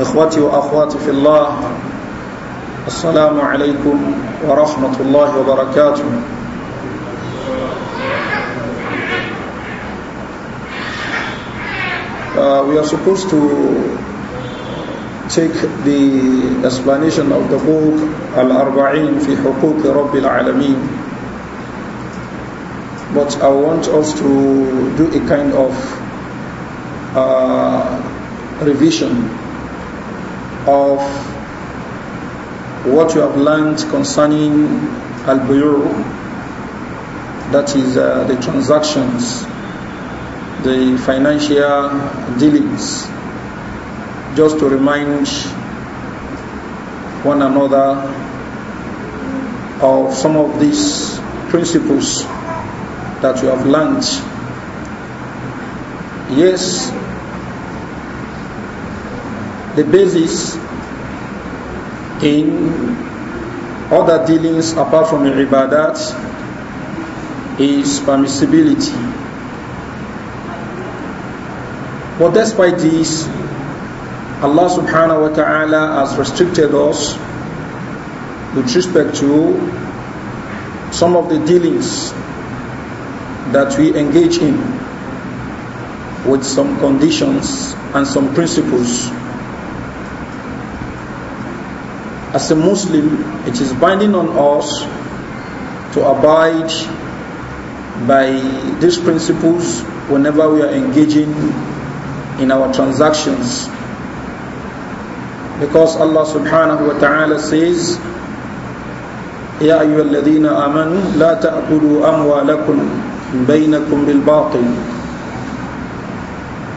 إخوتي وأخواتي في الله السلام عليكم ورحمة الله وبركاته Uh, we are supposed to take the explanation of the book Al-Arba'in fi Hukuk Rabbil Alameen but I want us to do a kind of uh, revision of what you have learned concerning al-buyu that is uh, the transactions the financial dealings just to remind one another of some of these principles that you have learned yes the basis in other dealings apart from the ibadat is permissibility. But despite this, Allah subhanahu wa ta'ala has restricted us with respect to some of the dealings that we engage in with some conditions and some principles as a Muslim, it is binding on us to abide by these principles whenever we are engaging in our transactions. Because Allah subhanahu wa ta'ala says, يا أيها الذين آمنوا لا تأكلوا أموالكم بينكم بالباطل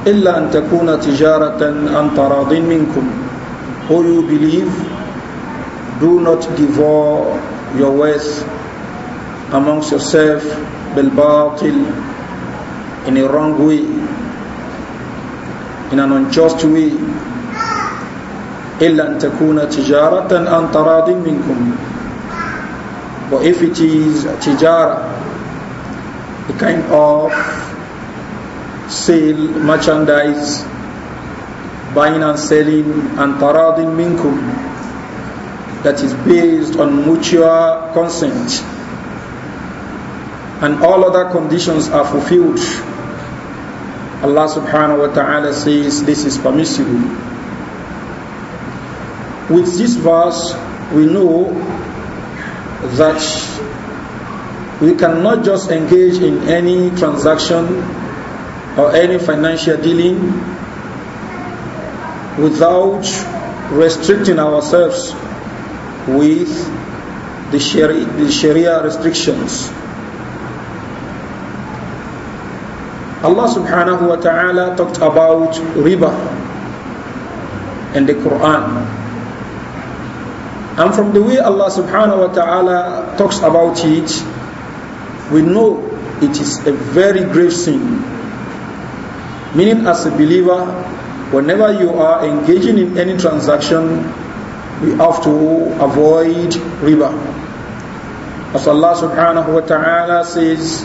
إلا أن تكون تجارة عن تراض منكم. Who you believe do not devour your wealth amongst yourself till in a wrong way in an unjust way إلا أن تكون تجارة أن تراض منكم but if it is tijara a kind of sale merchandise buying and selling and taradin minkum that is based on mutual consent and all other conditions are fulfilled Allah subhanahu wa ta'ala says this is permissible with this verse we know that we cannot just engage in any transaction or any financial dealing without restricting ourselves with the Sharia, the Sharia restrictions. Allah subhanahu wa ta'ala talked about riba in the Quran. And from the way Allah subhanahu wa ta'ala talks about it, we know it is a very grave sin. Meaning, as a believer, whenever you are engaging in any transaction, we have to avoid riba. As Allah subhanahu wa ta'ala says,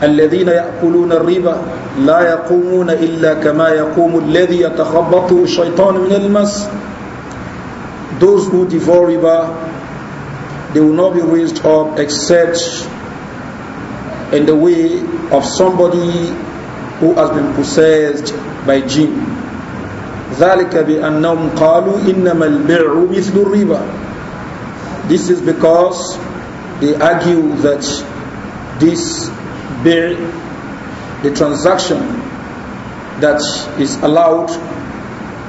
الذين يأكلون الربا لا يقومون إلا كما يقوم الذي يتخبطه الشيطان من المس Those who devour riba, they will not be raised up except in the way of somebody who has been possessed by jinn. ذلك بأنهم قالوا إنما البيع مثل الربا This is because they argue that this bill, the transaction that is allowed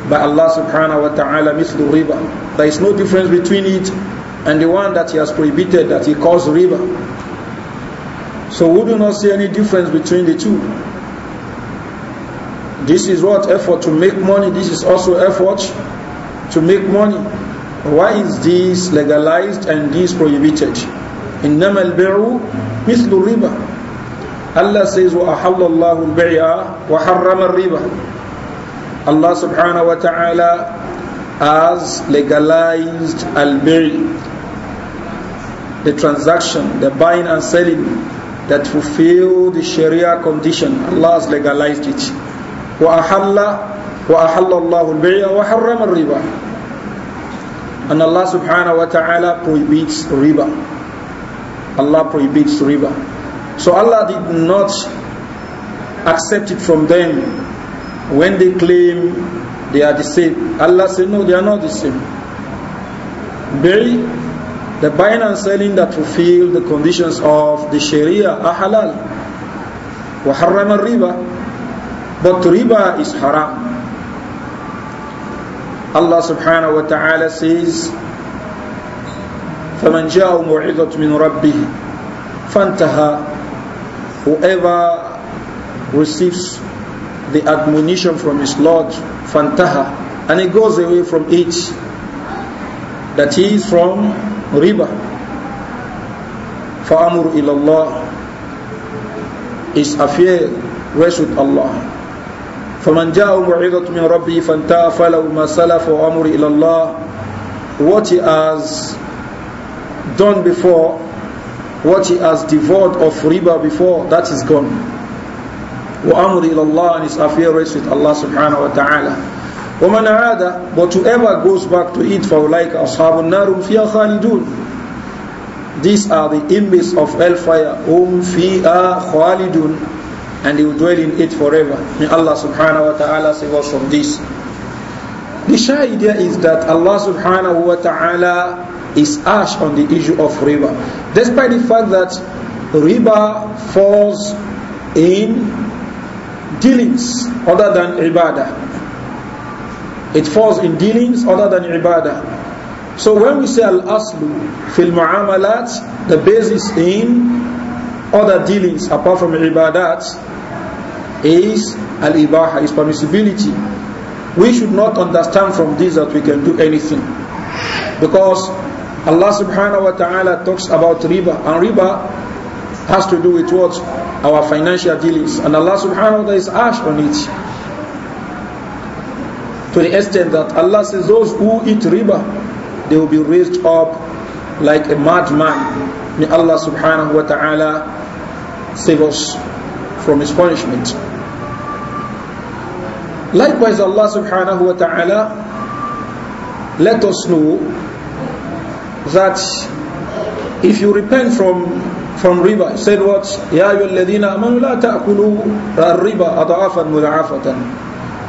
by Allah subhanahu wa ta'ala mithlu riba. There is no difference between it and the one that he has prohibited that he calls riba. So we do not see any difference between the two. This is what effort to make money. This is also effort to make money. Why is this legalized and this prohibited? al البيع مثل riba. Allah says وأحل الله البيع وحرم riba Allah subhanahu wa ta'ala has legalized al-bay' the transaction, the buying and selling that fulfill the Sharia condition. Allah has legalized it. وأحل وأحل الله البيع وحرم الربا and Allah سبحانه وتعالى prohibits riba Allah prohibits riba so Allah did not accept it from them when they claim they are the same Allah said no they are not the same Very, the buying and selling that fulfill the conditions of the Sharia are halal وحرم الربا but riba is haram. Allah subhanahu wa ta'ala says, فَمَنْ جَاءُ مُوعِظَةٌ مِنْ رَبِّهِ فَانْتَهَا Whoever receives the admonition from his Lord, فَانْتَهَا And he goes away from it. That he is from riba. فَأَمُرُ إِلَى اللَّهِ His affair rests with Allah. فمن جاء موعظة من ربه فانتهى فله ما سلف وأمر إلى الله what he has done before what he has devoured of riba before that is gone وأمر إلى الله and his affair rests with Allah subhanahu wa ta'ala ومن عاد but whoever goes back to it فأولئك أصحاب النار فيها خالدون these are the inmates of hellfire whom فيها خالدون and he will dwell in it forever. May Allah subhanahu wa ta'ala save us from this. The shy idea is that Allah subhanahu wa ta'ala is ash on the issue of riba. Despite the fact that riba falls in dealings other than ibadah. It falls in dealings other than ibadah. So when we say al-aslu fil mu'amalat, the basis in other dealings apart from ibadat is al-ibaha, is permissibility. We should not understand from this that we can do anything. Because Allah subhanahu wa ta'ala talks about riba, and riba has to do with what? Our financial dealings. And Allah subhanahu wa ta'ala is ash on it. To the extent that Allah says those who eat riba, they will be raised up like a madman. May Allah subhanahu wa ta'ala save us from his punishment. Likewise, Allah subhanahu wa ta'ala let us know that if you repent from from riba, said what? Ya ayyuhalladhina amanu la ta'kulu riba adha'afan mudha'afatan.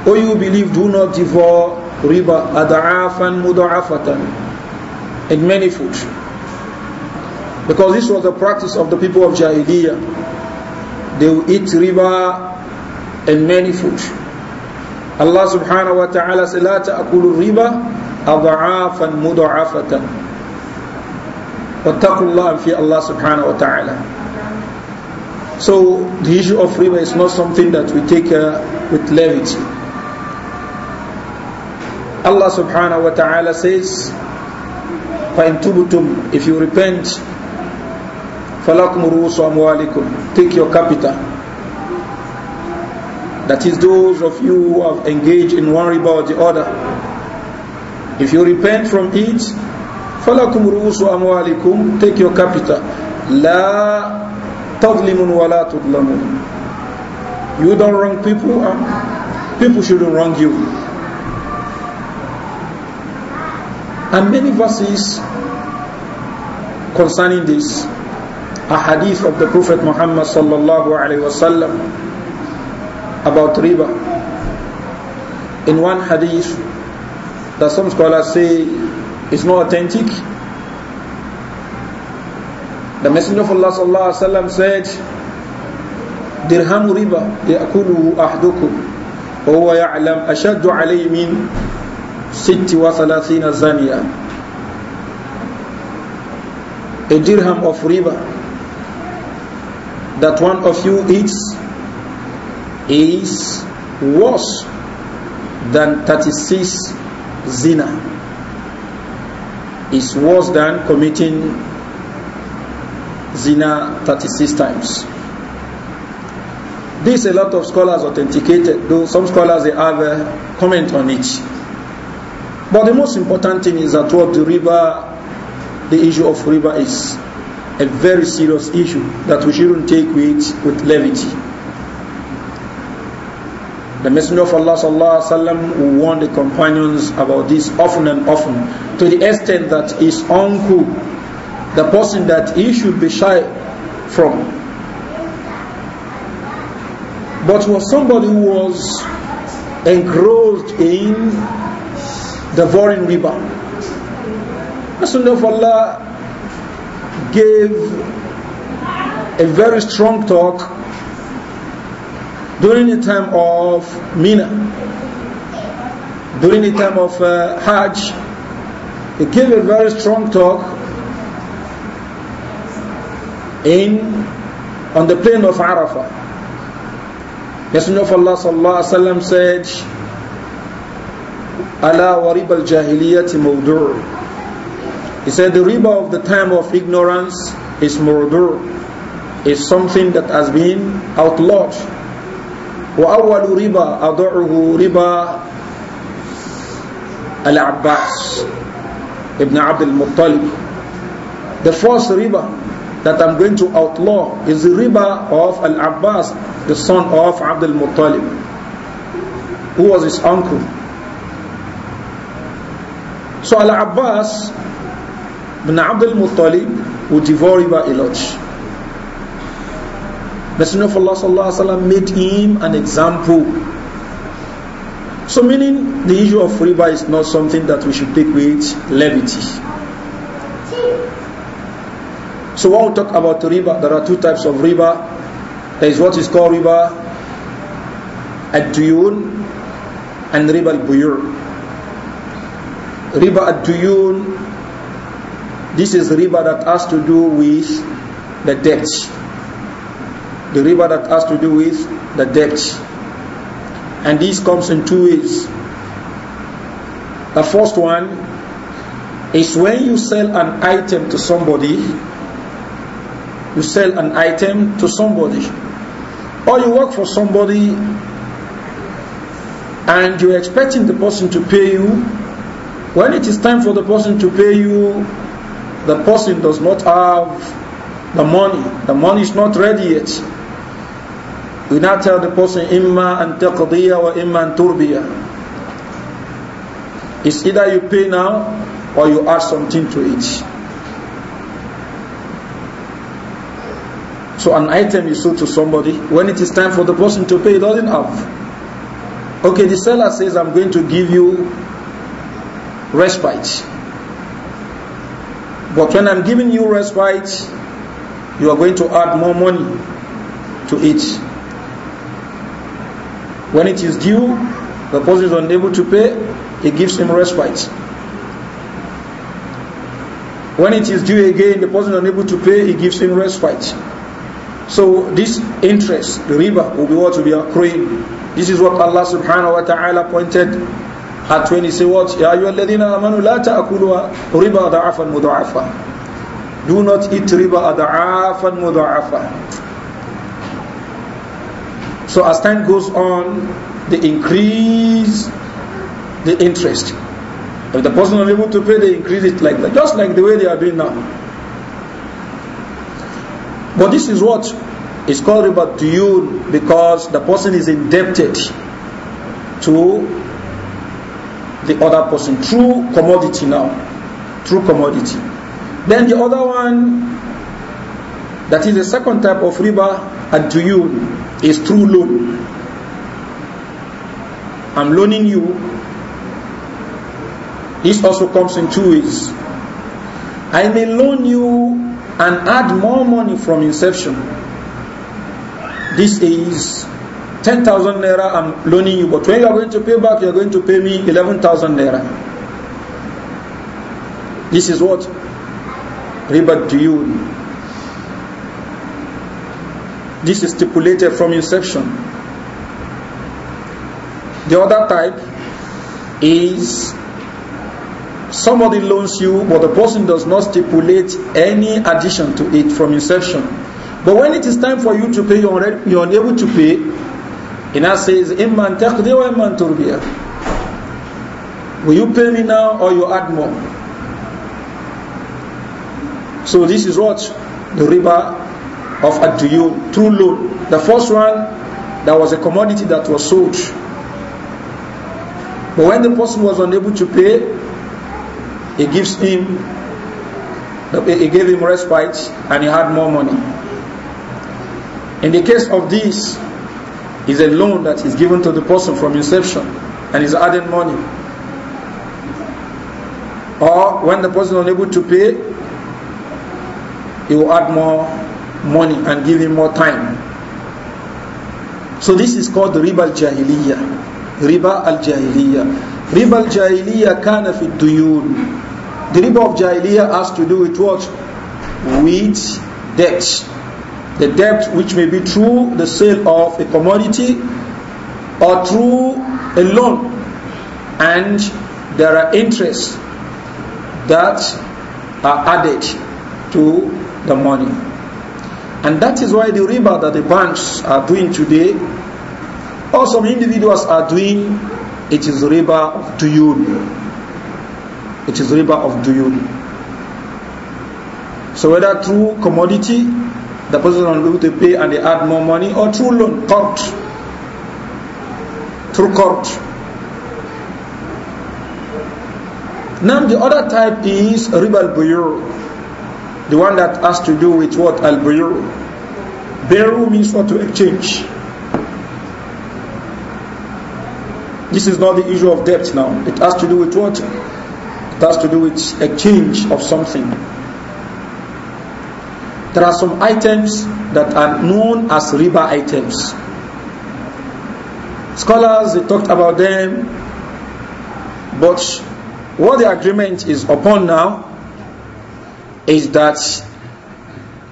O you believe, do not devour riba adha'afan mudha'afatan in many food. Because this was the practice of the people of Jahiliyyah they will eat riba and many food. Allah subhanahu wa ta'ala says, لا تأكلوا الربا أضعافا مضاعفة واتقوا الله في Allah subhanahu wa So the issue of riba is not something that we take uh, with levity. Allah subhanahu wa ta'ala says, فَإِن تُبْتُمْ If you repent, Falakum ru'usu amwalikum. Take your capital. That is those of you who have engaged in one riba or the other. If you repent from it, falakum ru'usu amwalikum. Take your capital. La tadlimun wa la tudlamun. You don't wrong people. Huh? People shouldn't wrong you. And many verses concerning this a hadith of the Prophet Muhammad sallallahu alaihi wasallam about riba. In one hadith that some scholars say is not authentic, the Messenger of Allah sallallahu alaihi wasallam said, "Dirham riba ya'kuluhu ahdukum." وهو يعلم أشد عليه من ست وثلاثين زانية a dirham of riba that one of you eats is worse than 36 zina is worse than committing zina 36 times this a lot of scholars authenticated though some scholars they have a comment on it but the most important thing is that what the river the issue of river is a very serious issue that we shouldn't take with, with levity. The Messenger of Allah sallallahu alaihi wasallam warned the companions about this often and often, to the extent that his uncle, the person that he should be shy from, but was somebody who was engrossed in the devouring riba. Messenger of Allah gave a very strong talk during the time of Mina, during the time of uh, Hajj. He gave a very strong talk in on the plain of Arafah. Messenger of Allah sallallahu alaihi wasallam said, "Ala warib al-jahiliyyah mawdu'." He said the riba of the time of ignorance is murdur, is something that has been outlawed. وأول ربا أضعه ربا Al-Abbas Ibn Abdul Muttalib The first riba that I'm going to outlaw is the riba of Al-Abbas the son of Abdul Muttalib who was his uncle So Al-Abbas Ibn Abdul Muttalib would devour riba a lot. Messenger of Allah sallallahu alaihi made him an example. So meaning the issue of riba is not something that we should take with levity. So when we talk about riba, there are two types of riba. There is what is called riba ad-duyun and riba al-buyur. Riba ad-duyun this is river that has to do with the debt. The river that has to do with the debt. And this comes in two ways. The first one is when you sell an item to somebody, you sell an item to somebody, or you work for somebody and you're expecting the person to pay you. When it is time for the person to pay you, the person does not have the money, the money is not ready yet. We now tell the person, i am going تَقْضِيَ or i am Turbiya. It's either you pay now or you add something to it. So an item is sold to somebody. When it is time for the person to pay, he doesn't have. Okay, the seller says, I'm going to give you respite. But when I'm giving you respite, you are going to add more money to it. When it is due, the person is unable to pay, it gives him respite. When it is due again, the person is unable to pay, it gives him respite. So this interest, the riba, will be what will be accruing. This is what Allah subhanahu wa ta'ala pointed at 20 say what? Ya ayyuhalladhina amanu la ta'kulu riba adha'afan mudha'afa. Do not eat riba da'afan mudha'afa. So as time goes on, they increase the interest. If the person is able to pay, they increase it like that, just like the way they are doing now. But this is what is called riba to you because the person is indebted to the other person through commodity now, through commodity. Then the other one, that is the second type of riba, and to you is through loan. I'm loaning you. This also comes in two ways. I may loan you and add more money from inception. This is 10,000 naira I'm loaning you, but when you are going to pay back, you are going to pay me 11,000 naira. This is what? Riba you. This is stipulated from inception. The other type is somebody loans you, but the person does not stipulate any addition to it from inception. But when it is time for you to pay, you're unable to pay, he now says, Imman taqdi wa imman turbiya. Will you pay me now or you add more? So this is what? The riba of you true loan. The first one, that was a commodity that was sold. But when the person was unable to pay, he gives him, he gave him respite and he had more money. In the case of this, is a loan that is given to the person from inception and is adding money. Or when the person is unable to pay, he will add more money and give him more time. So this is called the riba al-jahiliyyah. Riba al-jahiliyyah. Riba al-jahiliyyah kana fi duyun. The riba of jahiliyyah has to do with what? With debts. The debt which may be through the sale of a commodity or through a loan and there are interests that are added to the money and that is why the riba that the banks are doing today or some individuals are doing it is riba of duyun it is riba of duyun so whether through commodity the person on able to pay and they add more money, or through loan, court, through court. Now the other type is riba al the one that has to do with what al-buyur. Beru means what to exchange. This is not the issue of debt now. It has to do with what? It has to do with exchange of something there are some items that are known as riba items. Scholars they talked about them, but what the agreement is upon now is that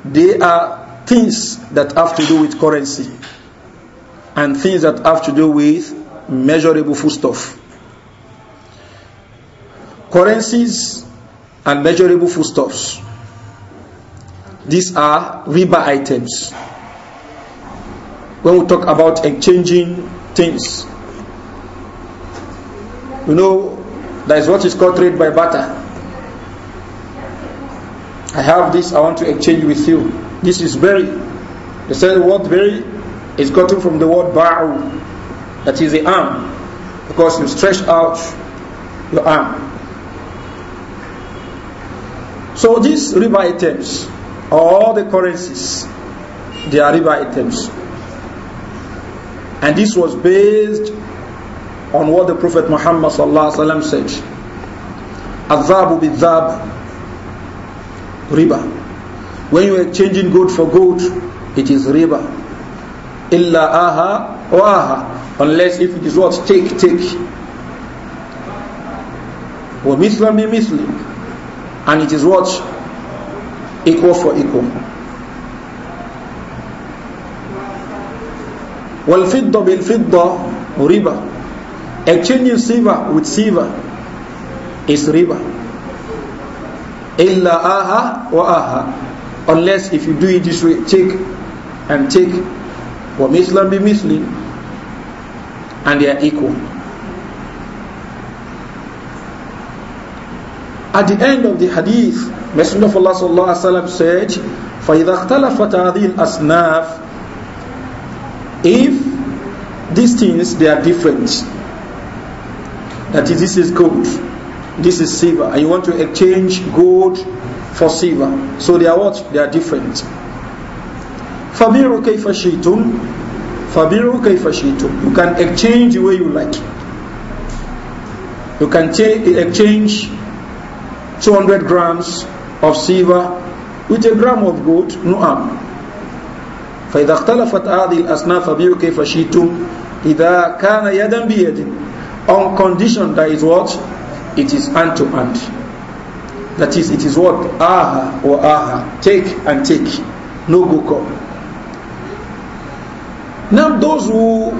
they are things that have to do with currency and things that have to do with measurable foodstuff. Currencies and measurable foodstuffs these are riba items. When we talk about exchanging things, you know, that is what is called trade by barter. I have this, I want to exchange with you. This is very. They say the word very is gotten from the word ba'u, that is the arm, because you stretch out your arm. So these riba items, all the currencies, they are riba items. And this was based on what the Prophet Muhammad said. Azabu bidhab riba. When you are exchanging gold for gold, it is riba. Illa aha wa aha. Unless if it is what? Take, take. Wa mislami bi mithli. And it is what? equal for equal. والفضة بالفضة riba. Exchanging silver with silver is riba. إلا آها وآها Unless if you do it this way, take and take. ومثلا بمثل and they are equal. At the end of the hadith, Messenger of Allah sallallahu said, فَإِذَا اخْتَلَفَتْ هَذِهِ الْأَصْنَافِ If these things, they are different. That is, this is gold, this is silver, and you want to exchange gold for silver. So they are what? They are different. فَبِيرُ كَيْفَ شِئْتُمْ فَبِيرُ كَيْفَ شِئْتُمْ You can exchange the way you like. You can exchange 200 grams of silver with a gram of gold, no harm. فإذا اختلفت هذه الأصناف فبيعوا كيف شئتم إذا كان يدا بيد on condition that is what it is hand to hand that is it is what aha or aha take and take no go come now those who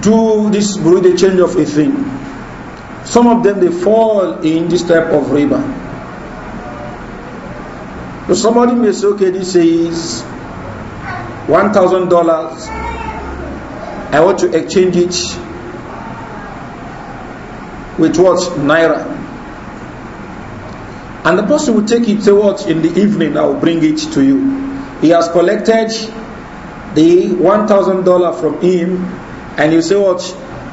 do this do the change of a thing some of them they fall in this type of riba so somebody may say, okay, this is $1,000. I want to exchange it with what? Naira. And the person will take it what in the evening, I will bring it to you. He has collected the $1,000 from him, and you say what?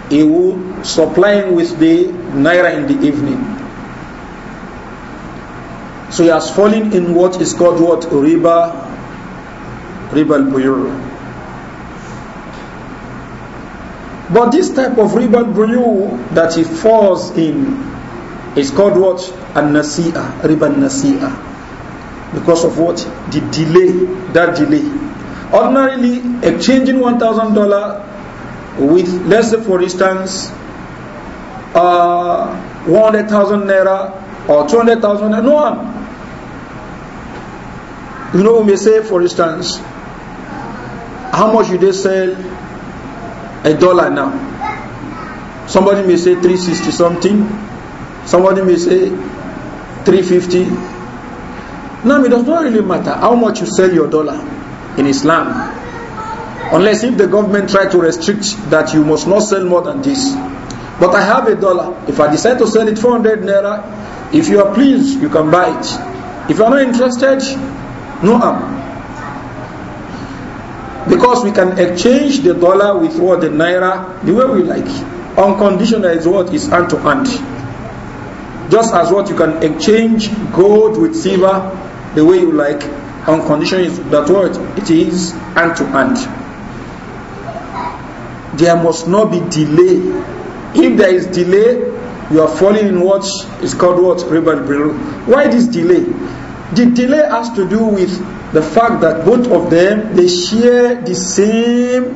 He will supply him with the Naira in the evening. So he has fallen in what is called what? Riba, riba al-buyur. But this type of riba al-buyur that he falls in is called what? An-nasi'ah, riba al-nasi'ah. Because of what? The delay, that delay. Ordinarily, exchanging $1,000 with, let's say for instance, uh, 100,000 naira or 200,000 naira, no one you know, we may say, for instance, how much you they sell a dollar now? Somebody may say 360 something. Somebody may say 350. Now, it does not really matter how much you sell your dollar in Islam. Unless if the government try to restrict that you must not sell more than this. But I have a dollar. If I decide to sell it 400 naira, if you are pleased, you can buy it. If you are not interested, No harm. Because we can exchange the dollar with what the naira the way we like. Unconditional is what is hand to hand. Just as what you can exchange gold with silver the way you like. Unconditional is that what it is hand to hand. There must not be delay. If there is delay, you are falling in what is called what? Rebel Why this delay? The delay has to do with the fact that both of them, they share the same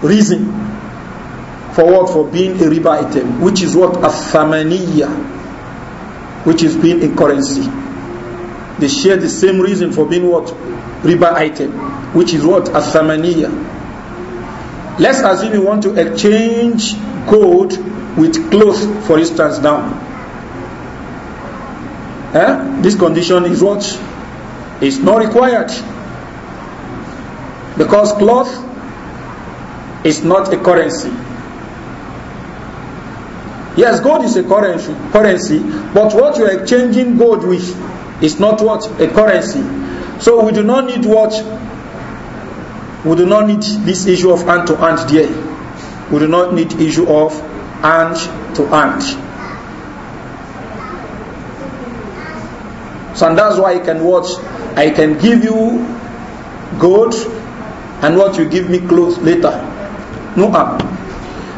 reason for what? For being a riba item, which is what? Athamaniya, which is being a currency. They share the same reason for being what? Riba item, which is what? Athamaniya. Let's assume you want to exchange gold with cloth, for instance, now Eh? This condition is what? It's not required. Because cloth is not a currency. Yes, gold is a currency, but what you are exchanging gold with is not what? A currency. So we do not need what? We do not need this issue of hand to hand there. We do not need issue of hand to hand. So and that's why I can watch. I can give you gold and what you give me clothes later. No harm.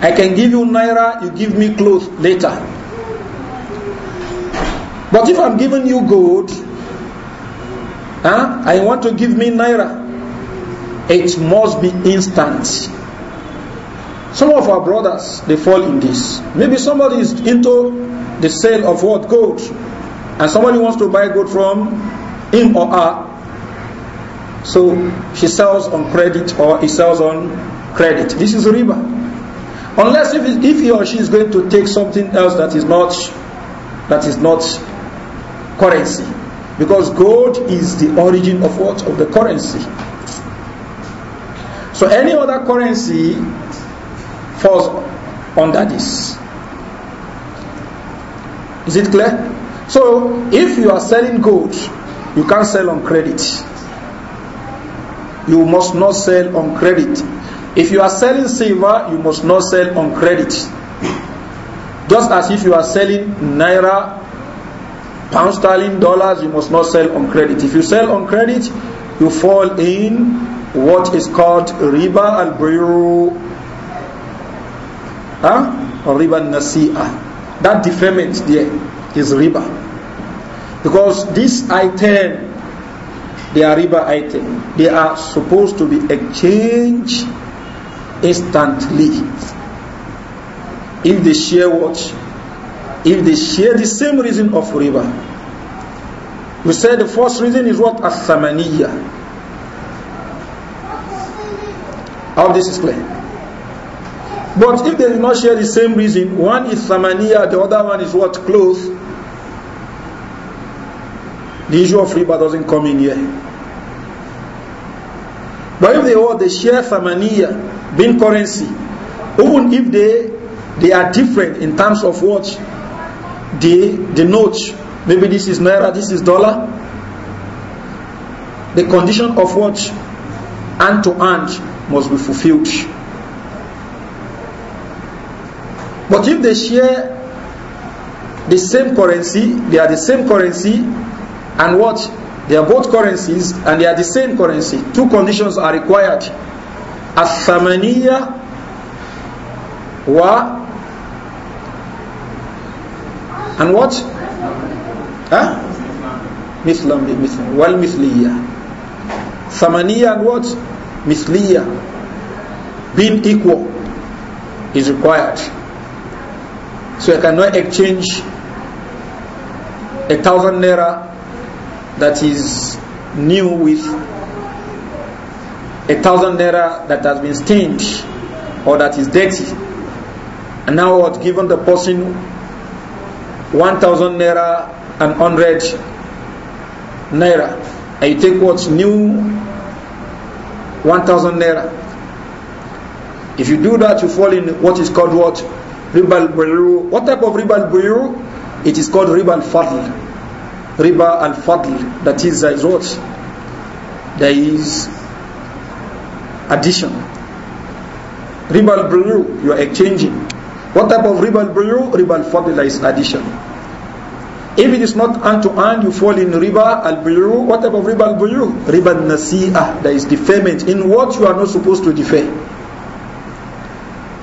I can give you naira, you give me clothes later. But if I'm giving you gold, huh, I want to give me naira, it must be instant. Some of our brothers, they fall in this. Maybe somebody is into the sale of what? Gold and somebody wants to buy gold from him or her, so she sells on credit or he sells on credit. This is riba. Unless if, if he or she is going to take something else that is not that is not currency, because gold is the origin of what of the currency. So any other currency falls under this. Is it clear? So if you are selling gold, you can't sell on credit. You must not sell on credit. If you are selling silver, you must not sell on credit. Just as if you are selling naira, pound sterling, dollars, you must not sell on credit. If you sell on credit, you fall in what is called riba al-biru, huh? or riba nasi'ah. That deferment there is riba. Because these item, they are riba item. They are supposed to be exchanged instantly. If they share what? If they share the same reason of riba. We said the first reason is what? as All this is clear. But if they do not share the same reason, one is samaniya, the other one is what? Clothes. the issue of riba doesn't come in here. But if they all they share thamaniya, bin currency, even if they they are different in terms of what the the note, maybe this is naira, this is dollar. The condition of what hand to hand must be fulfilled. But if they share the same currency, they are the same currency, and what? They are both currencies and they are the same currency. Two conditions are required. الثمانية و and what? Huh? مثلا بمثل والمثلية ثمانية and what? مثلية being equal is required. So I cannot exchange a thousand naira that is new with a thousand naira that has been stained or that is dirty. And now what given the person one thousand naira and hundred naira. And you take what's new one thousand naira. If you do that you fall in what is called what? Ribal Buyu. What type of ribal Buyu? It is called ribal fadl riba al-fadl, that is, there is what? There is addition. Riba al-buyu, you are exchanging. What type of riba al-buyu? Riba al-fadl, is addition. If it is not hand to hand, you fall in riba al-buyu. What type of riba al-buyu? Riba al-nasi'ah, There is is deferment. In what you are not supposed to defer.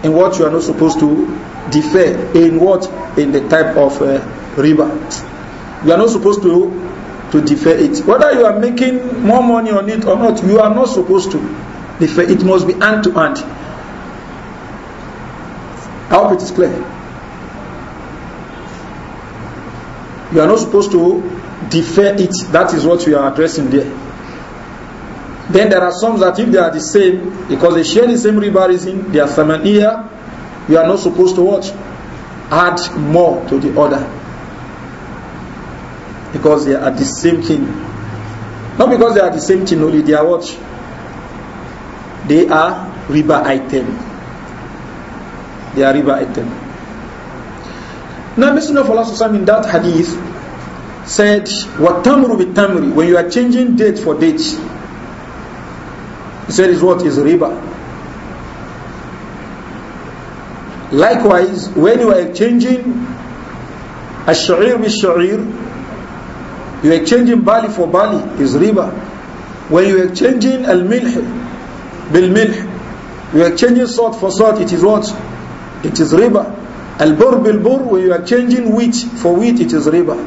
In what you are not supposed to defer. In what? In the type of uh, riba. You are not supposed to, to defer it. Whether you are making more money on it or not, you are not supposed to defer it. must be hand to hand. I hope it is clear. You are not supposed to defer it. That is what we are addressing there. Then there are some that if they are the same, because they share the same riba reason, they are samaniya, you are not supposed to what? Add more to the other. because they are the same thing. Not because they are the same thing only, they are what? They are riba item. They are riba item. Now Messenger of Allah in that hadith said, What tamru with tamri, when you are changing date for date, he said is what is riba. Likewise, when you are changing a shair with shair, you are exchanging barley for barley is riba. When you are exchanging al-milh bil milh, you exchanging salt for salt, it is what? It is riba. Al-bur bil bur, when you are changing wheat for wheat, it is riba.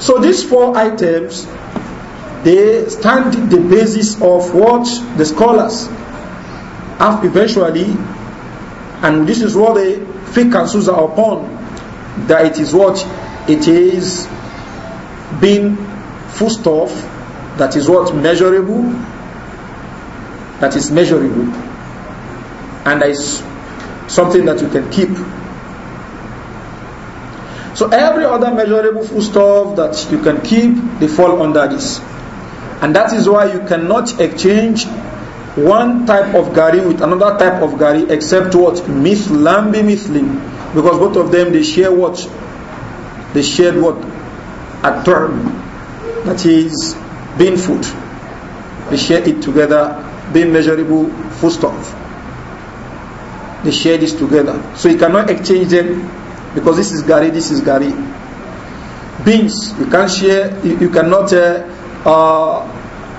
So these four items, they stand the basis of what the scholars have eventually, and this is what the fiqh and suzer upon, that it is what it is being foodstuff that is what measurable, that is measurable, and that is something that you can keep. So every other measurable foodstuff that you can keep, they fall under this. And that is why you cannot exchange one type of gari with another type of gari except what? Mithlam be mithlim. Because both of them they share what? They share what? at term that is being food. We share it together, being measurable foodstuff. They share this together. So you cannot exchange them because this is gari, this is gari. Beans, you can't share, you, you cannot uh, uh,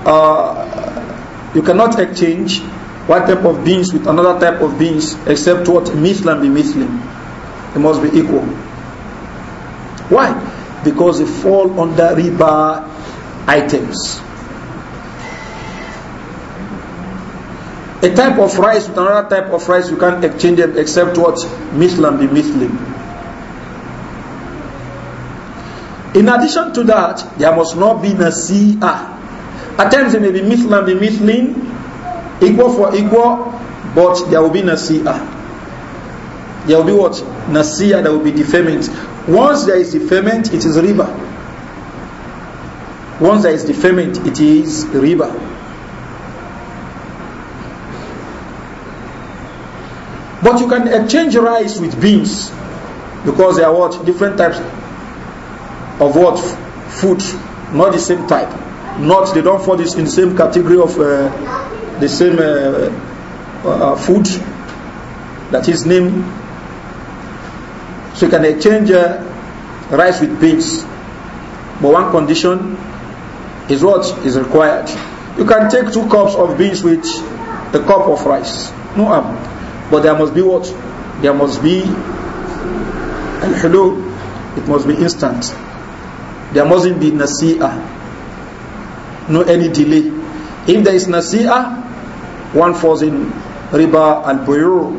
uh, you cannot exchange one type of beans with another type of beans except what Muslim be Muslim. They must be equal. Why? Because they fall under riba items. A type of rice with another type of rice, you can't exchange them except what? Muslim be Muslim. In addition to that, there must not be nasi'ah. At times it may be Muslim be Muslim, equal for equal, but there will be nasi'ah. There will be what? Nasi'ah, there will be deferment. Once there is deferment, it is river. Once there is deferment, it is riba. But you can exchange rice with beans because they are what? Different types of what? Food, not the same type. Not, they don't fall in the same category of uh, the same uh, uh, food that is named. So you can exchange uh, rice with beans. But one condition is what is required. You can take two cups of beans with a cup of rice. No harm. But there must be what? There must be al hello, It must be instant. There mustn't be nasi'ah. No any delay. If there is nasi'ah, one falls in riba and buyur.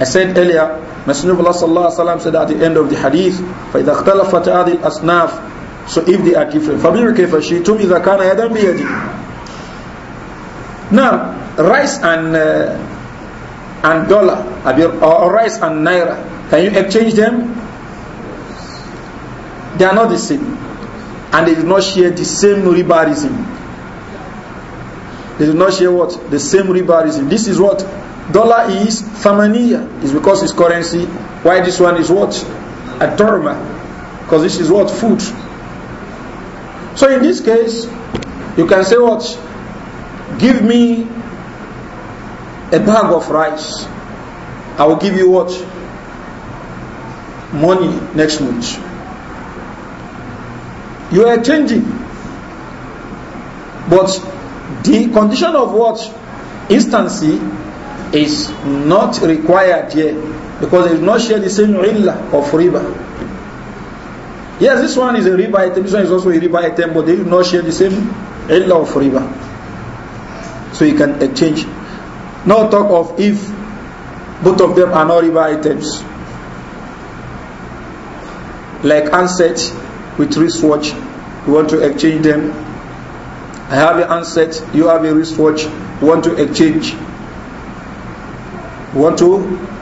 I said earlier, Messenger of Allah said at the end of the hadith, فَإِذَا اخْتَلَفَتْ هَذِي الْأَصْنَافِ so if they are different, فَمِنْهُ كَيْفَ شِئْتُمْ إِذَا كَانَ يَدًا بِيَدِي Now, rice and uh, and dollar, or rice and naira, can you exchange them? They are not the same. And they do not share the same ribarism. They do not share what? The same ribarism. This is what? Dollar is thamaniya, is because it's currency. Why this one is what? A torma. Because this is what? Food. So in this case, you can say what? Give me a bag of rice. I will give you what? Money next month. You are changing. But the condition of what? Instancy is not required here because it is not share the same illah of river. Yes, this one is a riba item, this one is also a riba item, but they do not share the same illa of riba. So you can exchange. Now talk of if both of them are not riba items. Like handset with wristwatch, you want to exchange them. I have an anset, you have a wristwatch, want to exchange. want to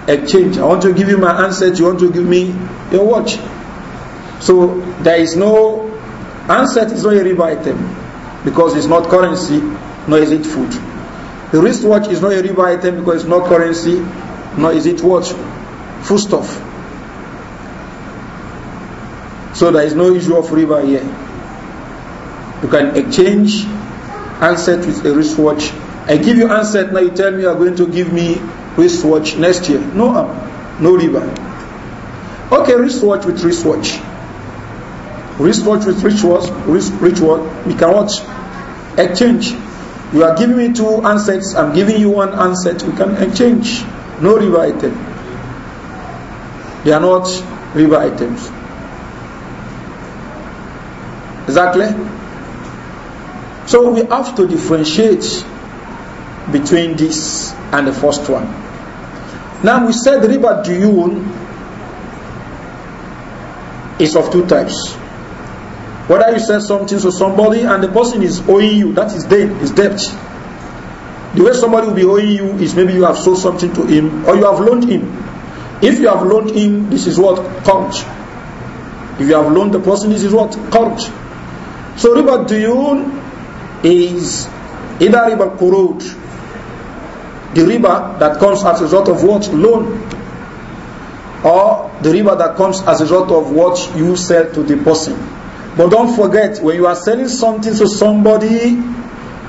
exchange. I want to give you my anset. you want to give me your watch. So there is no answer is not a riba item because it's not currency, nor is it food. The wristwatch is not a riba item because it's not currency, nor is it watch, stuff. So there is no issue of riba here. You can exchange handset with a wristwatch. I give you handset now. You tell me you are going to give me wristwatch next year. No, no riba. Okay, wristwatch with wristwatch wristwatch with rituals, wrist, ritual, we cannot exchange. You are giving me two answers, I'm giving you one answer. we can exchange. No river item. They are not river items. Exactly. So we have to differentiate between this and the first one. Now we said river dune is of two types. Whether you said something to somebody and the person is owing you, that is debt, is debt. The way somebody will be owing you is maybe you have sold something to him or you have loaned him. If you have loaned him, this is what? comes. If you have loaned the person, this is what? comes. So riba duyun is either riba qurud, the riba that comes as a result of what? Loan. Or the riba that comes as a result of what you sell to the person. But don't forget, when you are selling something to somebody,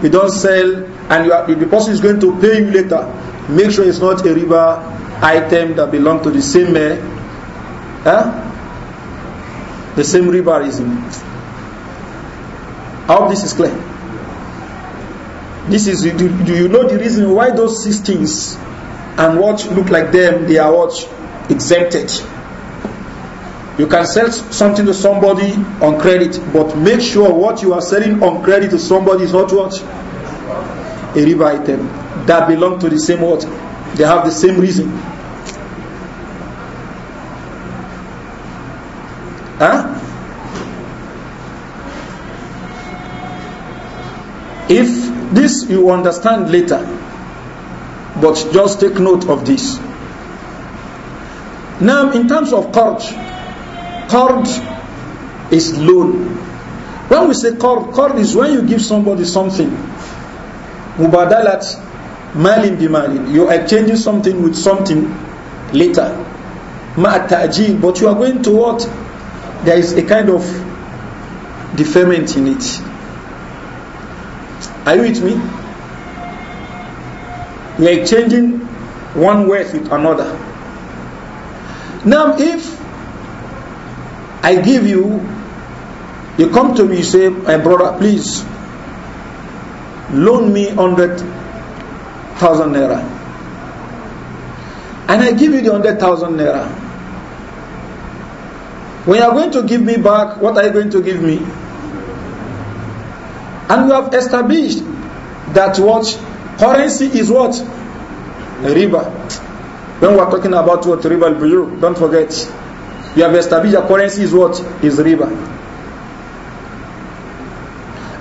you don't sell, and are, the person is going to pay you later. Make sure it's not a riba item that belongs to the same, eh? Huh? The same ribaism. I hope this is clear. This is do, do, you know the reason why those six things and what look like them they are what exempted? You can sell something to somebody on credit, but make sure what you are selling on credit to somebody is not what? A river item that belong to the same what? They have the same reason. Huh? If this you understand later, but just take note of this. Now, in terms of culture, Qard is loan. When we say qard, qard is when you give somebody something. Mubadalat malin bimalin. You are exchanging something with something later. Ma'ata'jil. But you are going to what? There is a kind of deferment in it. Are you with me? You are exchanging one word with another. Now, if I give you, you come to me, you say, hey, brother, please loan me 100,000 naira. And I give you the 100,000 naira. When you are going to give me back, what are you going to give me? And we have established that what currency is what? a river. When we are talking about what riba al don't forget You have established that currency is what? Is riba.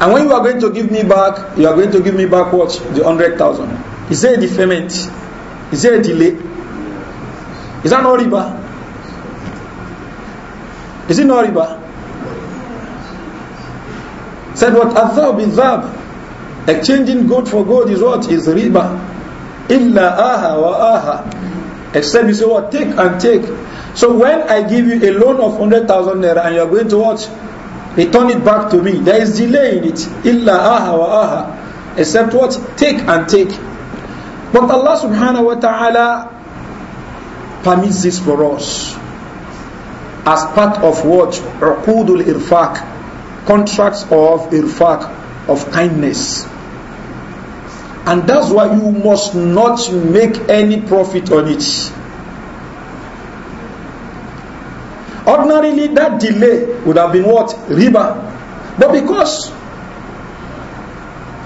And when you are going to give me back, you are going to give me back what? The 100,000. Is there a deferment? Is there a delay? Is that not riba? Is it not riba? Said what? Azab is zab. Exchanging gold for gold is what? Is riba. Illa aha wa aha. Except you say what? Take and take. So when I give you a loan of 100,000 naira and you are going to what? Return it back to me. There is delay in it. Illa aha wa aha. Except what? Take and take. But Allah subhanahu wa ta'ala permits this for us. As part of what? Uqudul irfaq. Contracts of irfaq. Of kindness. And that's why you must not make any profit on it. Ordinarily, that delay would have been what? Riba. But because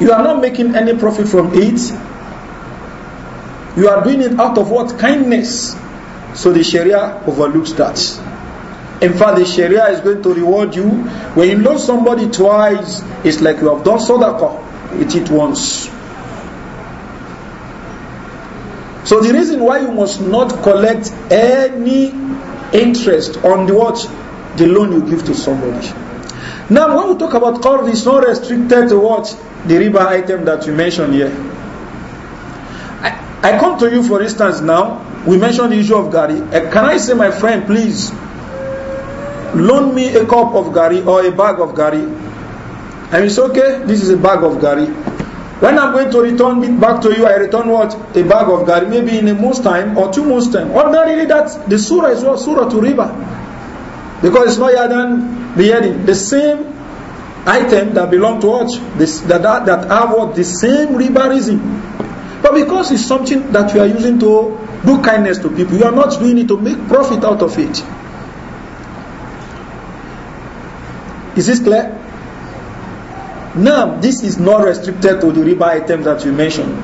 you are not making any profit from it, you are doing it out of what? Kindness. So the Sharia overlooks that. In fact, the Sharia is going to reward you. When you love somebody twice, it's like you have done sadaqah. with it once. So the reason why you must not collect any interest on the what? The loan you give to somebody. Now, when we talk about qard, it's not restricted to what? The riba item that you mentioned here. I, I come to you, for instance, now, we mentioned the issue of gari. Uh, eh, can I say, my friend, please, loan me a cup of gari or a bag of Gary? And it's okay, this is a bag of gari. When I'm going to return back to you, I return what? A bag of gari, maybe in a month time or two months' time. Ordinarily, that's the surah is what? Surah to riba. Because it's not yadan than The same item that belong to what? This, that, that, that have what? The same riba reason. But because it's something that you are using to do kindness to people, you are not doing it to make profit out of it. Is this clear? Now, this is not restricted to the riba items that we mentioned.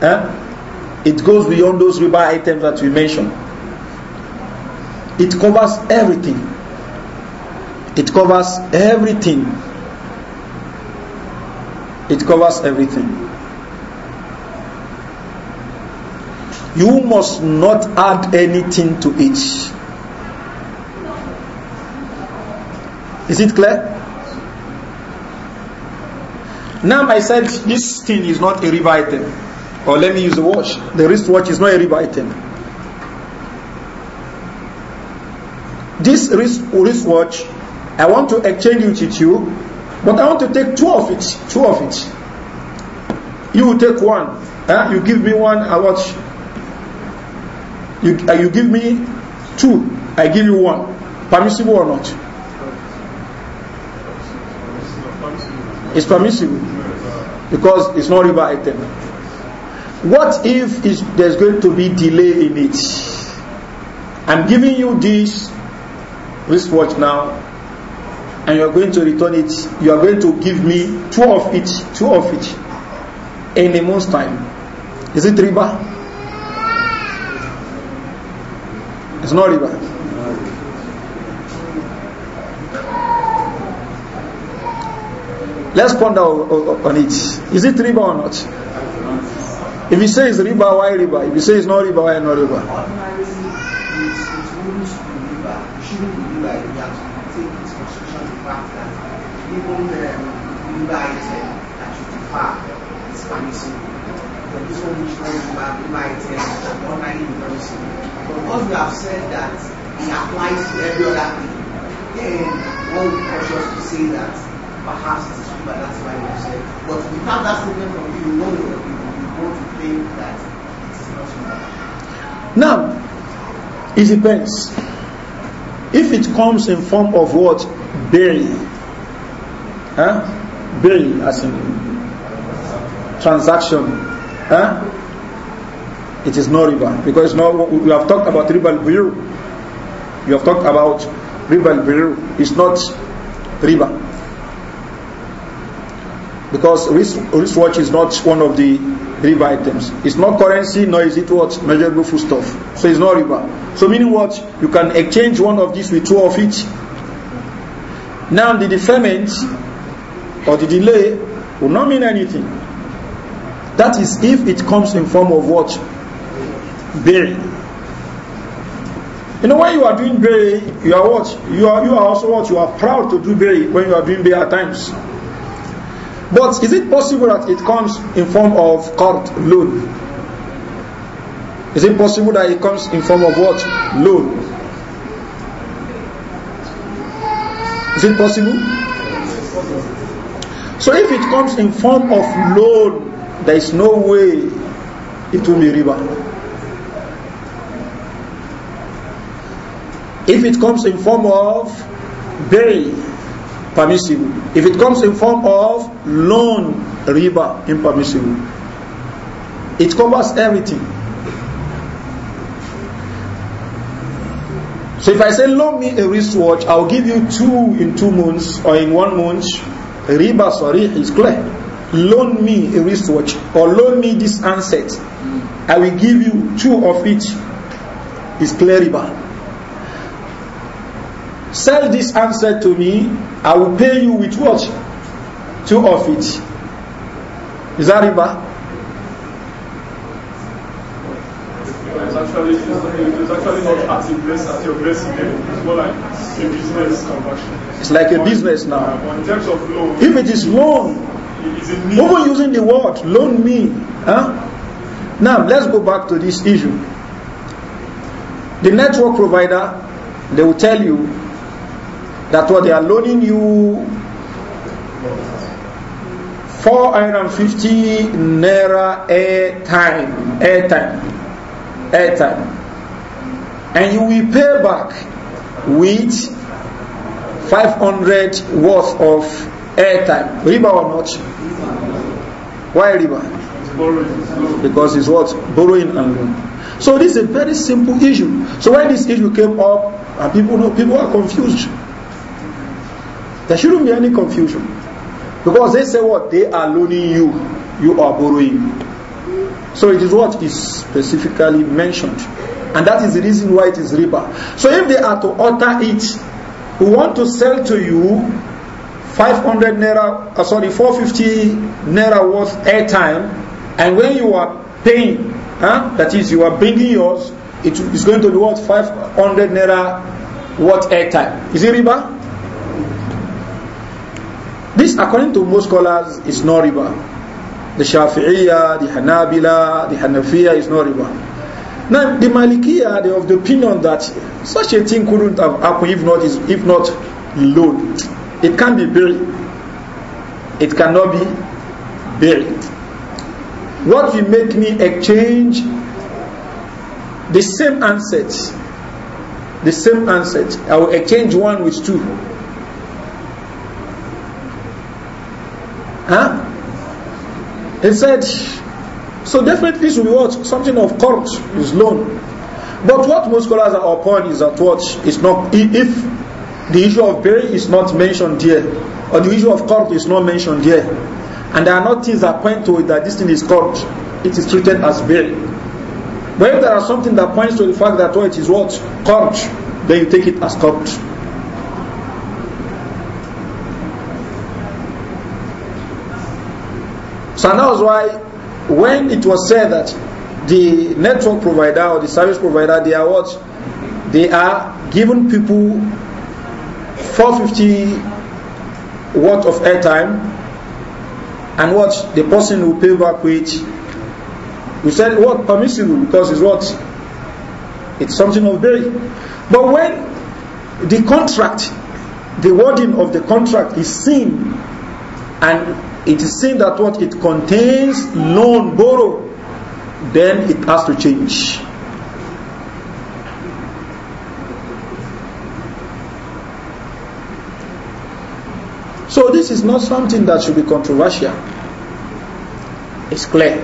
Eh? It goes beyond those riba items that we mentioned. It covers everything. It covers everything. It covers everything. You must not add anything to it. Is it clear? Now I said this thing is not a riba item. Or let me use the watch. The wristwatch is not a riba item. This wrist, wristwatch, I want to exchange it with you, but I want to take two of it. Two of it. You take one. Eh? You give me one, I watch. You, uh, you give me two, I give you one. Permissible or not? It's permissible because it's not riba item. What if there's going to be delay in it? I'm giving you this wristwatch now, and you're going to return it. You are going to give me two of it, two of it, in a month's time. Is it riba? It's not riba. Let's ponder on it. Is it riba or not? If you say it's riba, why riba? If you say it's not riba, why not riba? But this have But you have said that it applies to every other thing, then one would to say that perhaps by that line of said. But without that statement from you, you know you go to think that it is not human. Now, it depends. If it comes in form of what? Bail. Huh? Bail as in transaction. Huh? It is not riba because now we have talked about riba al-biru. You have talked about riba al-biru. It's not Because wrist, wristwatch is not one of the riba items. It's not currency, nor is it what? Measurable foodstuff. So it's not riba. So meaning what? You can exchange one of these with two of it. Now the deferment or the delay will not mean anything. That is if it comes in form of what? Bay. You know when you are doing bay, you are what? You are you are also what? You are proud to do bay when you are doing bay at times. But is it possible that it comes in form of qard, loan? Is it possible that it comes in form of what? Loan. Is it possible? So if it comes in form of loan, there is no way it will be riba. If it comes in form of bay, permissible. If it comes in form of loan, riba, impermissible. It covers everything. So if I say loan me a wristwatch, I'll give you two in two months or in one month. Riba, sorry, is clear. Loan me a wristwatch or loan me this handset. I will give you two of it. Is clear riba. Sell this answer to me, I will pay you with what? Two of it. Is that riba? It's not at your at your It's more like a business transaction. It's like a business now. if it is loan, even using the word loan me, huh? Now let's go back to this issue. The network provider, they will tell you that what they are loaning you 450 naira air time air time air time and you will pay back with 500 worth of airtime. time riba or not why riba because it's what borrowing and loan so this is a very simple issue so when this issue came up and people know people are confused There shouldn't be any confusion. Because they say what? They are loaning you, you are borrowing. So it is what is specifically mentioned. And that is the reason why it is riba. So if they are to utter it, we want to sell to you 500 naira, uh, sorry, 450 naira worth airtime, and when you are paying, huh, that is, you are bringing yours, it is going to be worth 500 naira worth airtime. Is it riba? This, according to most scholars, is not riba. The Shafi'iyah, the Hanabila, the Hanafiya is not riba. Now, the Malikiya, they have the opinion that such a thing couldn't have happened if not, if not loan. It can be buried. It cannot be buried. What will make me exchange the same answer. The same answer. I will exchange one with two Huh? He said, so definitely this will be what? Something of court is loan. But what most scholars are upon is that what is not, if the issue of bury is not mentioned here, or the issue of court is not mentioned here, and there are not things that point to it that this thing is court, it is treated as bury. But if there are something that points to the fact that what it is what? Court, then you take it as court. So that was why when it was said that the network provider or the service provider, they are what? They are giving people 450 worth of airtime and what the person will pay back with. We said what permissible because it's what? It's something of very. But when the contract, the wording of the contract is seen and it is seen that what it contains loan borrow then it has to change so this is not something that should be controversial it's clear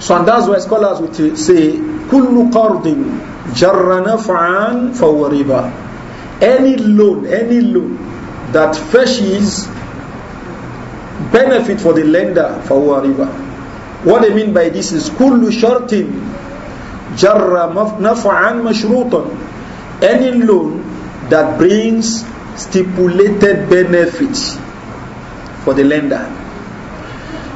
so and that's why scholars would say kullu qardin jarra naf'an fahuwa riba any loan any loan that fetches benefit for the lender فهو ربا what I mean by this is كل شرط جر نفعا مشروطا any loan that brings stipulated benefit for the lender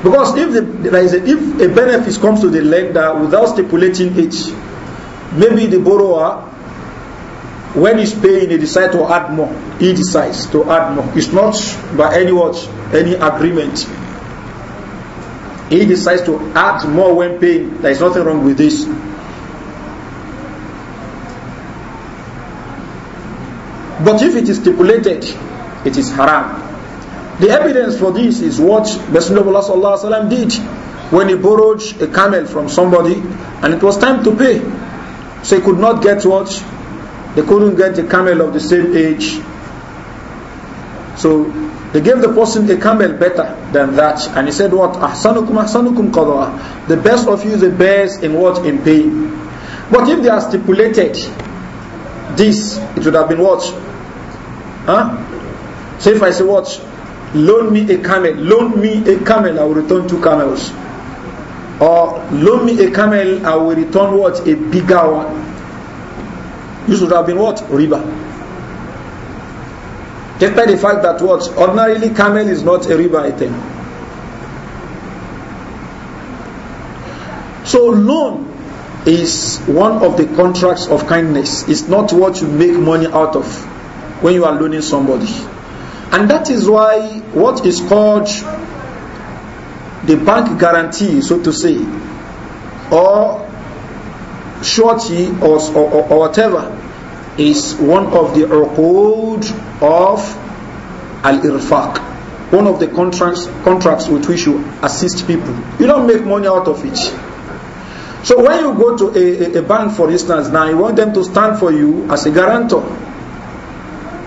because if, the, a, if a benefit comes to the lender without stipulating it maybe the borrower when he's paying, he decides to add more. He decides to add more. It's not by any words, any agreement. He decides to add more when paying. There is nothing wrong with this. But if it is stipulated, it is haram. The evidence for this is what Rasulullah did when he borrowed a camel from somebody and it was time to pay. So he could not get what they couldn't get a camel of the same age. So they gave the person a camel better than that. And he said, What? Ahsanukum ahsanukum qada'a. The best of you is the best in what? In pay. But if they are stipulated this, it would have been what? Huh? So if I say what? Loan me a camel, loan me a camel, I will return two camels. Or loan me a camel, I will return what? A bigger one. This would have been what? Riba. Despite the fact that what? Ordinarily, camel is not a riba item. So, loan is one of the contracts of kindness. It's not what you make money out of when you are loaning somebody. And that is why what is called the bank guarantee, so to say, or surety or, or, or whatever is one of the uqood of al-irfaq one of the contracts contracts with which you assist people. You don't make money out of it. So when you go to a, a, a bank, for instance, now you want them to stand for you as a guarantor.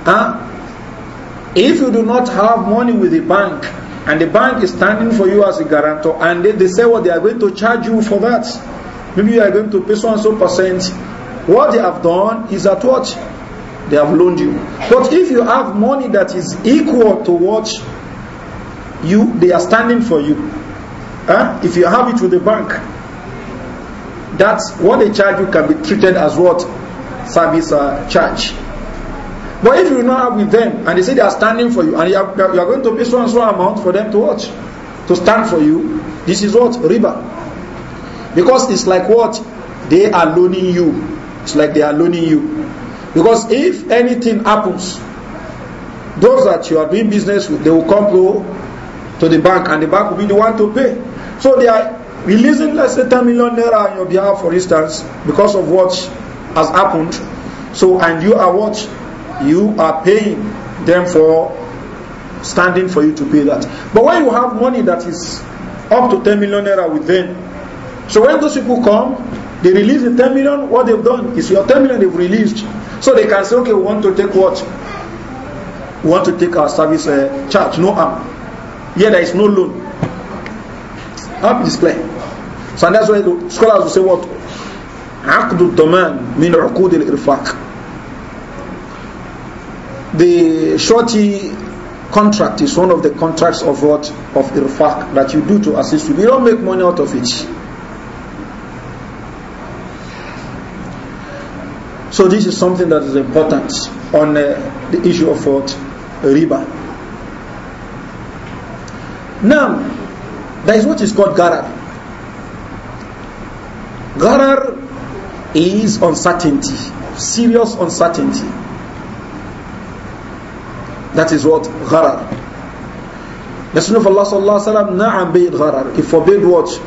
Huh? If you do not have money with the bank, and the bank is standing for you as a guarantor, and they, they say what well, they are going to charge you for that, Maybe you are going to pay so and so percent. What they have done is that what? They have loaned you. But if you have money that is equal to what you they are standing for you, huh? if you have it with the bank, that's what they charge you can be treated as what? Service uh, charge. But if you not have with them and they say they are standing for you and you are, you are going to pay so and so amount for them to watch, to stand for you, this is what? Riba. Because it's like what? They are loaning you. It's like they are loaning you. Because if anything happens, those that you are doing business with, they will come to, to the bank and the bank will be the one to pay. So they are releasing, let's say, 10 million naira on your behalf, for instance, because of what has happened. So, and you are what? You are paying them for standing for you to pay that. But when you have money that is up to 10 million naira with them, So when those people come, they release the 10 million, what they've done is your 10 million they've released. So they can say, okay, we want to take what? We want to take our service uh, charge, no harm. Yeah, there is no loan. Up is clear. So and that's why the scholars will say what? عقد الضمان من عقود الإرفاق The shorty contract is one of the contracts of what? Of irfaq that you do to assist you. You don't make money out of it. So this is something that is important on uh, the issue of what? Riba. Now, there is what is called gharar. Gharar is uncertainty, serious uncertainty. That is what gharar. The Sunnah of Allah sallallahu alaihi wasallam na'am bayid gharar. He forbade what?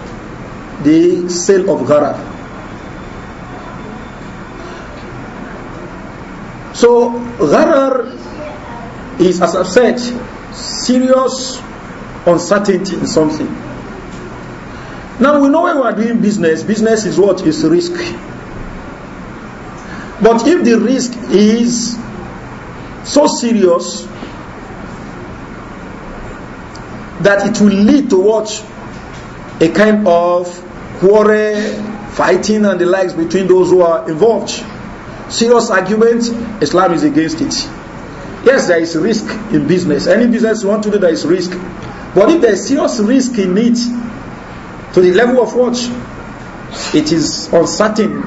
The sale of gharar. So gharar is, as I've said, serious uncertainty in something. Now we know when we are doing business, business is what is risk. But if the risk is so serious that it will lead to what a kind of quarrel, fighting, and the likes between those who are involved serious argument, Islam is against it. Yes, there is risk in business. Any business you want to do, there is risk. But if there is serious risk in it, to the level of what? It is uncertain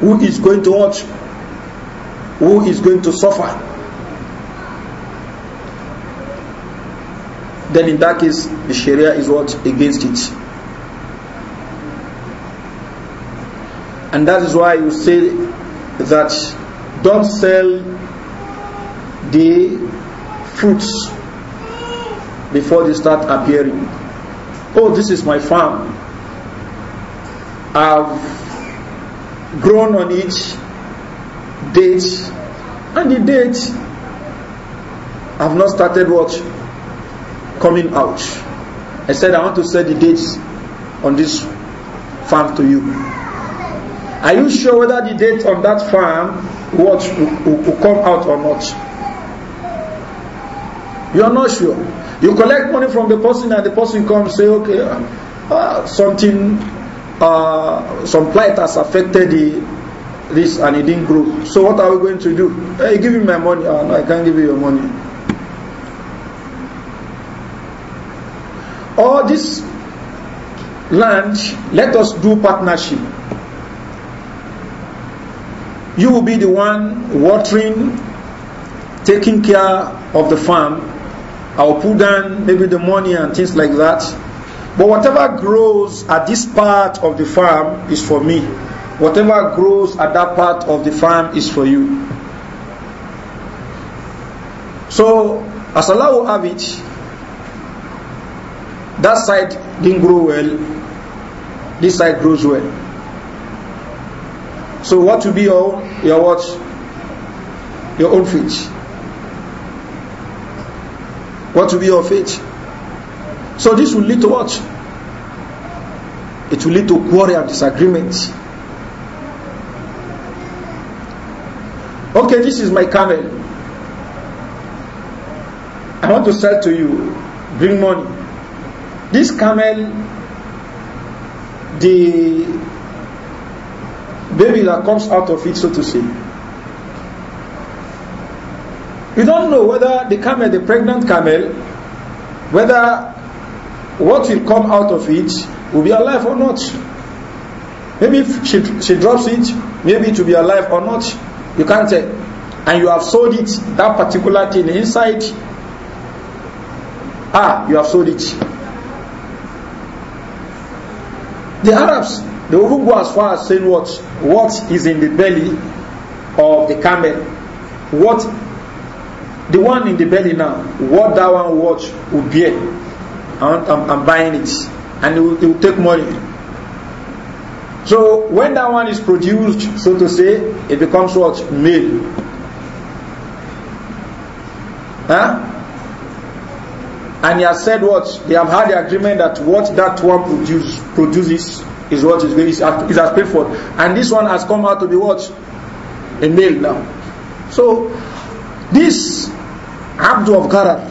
who is going to watch, who is going to suffer. Then in that case, the Sharia is what? Against it. And that is why you say that don't sell the fruits before they start appearing. Oh, this is my farm. I've grown on each date, and the date have not started what coming out. I said I want to sell the dates on this farm to you. Are you sure whether the date on that farm what will, will come out or not? You are not sure. You collect money from the person and the person comes say, okay, uh, uh something, uh, some plight has affected the this and it didn't grow. So what are we going to do? Hey, give me my money. Oh, no, I can't give you your money. All this land, let us do partnership. you will be the one watering, taking care of the farm. I'll put down maybe the money and things like that. But whatever grows at this part of the farm is for me. Whatever grows at that part of the farm is for you. So, as Allah will have it, that side didn't grow well, this side grows well. So, what will be your your what? Your own faith. What will be your faith? So this will lead to what? It will lead to quarrel and disagreement. Okay, this is my camel. I want to sell to you. Bring money. This camel, the baby that comes out of it, so to say. you don't know whether the camel, the pregnant camel, whether what will come out of it will be alive or not. Maybe if she, she drops it, maybe it will be alive or not. You can't tell. And you have sold it, that particular thing inside. Ah, you have sold it. The Arabs, they will even go as far as saying what what is in the belly of the camel, what the one in the belly now, what that one watch will be? I'm, I'm, buying it, and it will, it will take money. So when that one is produced, so to say, it becomes what male. Huh? And he has said what they have had the agreement that what that one produce, produces is what is, is, is as for, And this one has come out to be what? A male now. So, this Abdu of God,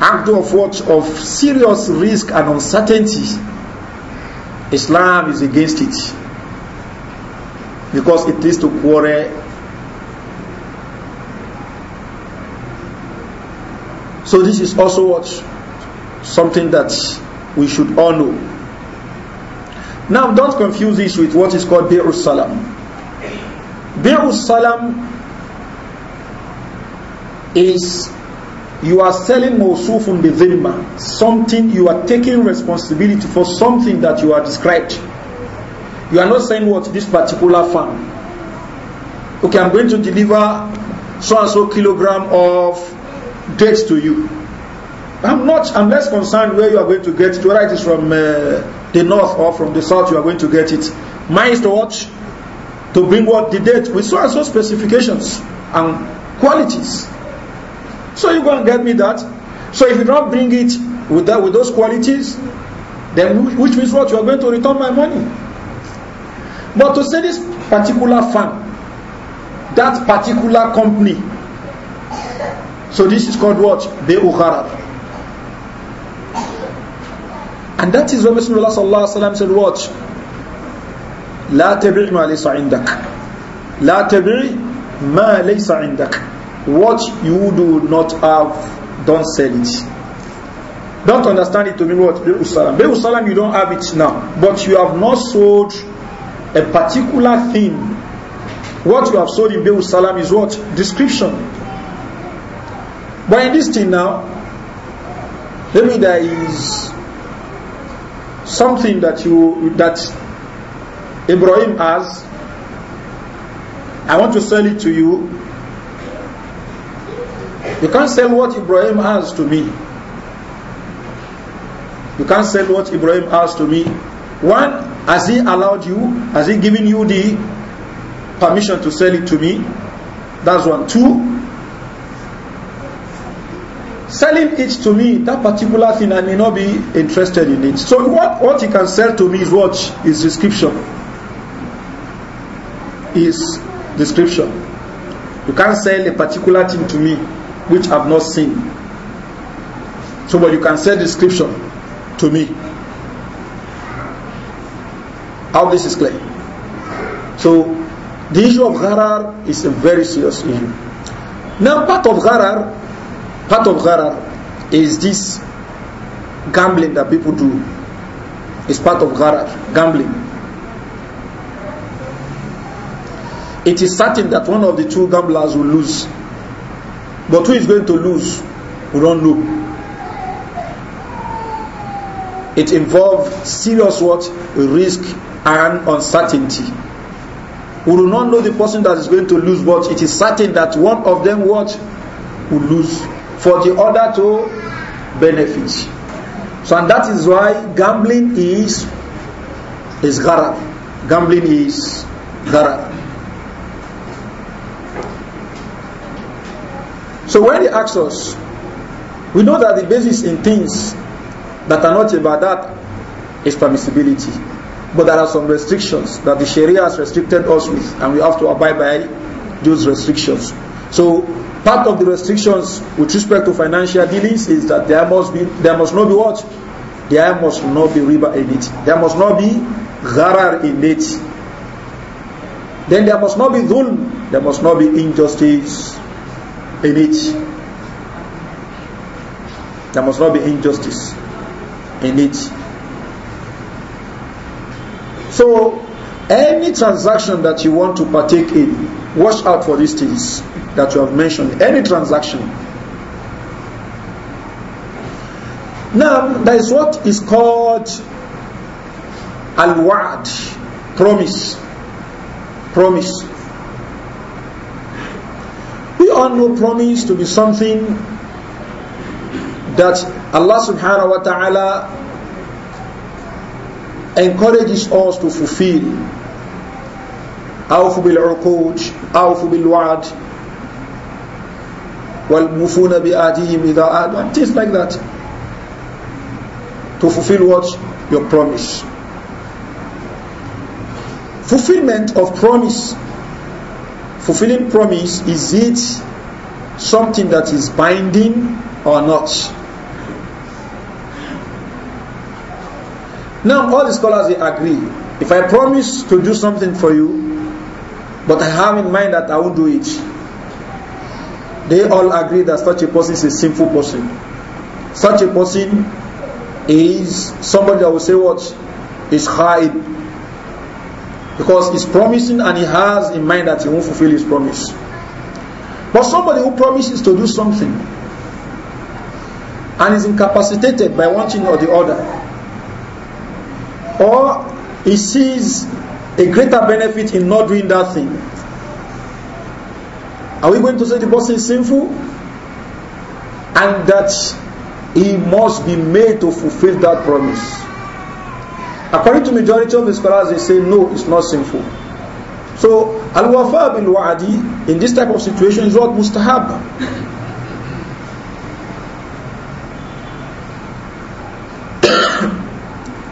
Abdu of what? Of serious risk and uncertainty, Islam is against it. Because it leads to quarrel. So this is also what? Something that we should all know. Now don't confuse this with what is called Bi'us Salam. Bi'us Salam is you are selling mawsufun bidhimma, something you are taking responsibility for something that you are described. You are not saying what this particular farm. Okay, I'm going to deliver so and so kilogram of dates to you. I'm not, I'm less concerned where you are going to get it, whether it is from uh, the north or from the south, you are going to get it. Mine is to watch, to bring what the date with so and so specifications and qualities. So you go and get me that. So if you don't bring it with that with those qualities, then which means what you are going to return my money. But to say this particular farm, that particular company. So this is called what? Beuharar. And that is when Messenger of Allah said, What? لا تبع ما ليس عندك لا تبع ما ليس عندك What you do not have, don't sell it. Don't understand it to mean what? Be'u salam. Be'u salam, you don't have it now. But you have not sold a particular thing. What you have sold in Be'u salam is what? Description. But in this thing now, maybe there is something that you that Ibrahim has, I want to sell it to you. You can't sell what Ibrahim has to me. You can't sell what Ibrahim has to me. One, has he allowed you? Has he given you the permission to sell it to me? That's one. Two, selling it to me, that particular thing, I may not be interested in it. So what, what he can sell to me is what? Is description. Is description. You can't sell a particular thing to me which I've not seen. So but you can sell description to me. How this is clear. So the issue of gharar is a very serious issue. Now part of gharar Part of gharar is this gambling that people do. It's part of gharar, gambling. It is certain that one of the two gamblers will lose. But who is going to lose? We don't know. It involves serious what? Risk and uncertainty. We do not know the person that is going to lose, but it is certain that one of them what will lose. for the other to benefit. So, and that is why gambling is is gharar. Gambling is gharar. So when he asks us, we know that the basis in things that are not about that is permissibility. But there are some restrictions that the Sharia has restricted us with, and we have to abide by those restrictions. So part of the restrictions with respect to financial dealings is that there must be there must not be what? There must not be riba in it. There must not be gharar in it. Then there must not be dhulm. There must not be injustice in it. There must not be injustice in it. So any transaction that you want to partake in, watch out for these things that you have mentioned, any transaction. Now, there is what is called al-wa'd, promise. Promise. We all know promise to be something that Allah subhanahu wa ta'ala encourages us to fulfill. أوفوا بالعقود أوفوا بالوعد وَالْمُفُونَ بِآتِهِمْ إِذَا آدَ and things like that to fulfill what? Your promise fulfillment of promise fulfilling promise is it something that is binding or not now all the scholars they agree if i promise to do something for you but i have in mind that i won't do it They all agree that such a person is a sinful person. Such a person is somebody that will say what? Is high because he's promising and he has in mind that he won't fulfill his promise. But somebody who promises to do something and is incapacitated by one thing or the other, or he sees a greater benefit in not doing that thing, Are we going to say the person is sinful? And that he must be made to fulfill that promise. According to majority of the scholars, they say no, it's not sinful. So al-wafa bil wa'adi in this type of situation is what must happen.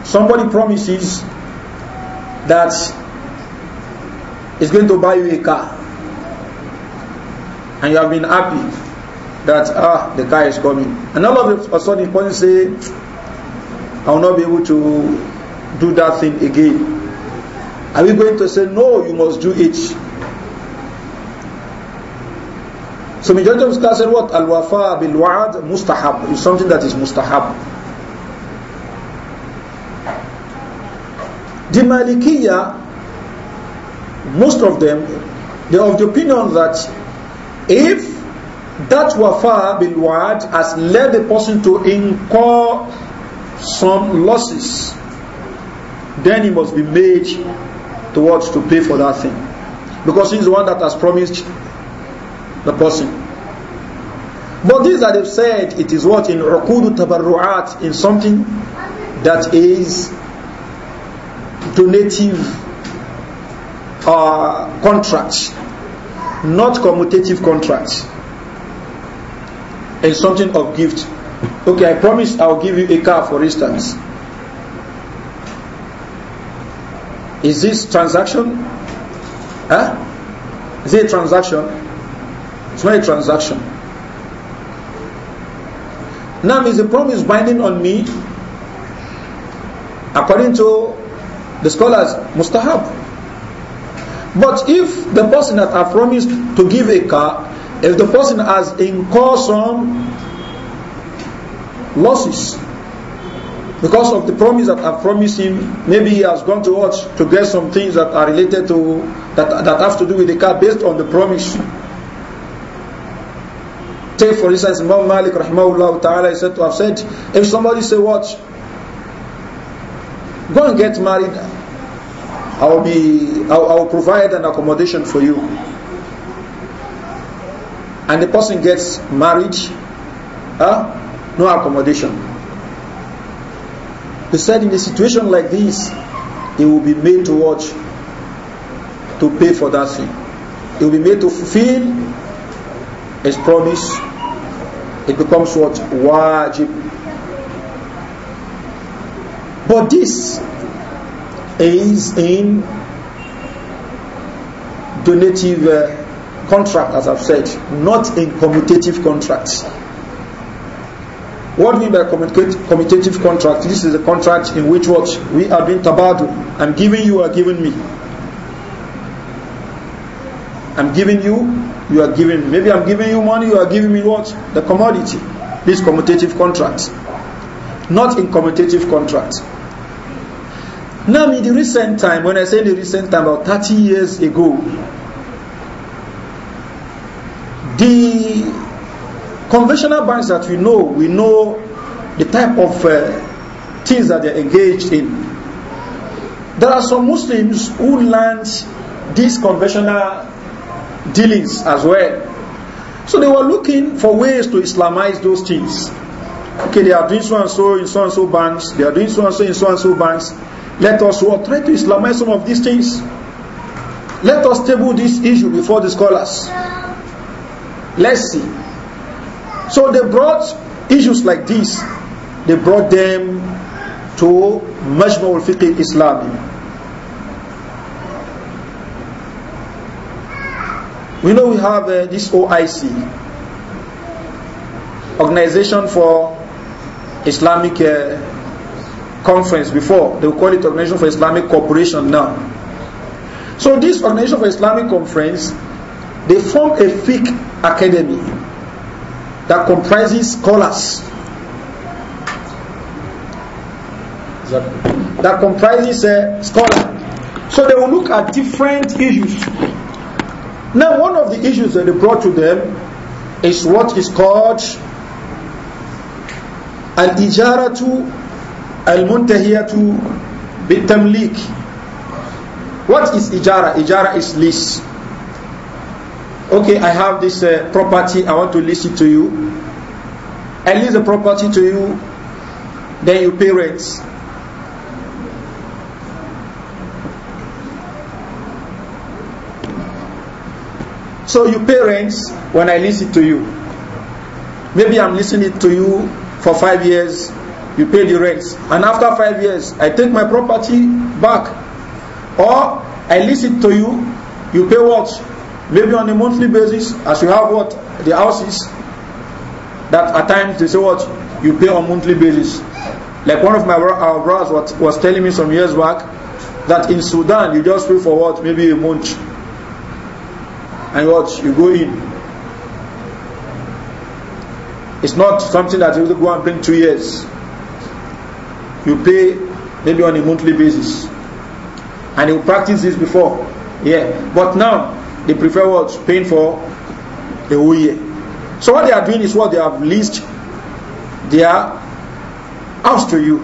Somebody promises that he's going to buy you a car and you have been happy that ah the car is coming and all of a sudden the say I will not be able to do that thing again are we going to say no you must do it so majority of scholars said what al-wafa bil-wa'ad mustahab is something that is mustahab the Malikiya most of them they are of the opinion that if that wafa bil wa'ad has led the person to incur some losses, then he must be made towards to pay for that thing. Because he's the one that has promised the person. But these that have said it is what in Uqudu Tabarru'at, in something that is donative uh, contract not commutative contracts. and something of gift. Okay, I promise I'll give you a car, for instance. Is this transaction? Huh? Is it a transaction? It's not a transaction. Now, is the promise binding on me? According to the scholars, mustahab. But if the person that I promised to give a car, if the person has incurred some losses because of the promise that I promised him, maybe he has gone to watch to get some things that are related to that that have to do with the car based on the promise. Take for instance, Imam Malik rahmahullah ta'ala is said to have said, if somebody say what, go and get married I'll be I'll, I'll provide an accommodation for you. And the person gets married, huh? no accommodation. He said in a situation like this, he will be made to watch to pay for that thing. He will be made to fulfill his promise. It becomes what? Wajib. But this is in donative uh, contract, as I've said, not in commutative contracts. What we mean by commutative contract? This is a contract in which what we are doing tabadu. I'm giving you, you are giving me. I'm giving you, you are giving. Maybe I'm giving you money, you are giving me what? The commodity. This commutative contract. Not in commutative contract. Now, in the recent time, when I say in the recent time, about 30 years ago, the conventional banks that we know, we know the type of uh, things that they're engaged in. There are some Muslims who learned these conventional dealings as well. So they were looking for ways to Islamize those things. Okay, they are doing so and so in so and so banks, they are doing so and so in so and so banks. Let us what, try to Islamize some of these things. Let us table this issue before the scholars. Let's see. So they brought issues like this. They brought them to Majma' al-Fiqh Islam. We know we have uh, this OIC, Organization for Islamic uh, conference before. They call it Organization for Islamic Cooperation now. So this Organization for Islamic Conference, they form a fake academy that comprises scholars. That comprises a uh, scholars. So they will look at different issues. Now, one of the issues that they brought to them is what is called al-ijaratu Al-muntahiyatu bitamlik. What is ijara? Ijara is lease. Okay, I have this uh, property, I want to lease it to you. I lease the property to you, then you pay rent. So you pay rent when I lease it to you. Maybe I'm leasing it to you for five years, you pay the rent. And after five years, I take my property back. Or I lease it to you, you pay what? Maybe on a monthly basis, as you have what? The houses that at times they say what? You pay on monthly basis. Like one of my our brothers was, was telling me some years back that in Sudan you just pay for what? Maybe a month. And what? You go in. It's not something that you go and bring two years. you pay maybe on a monthly basis. And you practice this before. Yeah. But now they prefer what? Paying for the whole year. So what they are doing is what they have leased their house to you.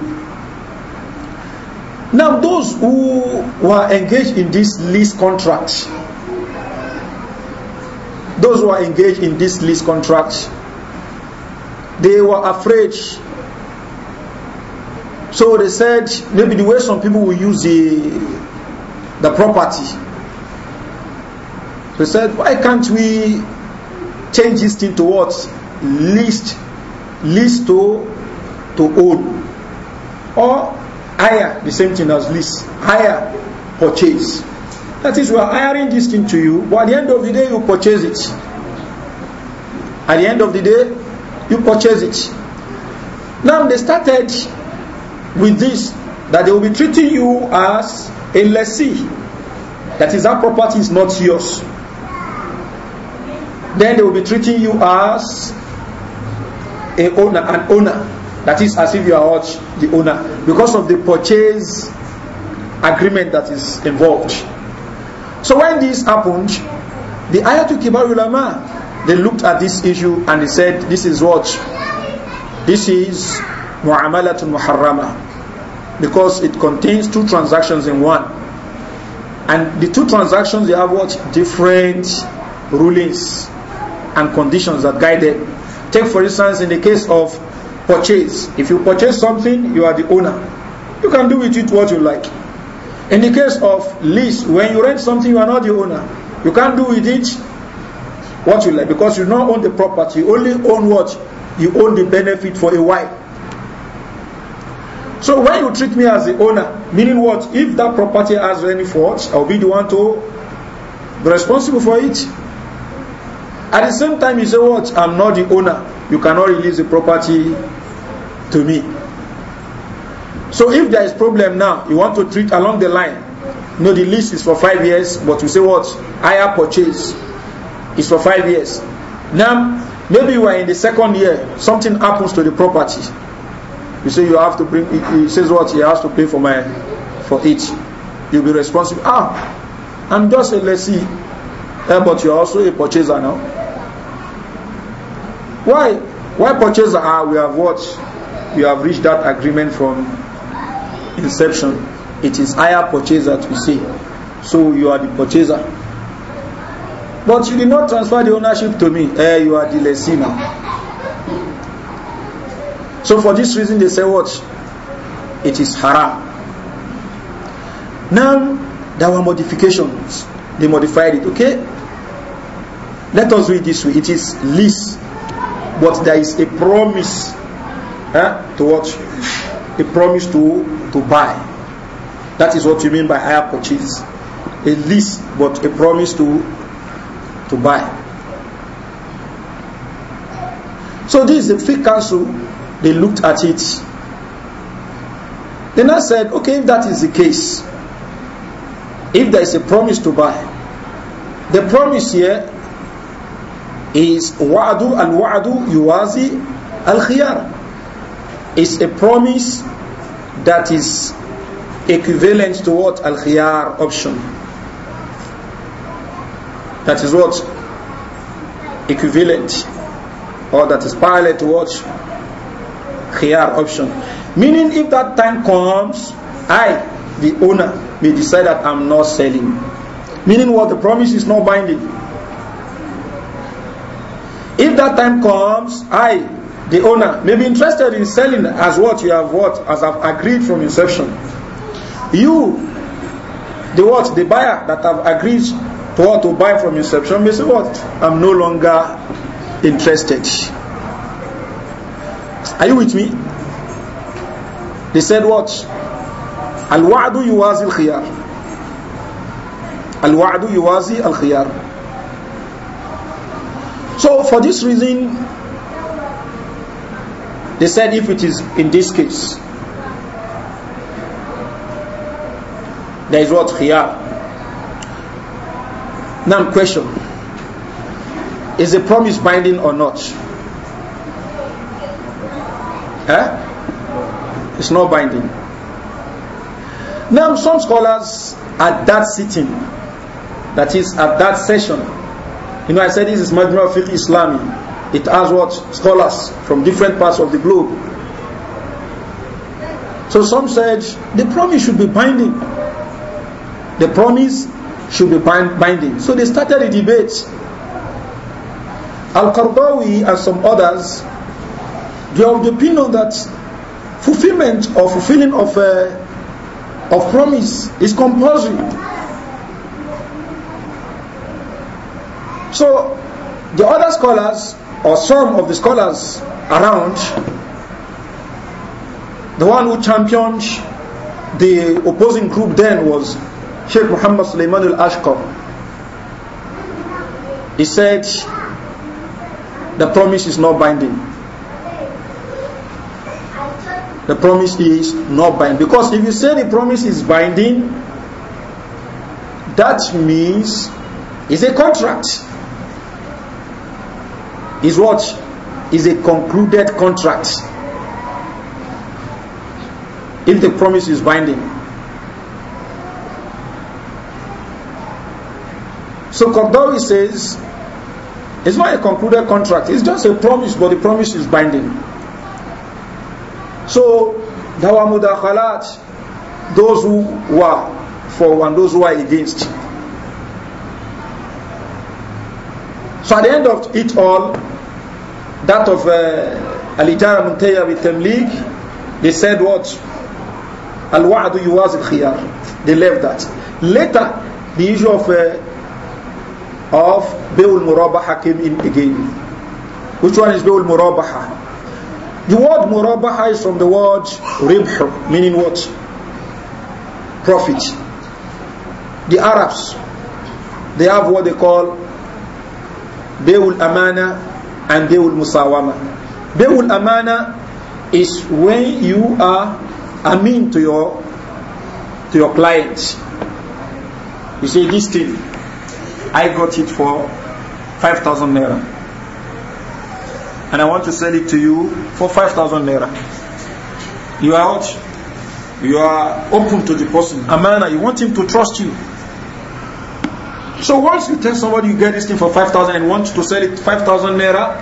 Now those who were engaged in this lease contract, those who are engaged in this lease contract, they were afraid So they said maybe the way some people will use the the property. So they said, why can't we change this thing to what? Least lease to to own or hire the same thing as lease hire purchase that is we are hiring this thing to you but at the end of the day you purchase it at the end of the day you purchase it now they started with this that they will be treating you as a lessee. That is, that property is not yours. Then they will be treating you as a owner, an owner. That is as if you are the owner because of the purchase agreement that is involved. So when this happened, the Ayatul Kibar Ulama, they looked at this issue and they said, this is what? This is mu'amalatun muharrama because it contains two transactions in one and the two transactions they have what different rulings and conditions that guide them take for instance in the case of purchase if you purchase something you are the owner you can do with it what you like in the case of lease when you rent something you are not the owner you can't do with it what you like because you don't own the property you only own what you own the benefit for a while So when you treat me as the owner, meaning what? If that property has any faults, I'll be the one to be responsible for it. At the same time, you say, What? I'm not the owner. You cannot release the property to me. So if there is problem now, you want to treat along the line. You no, know, the lease is for five years, but you say what? Higher purchase is for five years. Now, maybe you are in the second year, something happens to the property. You say you have to bring, he, says what? He has to pay for my, for it. You'll be responsible. Ah, I'm just a lessee. Eh, but you're also a purchaser now. Why? Why purchaser? Ah, we have what? We have reached that agreement from inception. It is higher purchaser to see. So you are the purchaser. But you did not transfer the ownership to me. Eh, you are the lessee now. So for this reason, they say what? It is haram. Now, there were modifications. They modified it, okay? Let us read this way. It is lease, but there is a promise eh, to what? A promise to, to buy. That is what you mean by hire purchase. A lease, but a promise to, to buy. So this is the fake council they looked at it. Then I said, okay, if that is the case, if there is a promise to buy, the promise here is wa'adu al-wa'adu yuwazi al-khiyar. It's a promise that is equivalent to what al-khiyar option. That is what equivalent, or that is parallel to what khiyar option. Meaning, if that time comes, I, the owner, may decide that I'm not selling. Meaning, what the promise is not binding. If that time comes, I, the owner, may be interested in selling as what you have what as I've agreed from inception. You, the what the buyer that have agreed to what to buy from inception may say what I'm no longer interested. Are you with me? They said what? khiyar, al wa'adu الوعد al khiyar." So for this reason they said if it is in this case there is what khiyar now question is the promise binding or not Eh? It's not binding. Now, some scholars at that sitting, that is at that session, you know, I said this is Majma Fiqh Islami. It has what scholars from different parts of the globe. So some said the promise should be binding. The promise should be bind binding. So they started a debate. Al Qardawi and some others they are of the opinion that fulfillment or fulfilling of a uh, of promise is compulsory. So the other scholars or some of the scholars around the one who championed the opposing group then was Sheikh Muhammad Sulaiman al Ashkar. He said the promise is not binding the promise is not binding. Because if you say the promise is binding, that means it's a contract. Is what? Is a concluded contract. If the promise is binding. So Kordawi says it's not a concluded contract, it's just a promise, but the promise is binding. So there were mudakhalat, those who were for and those who were against. So at the end of it all, that of uh, Al-Ijara Muntayya with Tamlik, they said what? Al-Wa'adu Yuwaz al-Khiyar. They left that. Later, the issue of uh, of Beul Murabaha came in again. Which one is Beul Murabaha? The word murabaha is from the word ribh, meaning what? Profit. The Arabs, they have what they call Beul Amana and Beul Musawama. Beul Amana is when you are amin to your to your clients. You say this thing, I got it for five thousand naira and I want to sell it to you for 5,000 naira. You are out. You are open to the person. Amana, you want him to trust you. So once you tell somebody you get this thing for 5,000 and want to sell it 5,000 naira,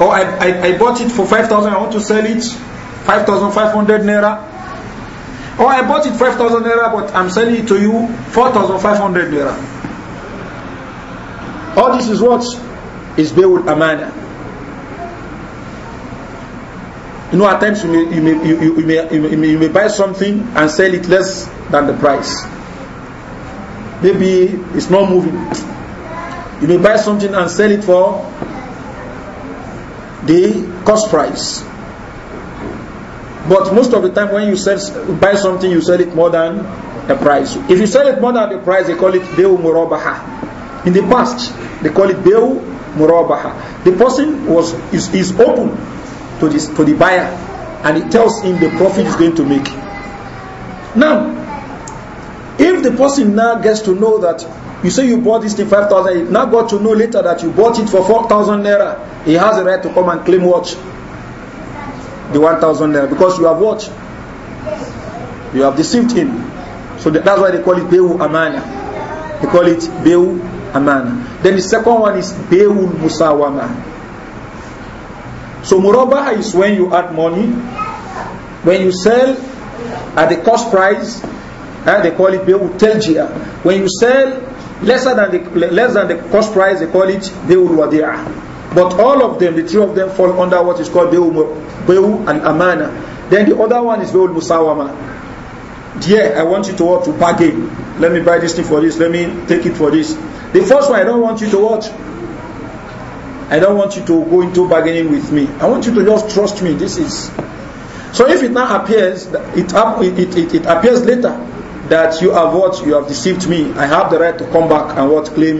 or I, I, I bought it for 5,000, I want to sell it 5,500 naira, or I bought it 5,000 naira but I'm selling it to you 4,500 naira. All this is what is Beul Amana. You know, at times you may, you may, you, you, may, you, may, you may buy something and sell it less than the price. Maybe it's not moving. You may buy something and sell it for the cost price. But most of the time, when you sell, buy something, you sell it more than the price. If you sell it more than the price, they call it Beu Murabaha. In the past, they call it Beu Murabaha. The person was is, is open to the, to the buyer and he tells him the profit is going to make. Now, if the person now gets to know that you say you bought this thing he now got to know later that you bought it for four thousand naira, he has a right to come and claim watch The one thousand naira. Because you have what? You have deceived him. So that's why they call it Bewu Amana. They call it Bewu Amana. Then the second one is Bewu Musawama. So murabaha is when you add money, when you sell at the cost price, uh, they call it beul teljia. When you sell lesser than the less than the cost price, they call it beul wadi'ah. But all of them, the three of them fall under what is called beul and amana. Then the other one is beul musawama. Dear, I want you to what to bargain. Let me buy this thing for this. Let me take it for this. The first one, I don't want you to watch. I don't want you to go into bargaining with me. I want you to just trust me. This is. So if it now appears, it, it, it, it appears later that you have what? You have deceived me. I have the right to come back and what? Claim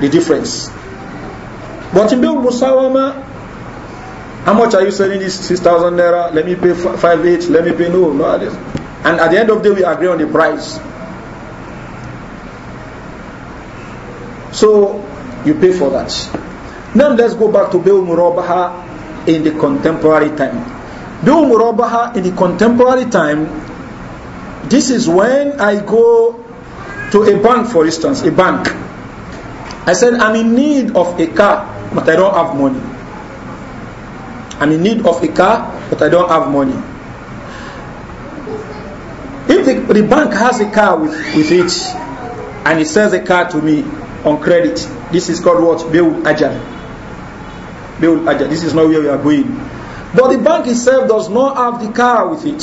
the difference. But in Bill Musawama, how much are you selling this 6,000 naira? Let me pay 5,800. let me pay no, no. And at the end of the day, we agree on the price. So you pay for that. Now let's go back to Bill Murabaha in the contemporary time. Bill Murabaha in the contemporary time, this is when I go to a bank, for instance, a bank. I said, I'm in need of a car, but I don't have money. I'm in need of a car, but I don't have money. If the, the bank has a car with, with it, and it sells a car to me, on credit. This is called what? Beul Ajal. Beul Ajal. This is not where we are going. But the bank itself does not have the car with it.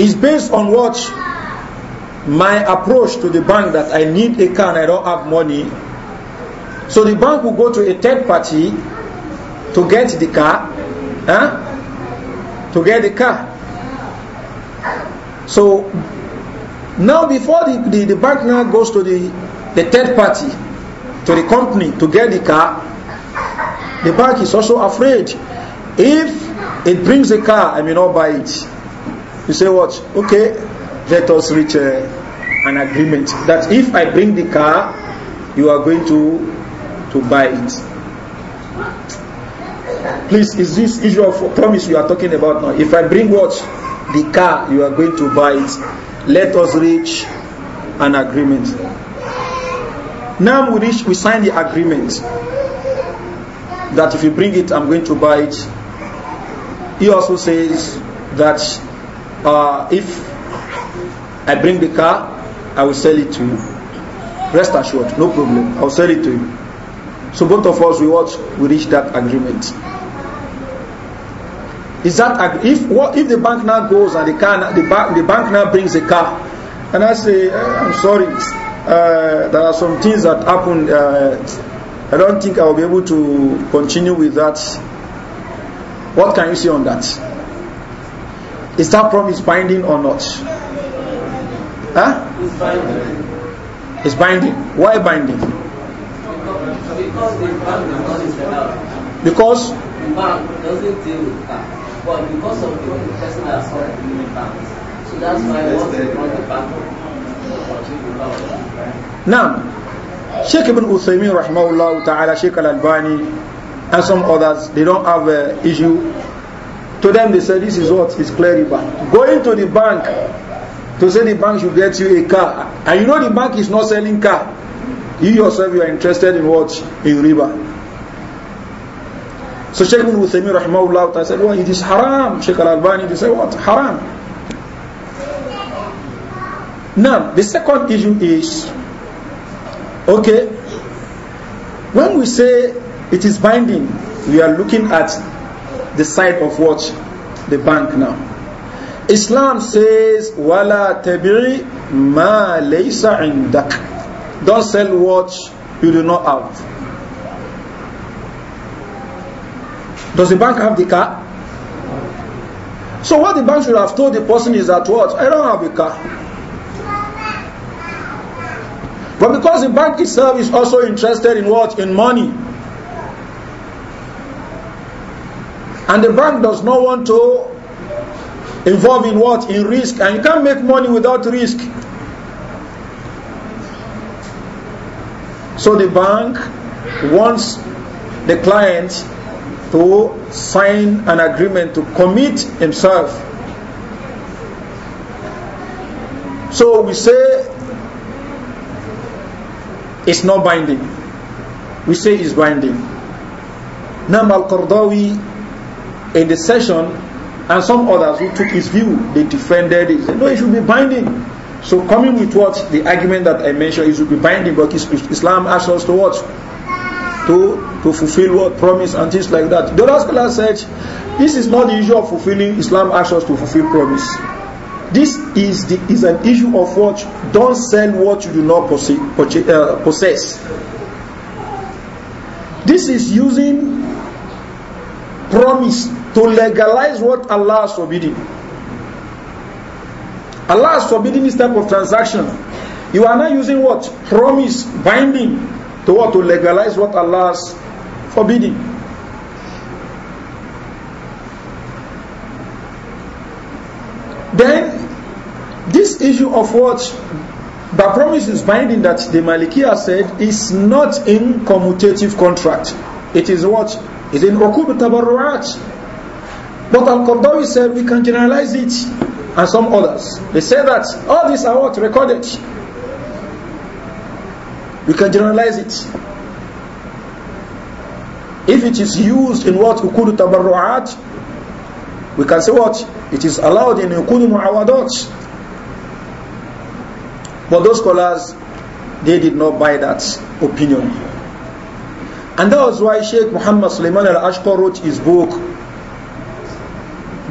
It's based on what? My approach to the bank that I need a car and I don't have money. So the bank will go to a third party to get the car. Huh? To get the car. So Now, before the, the, the bank now goes to the, the third party, to the company to get the car, the bank is also afraid. If it brings the car, I may not buy it. You say, What? Okay, let us reach uh, an agreement that if I bring the car, you are going to, to buy it. Please, is this issue of promise you are talking about now? If I bring what? The car, you are going to buy it let us reach an agreement. Now we reach, we sign the agreement that if you bring it, I'm going to buy it. He also says that uh, if I bring the car, I will sell it to you. Rest assured, no problem. I'll sell it to you. So both of us, we what? We reach that agreement. Is that if what if the bank now goes and the car the bank the bank now brings a car, and I say eh, I'm sorry, uh, there are some things that happen. Uh, I don't think I will be able to continue with that. What can you say on that? Is that promise binding or not? Huh? It's binding. It's binding. Why binding? Because the bank does not Because the bank doesn't deal with that. But because of the person I saw at the banks, so that's why I want to run the bank. Now, Sheikh Ibn Uthaymeen rahimahullah ta'ala, Sheikh Al-Albani and some others, they don't have an uh, issue. To them they say this is what is clear bank. Going to the bank to say the bank should get you a car and you know the bank is not selling car. You yourself you are interested in what? In riba. So Sheikh Ibn Uthaymeen rahimahullah ta'ala said, well, it is haram. Sheikh Al-Albani, they said, what? Haram. Now, the second issue is, okay, when we say it is binding, we are looking at the side of what? The bank now. Islam says, wala tabi'i ma laysa indak. Don't sell what you do not have. Does the bank have the car? So what the bank should have told the person is that what? I don't have a car. But because the bank itself is also interested in what? In money. And the bank does not want to involve in what? In risk. And you can't make money without risk. So the bank wants the client to sign an agreement to commit himself. So we say it's not binding. We say it's binding. Nam al Qardawi in the session and some others who took his view, they defended it. They said, no, it should be binding. So coming with what the argument that I mentioned, it should be binding, but Islam asks us to what? To to fulfill what promise and things like that. The last class said, this is not the issue of fulfilling Islam actions to fulfill promise. This is the, is an issue of what don't sell what you do not possess. Uh, possess. This is using promise to legalize what Allah has forbidden. Allah has forbidden this type of transaction. You are not using what? Promise, binding to what? To legalize what Allah has forbidden. Then, this issue of what the promise is binding that the Malikiya said is not in commutative contract. It is what is in Okub Tabarru'at. But Al-Qardawi said we can generalize it and some others. They say that all these are what recorded. We can generalize it. if it is used in what ukudu tabarru'at we can say what it is allowed in ukudu mu'awadat but those scholars they did not buy that opinion and that was why Sheikh Muhammad Sulaiman al-Ashqar wrote his book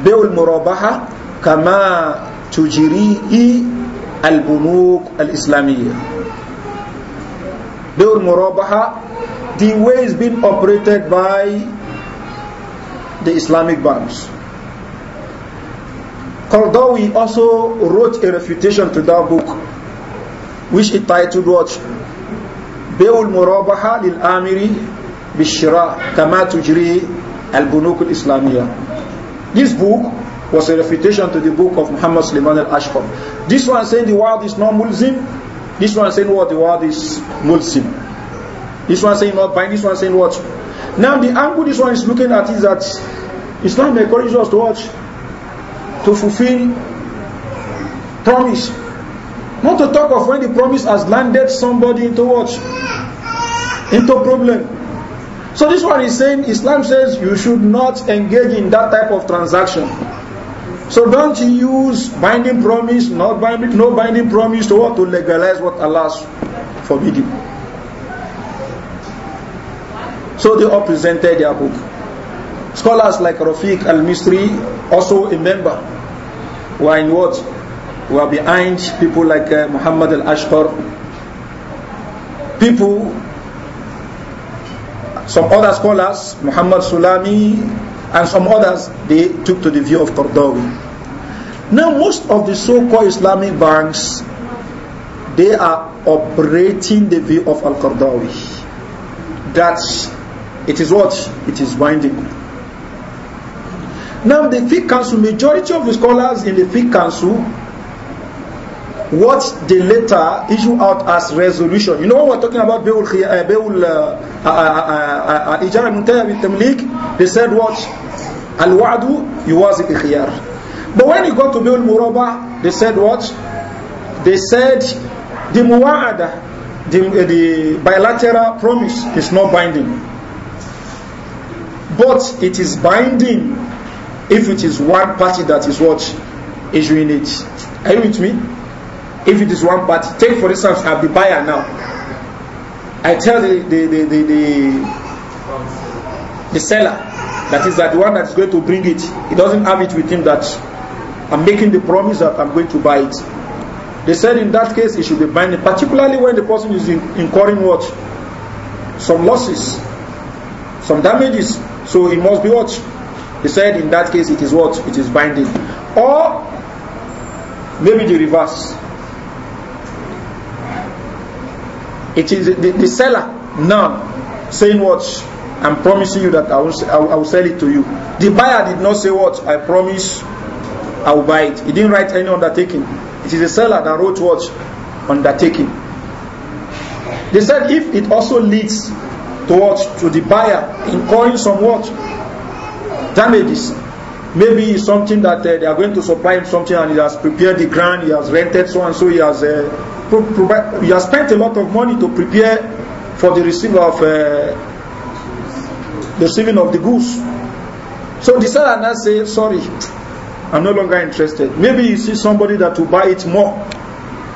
Be'ul Murabaha Kama Tujiri'i al-Bunuk al-Islamiyya Be'ul Murabaha the way it's being operated by the Islamic banks. Qardawi also wrote a refutation to that book, which he titled what? Bewul Murabaha lil Amiri Bishira Kama Tujri al Bunuk al Islamiyah. This book was a refutation to the book of Muhammad Sulaiman al Ashqam. This one saying the world is not Muslim, this one saying what the world is Muslim. This one saying not bind. this one saying what? Now the angle this one is looking at is that Islam encourages us to watch, to fulfill promise. Not to talk of when the promise has landed somebody into what? Into problem. So this one is saying Islam says you should not engage in that type of transaction. So don't use binding promise, not binding, no binding promise to what to legalize what Allah forbid you. So they all presented their book. Scholars like Rafiq al-Misri, also a member, were in what? Were behind people like uh, Muhammad al-Ashqar. People, some other scholars, Muhammad Sulami, and some others, they took to the view of Qardawi. Now most of the so-called Islamic banks, they are operating the view of Al-Qardawi. That's it is what? It is binding. Now the fiqh council, majority of the scholars in the fiqh council, what the letter issue out as resolution. You know we we're talking about Beul uh, uh, uh, Ijara Muntaya Tamlik? They said what? Al Wa'du Yuwazik Khiyar. But when you got to Beul Muraba, they said what? They said the Muwa'ada, the, the bilateral promise is not binding. But it is binding if it is one party that is what is doing it. Are you with me? If it is one party, take for instance, I'm the buyer now. I tell the the the the, the, the seller that is that the one that is going to bring it, he doesn't have it with him that I'm making the promise that I'm going to buy it. They said in that case it should be binding, particularly when the person is in, incurring what some losses, some damages so it must be what? He said in that case it is what? It is binding. Or maybe the reverse. It is the, the seller now saying what? I'm promising you that I will, I will sell it to you. The buyer did not say what? I promise I will buy it. He didn't write any undertaking. It is the seller that wrote what? Undertaking. They said if it also leads towards to the buyer, incurring some what? Damages. Maybe something that uh, they are going to supply him something and he has prepared the ground, he has rented so and so, he has, uh, pro- pro- he has spent a lot of money to prepare for the receiver of uh, the receiving of the goods. So the seller now say, sorry, I'm no longer interested. Maybe you see somebody that will buy it more.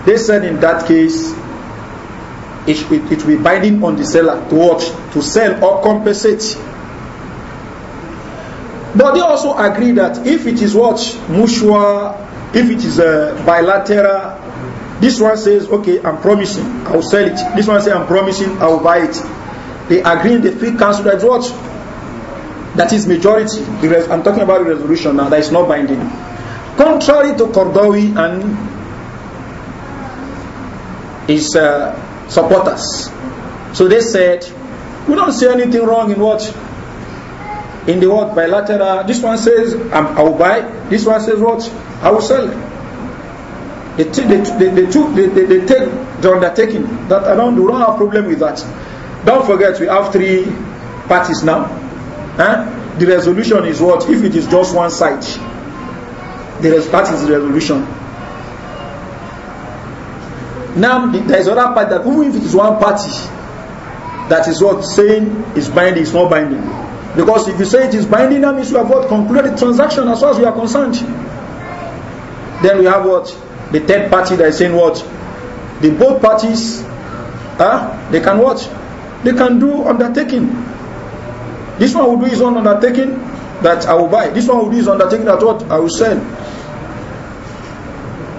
They said in that case, it, it will be binding on the seller to what? To sell or compensate. But they also agree that if it is what? Mushwa, if it is a uh, bilateral, this one says, okay, I'm promising, I'll sell it. This one says, I'm promising, I'll buy it. They agree in the three council that what? That is majority. I'm talking about the resolution now, that is not binding. Contrary to Cordovi and his uh, supporters. So they said, we don't see anything wrong in what? In the word bilateral. This one says, um, I will buy. This one says what? I will sell. They, t- they, they, they, took, they, they, they take the undertaking. That I don't, we don't have problem with that. Don't forget, we have three parties now. Huh? The resolution is what? If it is just one side, the res- that is the resolution. Now, there is other part that even if it is one party, that is what saying is binding, is not binding. Because if you say it is binding, that means you have what? Concluded the transaction as far as we are concerned. Then we have what? The third party that is saying what? The both parties, huh? they can what? They can do undertaking. This one will do his own undertaking that I will buy. This one will do his undertaking that what? I will sell.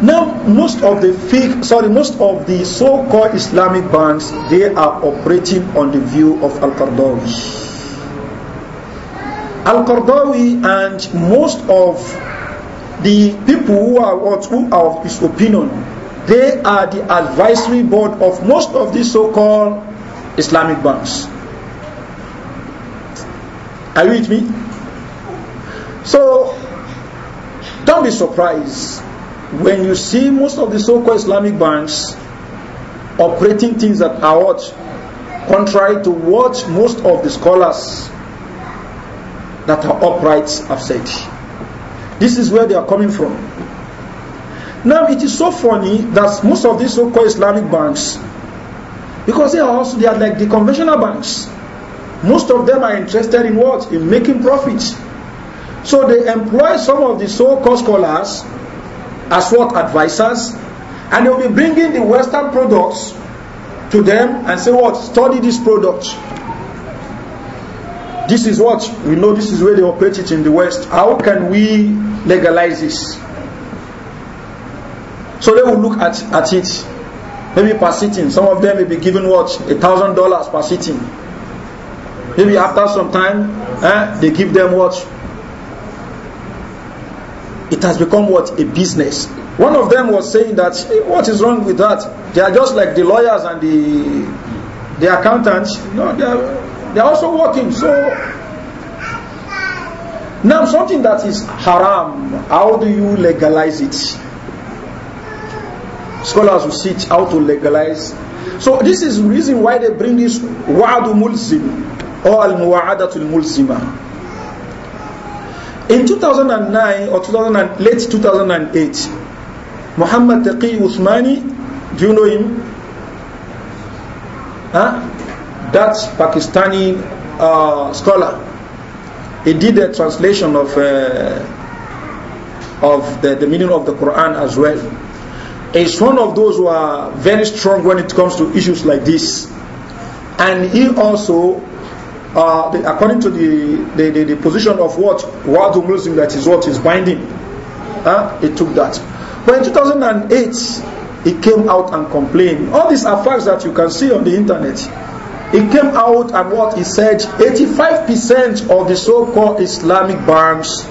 Now, most of the fake, sorry, most of the so-called Islamic banks, they are operating on the view of Al-Qardawi. Al-Qardawi and most of the people who are what who are of his opinion, they are the advisory board of most of these so-called Islamic banks. Are you with me? So, don't be surprised when you see most of the so-called Islamic banks operating things that are what contrary to what most of the scholars that are upright have said. This is where they are coming from. Now it is so funny that most of these so-called Islamic banks, because they are also they are like the conventional banks. Most of them are interested in what? In making profits. So they employ some of the so-called scholars as what advisors, and they'll be bringing the Western products to them and say, What study this product? This is what we know, this is where they operate it in the West. How can we legalize this? So they will look at, at it, maybe per sitting. Some of them may be given what a thousand dollars per sitting. Maybe after some time, eh, they give them what it has become what? A business. One of them was saying that, hey, what is wrong with that? They are just like the lawyers and the, the accountants. No, they are, they are also working. So, now something that is haram, how do you legalize it? Scholars will teach how to legalize. So this is reason why they bring this wa'adu mulzim or al-mu'adatul mulzimah. In 2009 or 2000 late 2008, Muhammad Taqi Uthmani, do you know him? Huh? That Pakistani uh, scholar. He did a translation of uh, of the, the meaning of the Quran as well. He's one of those who are very strong when it comes to issues like this. And he also uh, the, according to the, the, the, the, position of what Wadu Muslim that is what is binding. Huh? He took that. But in 2008, he came out and complained. All these are facts that you can see on the internet. He came out and what he said 85% of the so called Islamic banks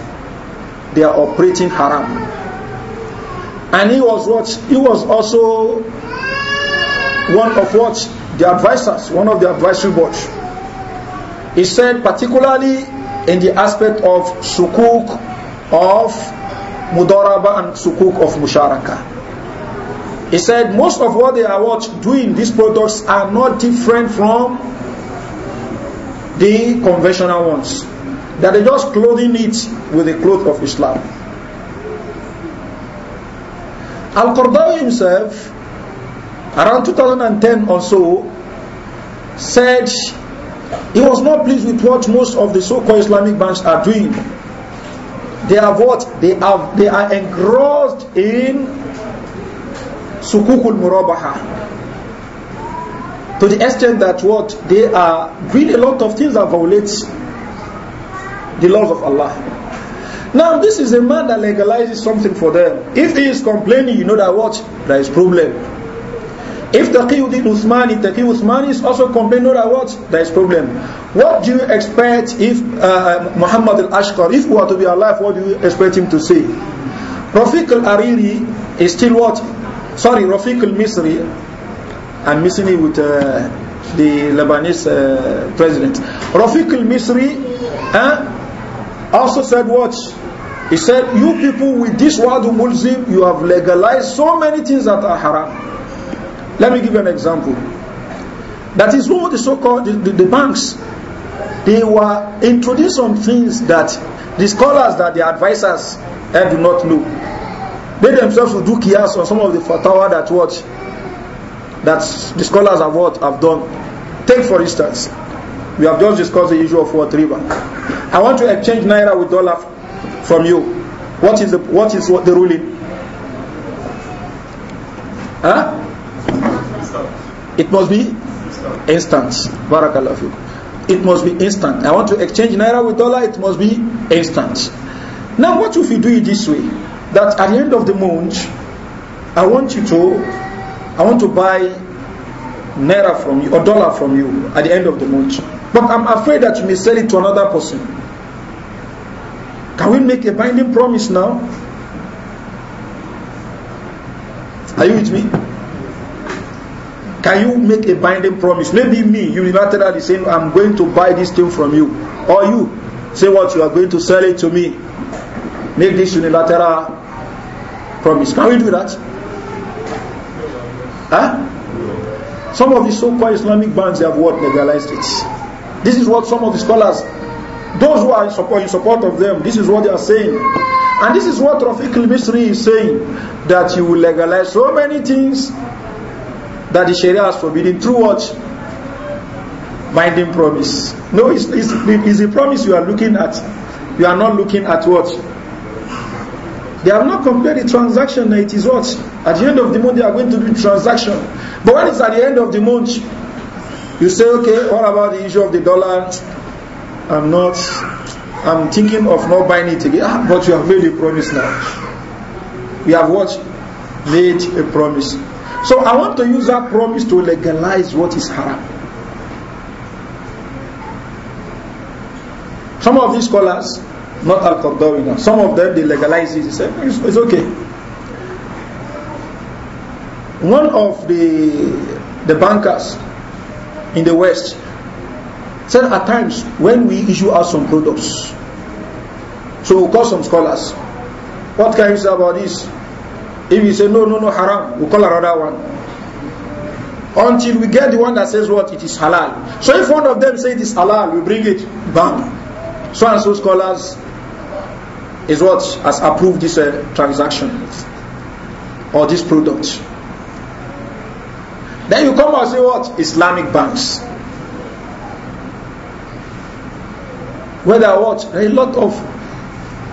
they are operating haram. And he was what he was also one of what the advisors, one of the advisory boards. He said particularly in the aspect of sukuk of mudaraba and sukuk of musharaka. He said most of what they are what doing these products are not different from the conventional ones. That they just clothing it with the cloth of Islam. Al-Qardawi himself, around 2010 or so, said he was not pleased with what most of the so-called Islamic banks are doing. They are what? They are, they are engrossed in sukukul murabaha. To the extent that what? They are doing a lot of things that violates the laws of Allah. Now, this is a man that legalizes something for them. If he is complaining, you know that what? There is problem. If Taqiyuddin Uthmani, Taqi Uthmani is also complaining, about what? There is problem. What do you expect if uh, uh Muhammad al-Ashqar, if he were to be alive, what do you expect him to say? Rafiq al-Ariri is still what? Sorry, Rafiq al-Misri. I'm missing it with uh, the Lebanese uh, president. Rafiq al-Misri uh, also said what? He said, you people with this wadu mulzim, you have legalized so many things that are haram. Let me give you an example. That is what the so-called the, the, the banks they were introduced some things that the scholars that the advisors eh, do not know. They themselves will do kias on some of the fatwa that what that the scholars have what have done. Take for instance, we have just discussed the issue of what River. I want to exchange naira with dollar from you. What is the what is what the ruling? Huh? It must be instant. Barakallahu fikum. It must be instant. I want to exchange naira with dollar, it must be instant. Now, what if we do it this way? That at the end of the month, I want you to, I want to buy naira from you or dollar from you at the end of the month. But I'm afraid that you may sell it to another person. Can we make a binding promise now? Are you with me? Can you make a binding promise? Maybe me unilaterally saying, I'm going to buy this thing from you. Or you say what you are going to sell it to me. Make this unilateral promise. Can we do that? Huh? Some of the so-called Islamic banks have what legalized it. This is what some of the scholars, those who are in support, in support of them, this is what they are saying. And this is what Rafiq al-Misri is saying, that you will legalize so many things that the Sharia has forbidden through what? Binding promise. No, it's, it's, it's a promise you are looking at. You are not looking at what? They have not completed the transaction. It is what? At the end of the month, they are going to do transaction. But when it's at the end of the month, you say, okay, what about the issue of the dollar? I'm not, I'm thinking of not buying it again. Ah, but you have made a promise now. We have what? Made a promise. So I want to use that promise to legalize what is haram. Some of these scholars, not Al Qaddawi some of them they legalize it. They say, it's, it's okay. One of the the bankers in the West said at times when we issue out some products, so we call some scholars, what can you say about this? If you say, no, no, no, haram, we call another one. Until we get the one that says what? It is halal. So if one of them say it is halal, we bring it back. So and so scholars is what has approved this uh, transaction or this product. Then you come and say what? Islamic banks. Whether what? A lot of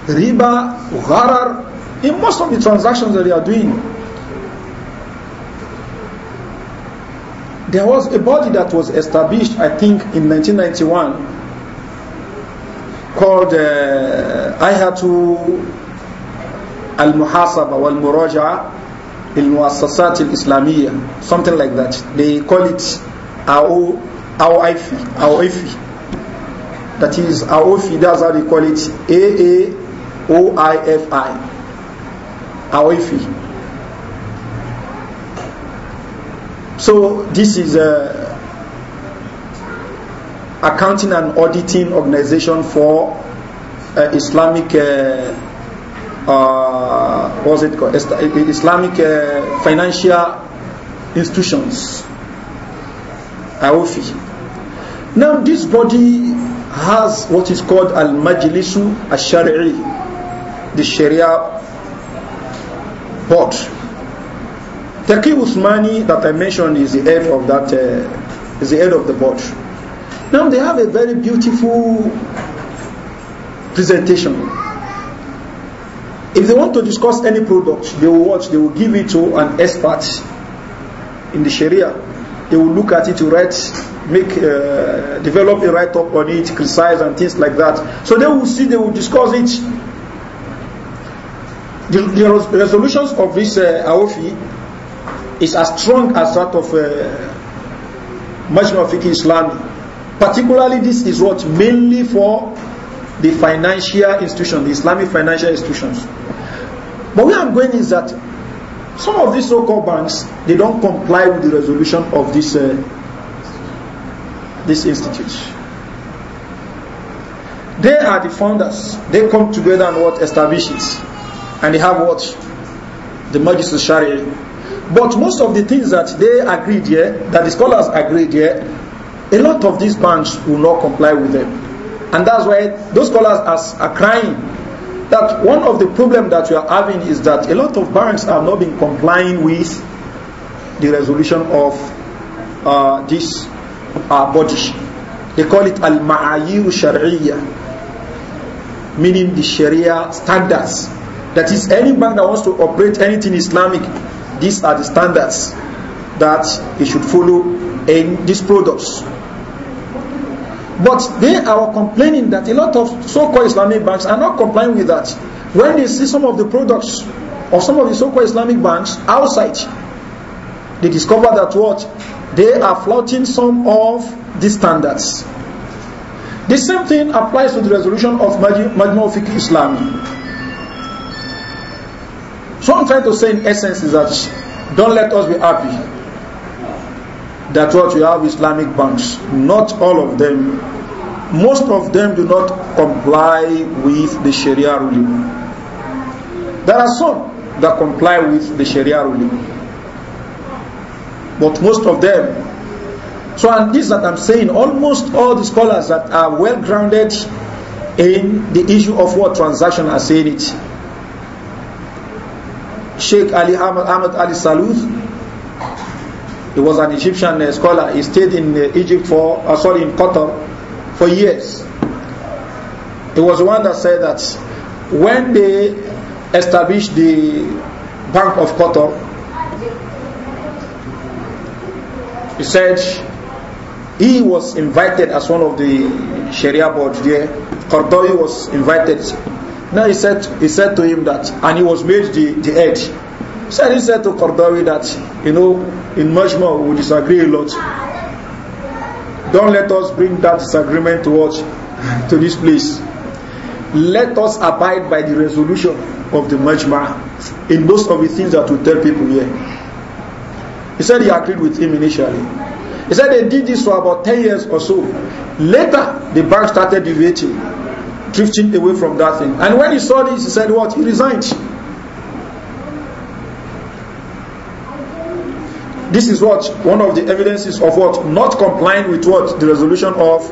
riba, gharar, in most of the transactions that they are doing, there was a body that was established, I think, in 1991 called uh, Al-Muhasaba Wal-Muraja'a Al-Muassasat Al-Islamiyya something like that they call it AOFI. that is AOFI that's how they call it A-A-O-I-F-I away fee. So this is a accounting and auditing organization for uh, Islamic uh, uh, what's it called? Uh, Islamic uh, financial institutions, AOFI. Now, this body has what is called Al Majlisu Al the Sharia but Taqi Usmani that I mentioned is the head of that uh, is the head of the board. Now they have a very beautiful presentation. If they want to discuss any product, they will watch, they will give it to an expert in the Sharia. They will look at it to write, make, uh, develop a write-up on it, criticize and things like that. So they will see, they will discuss it the, the resolutions of this uh, Aofi is as strong as that of uh, of Fiqh Islam. Particularly, this is what mainly for the financial institutions, the Islamic financial institutions. But where I'm going is that some of these so-called banks they don't comply with the resolution of this uh, this institute. They are the founders. They come together and what establishes and they have what? The Majlis But most of the things that they agreed here, that the scholars agreed here, a lot of these bands will not comply with them. And that's why those scholars are, are crying that one of the problems that we are having is that a lot of banks have not been complying with the resolution of uh, this uh, body. They call it al-ma'ayir sharia, meaning the Sharia standards that is, any bank that wants to operate anything Islamic, these are the standards that it should follow in these products. But they are complaining that a lot of so-called Islamic banks are not complying with that. When they see some of the products of some of the so-called Islamic banks outside, they discover that what? They are flouting some of these standards. The same thing applies to the resolution of Majmu Fiqh Islamic. So I'm trying to say in essence is that don't let us be happy that what we have Islamic banks. Not all of them. Most of them do not comply with the Sharia ruling. There are some that comply with the Sharia ruling. But most of them so, and this that I'm saying, almost all the scholars that are well grounded in the issue of what transaction are saying it. Sheikh Ali Ahmed, Ahmed Ali Saluth, he was an Egyptian uh, scholar. He stayed in uh, Egypt for, uh, sorry, in Qatar for years. He was one that said that when they established the Bank of Qatar, he said he was invited as one of the Sharia board there. Qardawi was invited Now he said, he said to him that, and he was made the, the head. He said, he said to Qardawi that, you know, in Majma we disagree a lot. Don't let us bring that disagreement to us to this place. Let us abide by the resolution of the Majma in most of the things that we tell people here. He said he agreed with him initially. He said they did this for about 10 years or so. Later, the bank started debating. drifting away from that thing. And when he saw this, he said, What? He resigned. This is what? One of the evidences of what? Not complying with what? The resolution of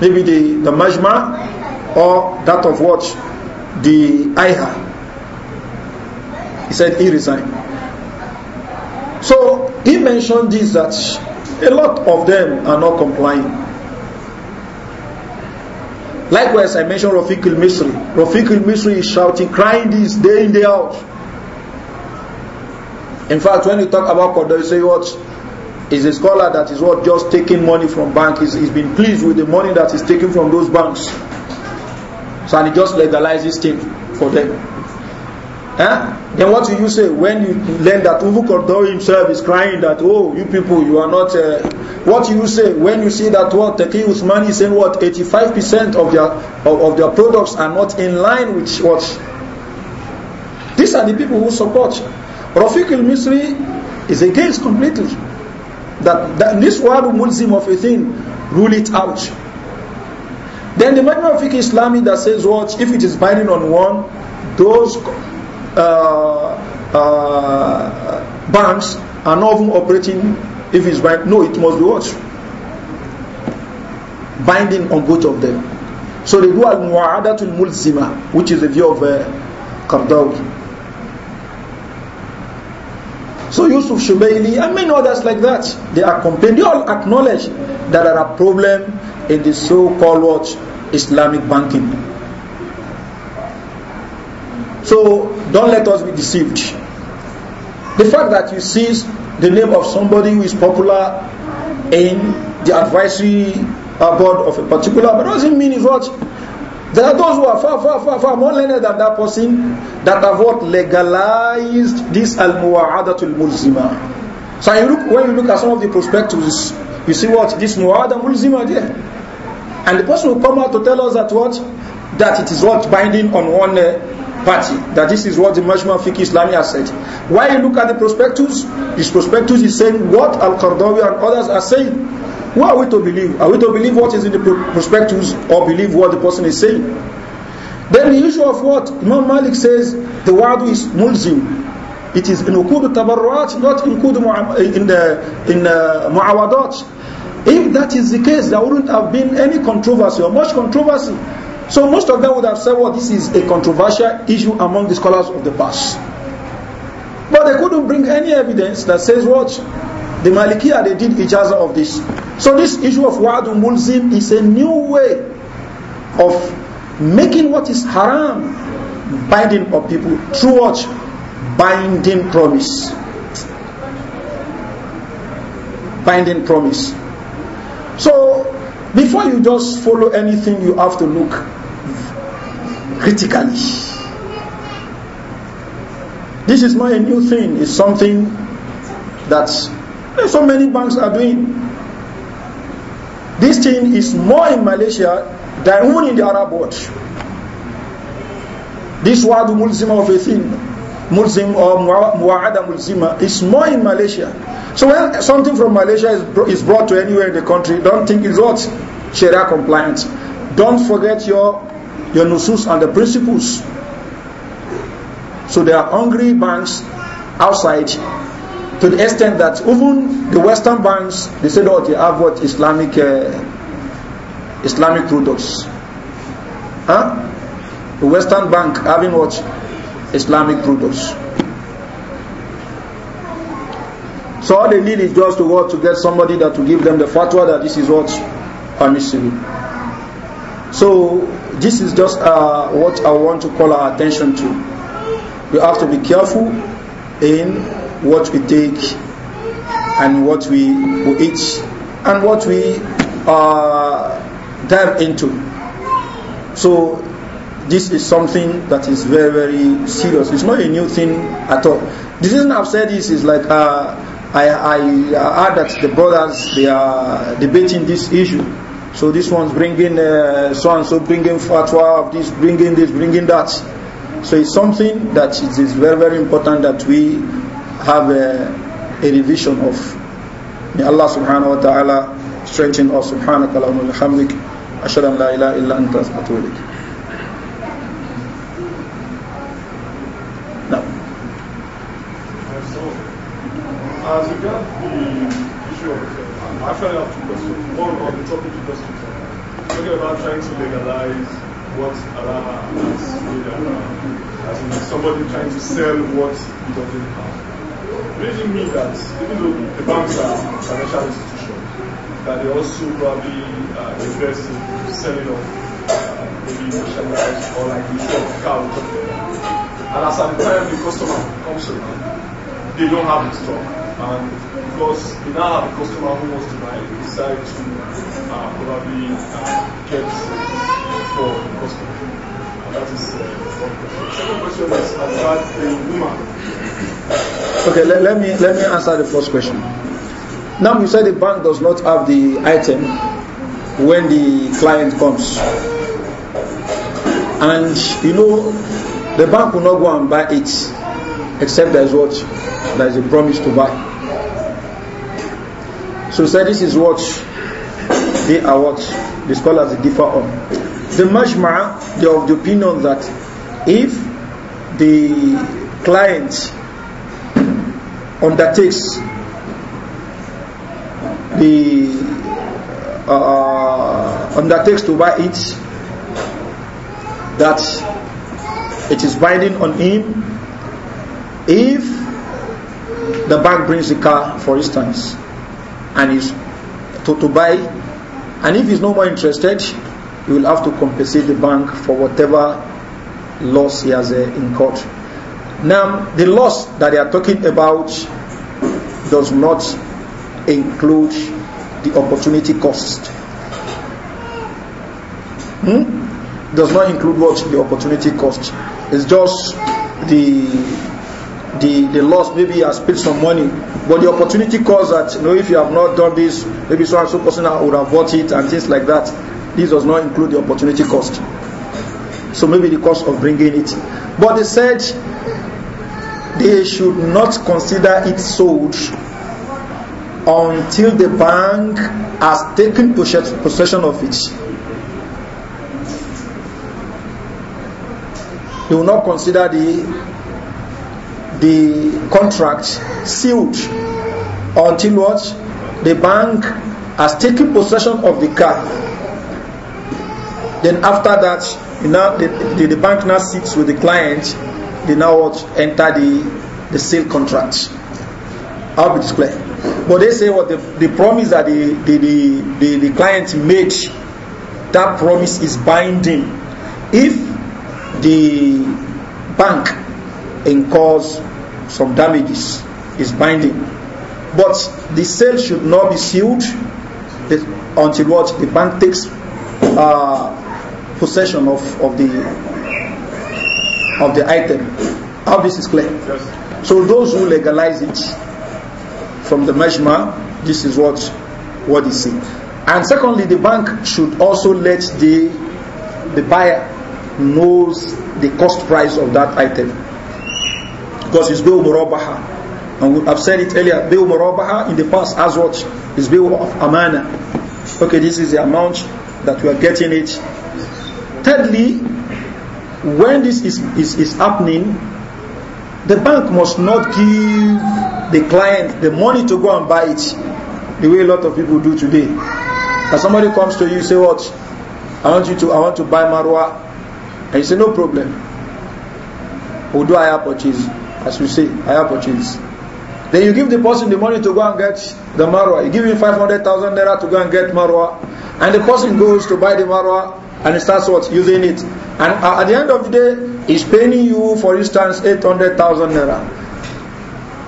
maybe the, the majma or that of what? The ayah. He said, He resigned. So he mentioned this that a lot of them are not complying. Likewise, I mentioned Rafiq al-Misri. Rafiq al-Misri is shouting, crying this day in, day out. In fact, when you talk about Qadr, you say what? Is a scholar that is what just taking money from bank. He's, he's been pleased with the money that is taken from those banks. So and he just legalizes things for them. Eh? Then what will you say when you learn that Uvu Kordo himself is crying that, oh, you people, you are not... Uh, what you say when you see that what Taqi Usmani is saying what 85% of their, of, of their products are not in line with what... These are the people who support. Rafiq al-Misri is against completely. That, that this word Muslim of a thing, rule it out. Then the Majma of Islami that says what, if it is binding on one, those uh, uh, banks are not even operating if it's right. No, it must be what? Binding on both of them. So they do al mu'adatul mulzima, which is the view of uh, So Yusuf Shumaili and many others like that, they are complaining. They all acknowledge that there are problems in the so-called Islamic banking. So don't let us be deceived. The fact that you see the name of somebody who is popular in the advisory uh, board of a particular, but doesn't mean it's what there are those who are far, far, far, far more learned than that person that have what legalized this al muwaadatul mulzima. So you look, when you look at some of the prospectus, you see what this muwaada mulzima there, and the person will come out to tell us that what that it is what binding on one uh, party. That this is what the Majma Fiqh Islami has said. Why you look at the prospectus? This prospectus is saying what Al-Qardawi and others are saying. Who are we to believe? Are we to believe what is in the prospectus or believe what the person is saying? Then the issue of what? Imam Malik says the wadu is mulzim. It is in ukud tabarruat, not in ukud in the in uh, muawadat. If that is the case, there wouldn't have been any controversy or much controversy So most of them would have said, well, this is a controversial issue among the scholars of the past. But they couldn't bring any evidence that says what? The Malikiya, they did ijaza of this. So this issue of wa'adu mulzim is a new way of making what is haram binding of people through what? Binding promise. Binding promise. So before you just follow anything, you have to look critically. This is not a new thing, it's something that so many banks are doing. This thing is more in Malaysia than even in the Arab world. This word mulzima of a thing, mulzim or mu'ada mulzima, is more in Malaysia. So when something from Malaysia is, brought to anywhere in the country, don't think it's not Sharia compliant. Don't forget your your nusus and the principles. So there are hungry banks outside to the extent that even the Western banks, they say, oh, they have what Islamic uh, Islamic products. Huh? The Western bank having what Islamic products. So all they need is just to go to get somebody that will give them the fatwa that this is what permissible. So this is just uh, what I want to call our attention to. We have to be careful in what we take and what we, we eat and what we uh, dive into. So this is something that is very, very serious. It's not a new thing at all. The reason I've said this is like uh, I, I heard that the brothers they are debating this issue. So this one's bringing uh, so and so, bringing fatwa of this, bringing this, bringing that. So it's something that it is very, very important that we have a, uh, a revision of. May Allah subhanahu wa ta'ala strengthen us subhanaka lahumul hamdik. أشهد أن لا إله إلا sell what he doesn't have. Reason means that even though the banks are financial institutions, that they also probably uh, invest in selling of uh, maybe merchandise or like the of car And as at the time the customer comes around, they don't have the stock. And because we now have a customer who wants to buy it, decide to uh, probably uh, get for the customer. Okay, let, let me let me answer the first question. Now you said the bank does not have the item when the client comes. And you know the bank will not go and buy it except there's what there is a promise to buy. So say this is what they are what the scholars differ on. The majma they are of the opinion that if the client undertakes the uh, undertakes to buy it that it is binding on him if the bank brings the car for instance and is to, to buy and if he's no more interested he will have to compensate the bank for whatever loss he has uh, incurred. Now, the loss that they are talking about does not include the opportunity cost. Hmm? Does not include what the opportunity cost. It's just the the, the loss, maybe he has paid some money, but the opportunity cost that you know if you have not done this, maybe so and so person would have bought it and things like that. This does not include the opportunity cost. So maybe the cost of bringing it. But they said they should not consider it sold until the bank has taken possession of it. They will not consider the the contract sealed until what the bank has taken possession of the car Then after that, you now the, the, the bank now sits with the client. They now enter the the sale contract. I'll be clear. But they say what the, the promise that the, the, the, the, the client made, that promise is binding. If the bank incurs some damages, is binding. But the sale should not be sealed until what the bank takes uh, possession of, of the of the item. How this is clear. So those who legalize it from the majma, this is what what is seen. And secondly, the bank should also let the the buyer knows the cost price of that item because it's bill murabaha. And I've said it earlier, bill murabaha in the past as what is bill of amana. Okay, this is the amount that we are getting it thirdly, when this is, is, is happening, the bank must not give the client the money to go and buy it the way a lot of people do today. As somebody comes to you, say, What? I want you to I want to buy Marwa. And you say, No problem. We'll do higher purchase. As we say, higher purchase. Then you give the person the money to go and get the Marwa. You give him 500,000 naira to go and get Marwa. And the person goes to buy the Marwa and he starts what using it and uh, at the end of the day he's paying you for instance 800,000 naira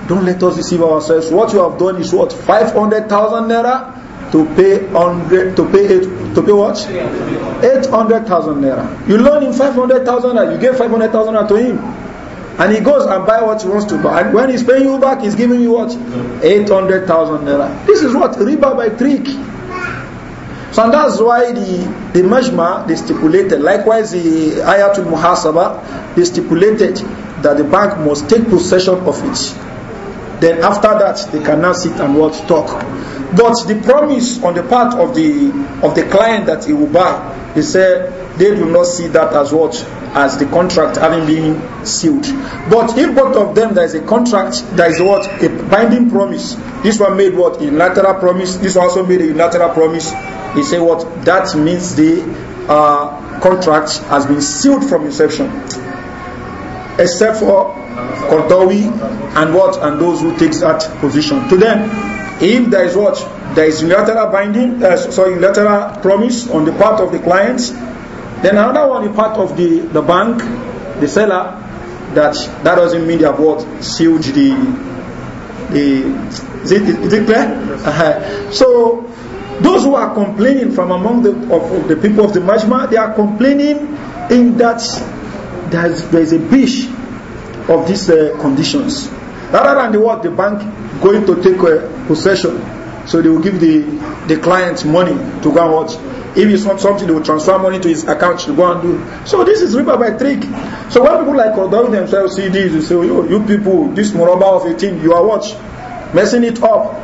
don't let us deceive ourselves what you have done is what 500,000 naira to pay on to pay it to pay what 800,000 naira you loan him 500,000 naira you gave 500,000 naira to him and he goes and buy what he wants to buy and when he's paying you back he's giving you what 800,000 naira this is what riba by trick So and that's why the, the Majma, they stipulated, likewise the Ayatul Muhasaba, they stipulated that the bank must take possession of it. Then after that, they cannot sit and watch talk. But the promise on the part of the of the client that he will buy, he said, they do not see that as what as the contract having been sealed. But if both of them there is a contract, there is what a binding promise. This one made what a unilateral promise. This also made a unilateral promise. He say what that means the uh, contract has been sealed from inception, except for Kordawi and what and those who takes that position. To them, if there is what there is unilateral binding, uh, sorry, unilateral promise on the part of the clients Then another one is part of the, the bank, the seller, that that doesn't mean they have what sealed the the is it, is it clear? Uh -huh. So those who are complaining from among the of, of the people of the Majma, they are complaining in that there's, there's a breach of these uh, conditions. Rather than the what the bank going to take uh, possession, so they will give the the client money to go and watch If he wants something, they will transfer money to his account to go and do. So this is riba by trick. So when people like Kodaru themselves see this, they say, oh, you people, this Muraba of a team, you are what? Messing it up.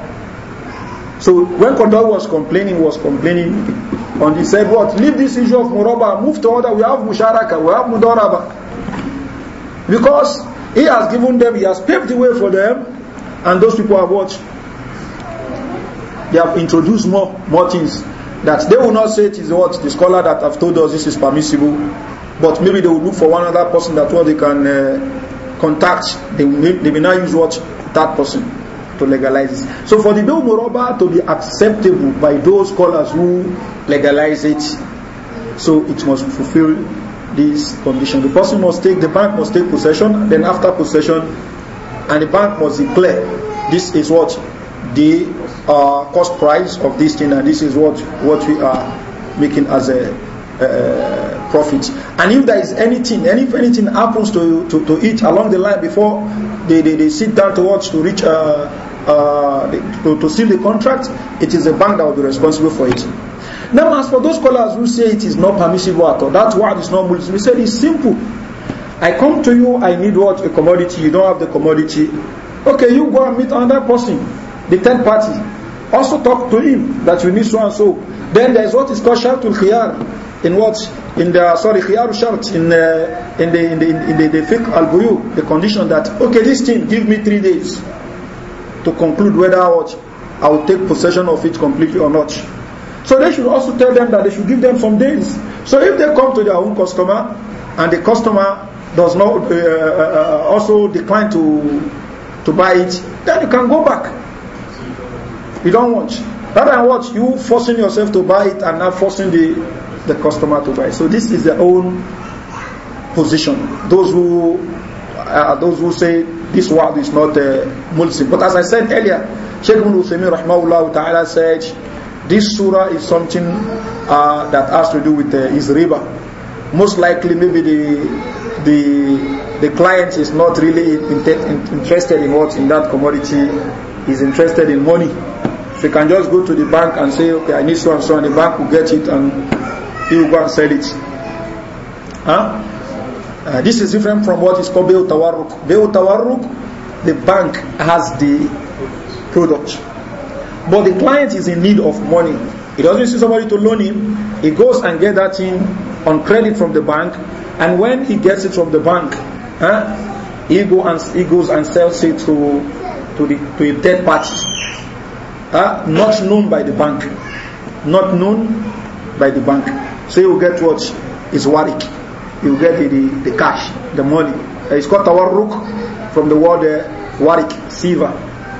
So when Kodaru was complaining, was complaining, and he said, what? Leave this issue of Muraba, move to other, we have Musharaka, we have Mudoraba." Because he has given them, he has paved the way for them, and those people have what? They have introduced more, more things. That they will not say it is what the scholar that have told us this is permissible, but maybe they will look for one other person that what they can uh, contact. They may, they may not use what that person to legalize it. So for the Bill Moroba to be acceptable by those scholars who legalize it, so it must fulfill this condition. The person must take, the bank must take possession, then after possession, and the bank must declare this is what the uh, cost price of this thing, and this is what, what we are making as a uh, profit. And if there is anything, and if anything happens to, to, to it along the line before they, they, they sit down towards to reach uh, uh, to, to seal the contract, it is the bank that will be responsible for it. Now, as for those scholars who say it is not permissible at all, that word is not multiple. We said it's simple. I come to you, I need what? A commodity. You don't have the commodity. Okay, you go and meet another person, the third party also talk to him that we need so and so. Then there is what is called shartul khiyar in what in the sorry khiyar shart in, in uh, the in the in the, in the, the fiqh al buyu the condition that okay this thing give me three days to conclude whether what I will take possession of it completely or not. So they should also tell them that they should give them some days. So if they come to their own customer and the customer does not uh, uh, uh, uh also decline to to buy it, then you can go back you don't want. Rather than what? You forcing yourself to buy it and not forcing the, the customer to buy. So this is their own position. Those who uh, those who say this world is not uh, But as I said earlier, Sheikh Uthaymeen rahmahullah ta'ala said, this surah is something uh, that has to do with uh, his riba. Most likely maybe the, the, the client is not really in, in, interested in what in that commodity, He's interested in money. If you can just go to the bank and say, okay, I need so and so, and the bank will get it and he will go and sell it. Huh? Uh, this is different from what is called Be'u Tawarruk. the bank has the product. But the client is in need of money. He doesn't see somebody to loan him. He goes and get that thing on credit from the bank. And when he gets it from the bank, huh, he, go and, he goes and sells it to, to, the, to a third party uh, not known by the bank. Not known by the bank. So you get what is warik. You get the, the, the, cash, the money. Uh, it's called tawarruk from the word uh, warik, silver.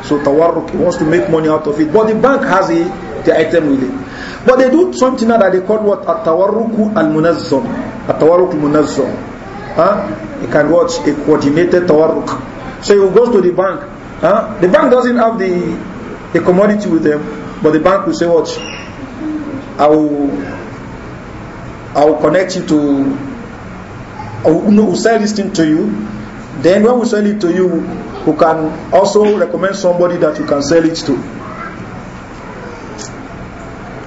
So tawarruk, he wants to make money out of it. But the bank has a, the item with it. But they do something that they call what? at al-munazzam. at al-munazzam. Huh? You can watch a coordinated tawarruk. So he goes to the bank. Huh? The bank doesn't have the a commodity with them, but the bank will say, What? I will, I will connect you to, I will, no, will sell this thing to you. Then when we sell it to you, we can also recommend somebody that you can sell it to.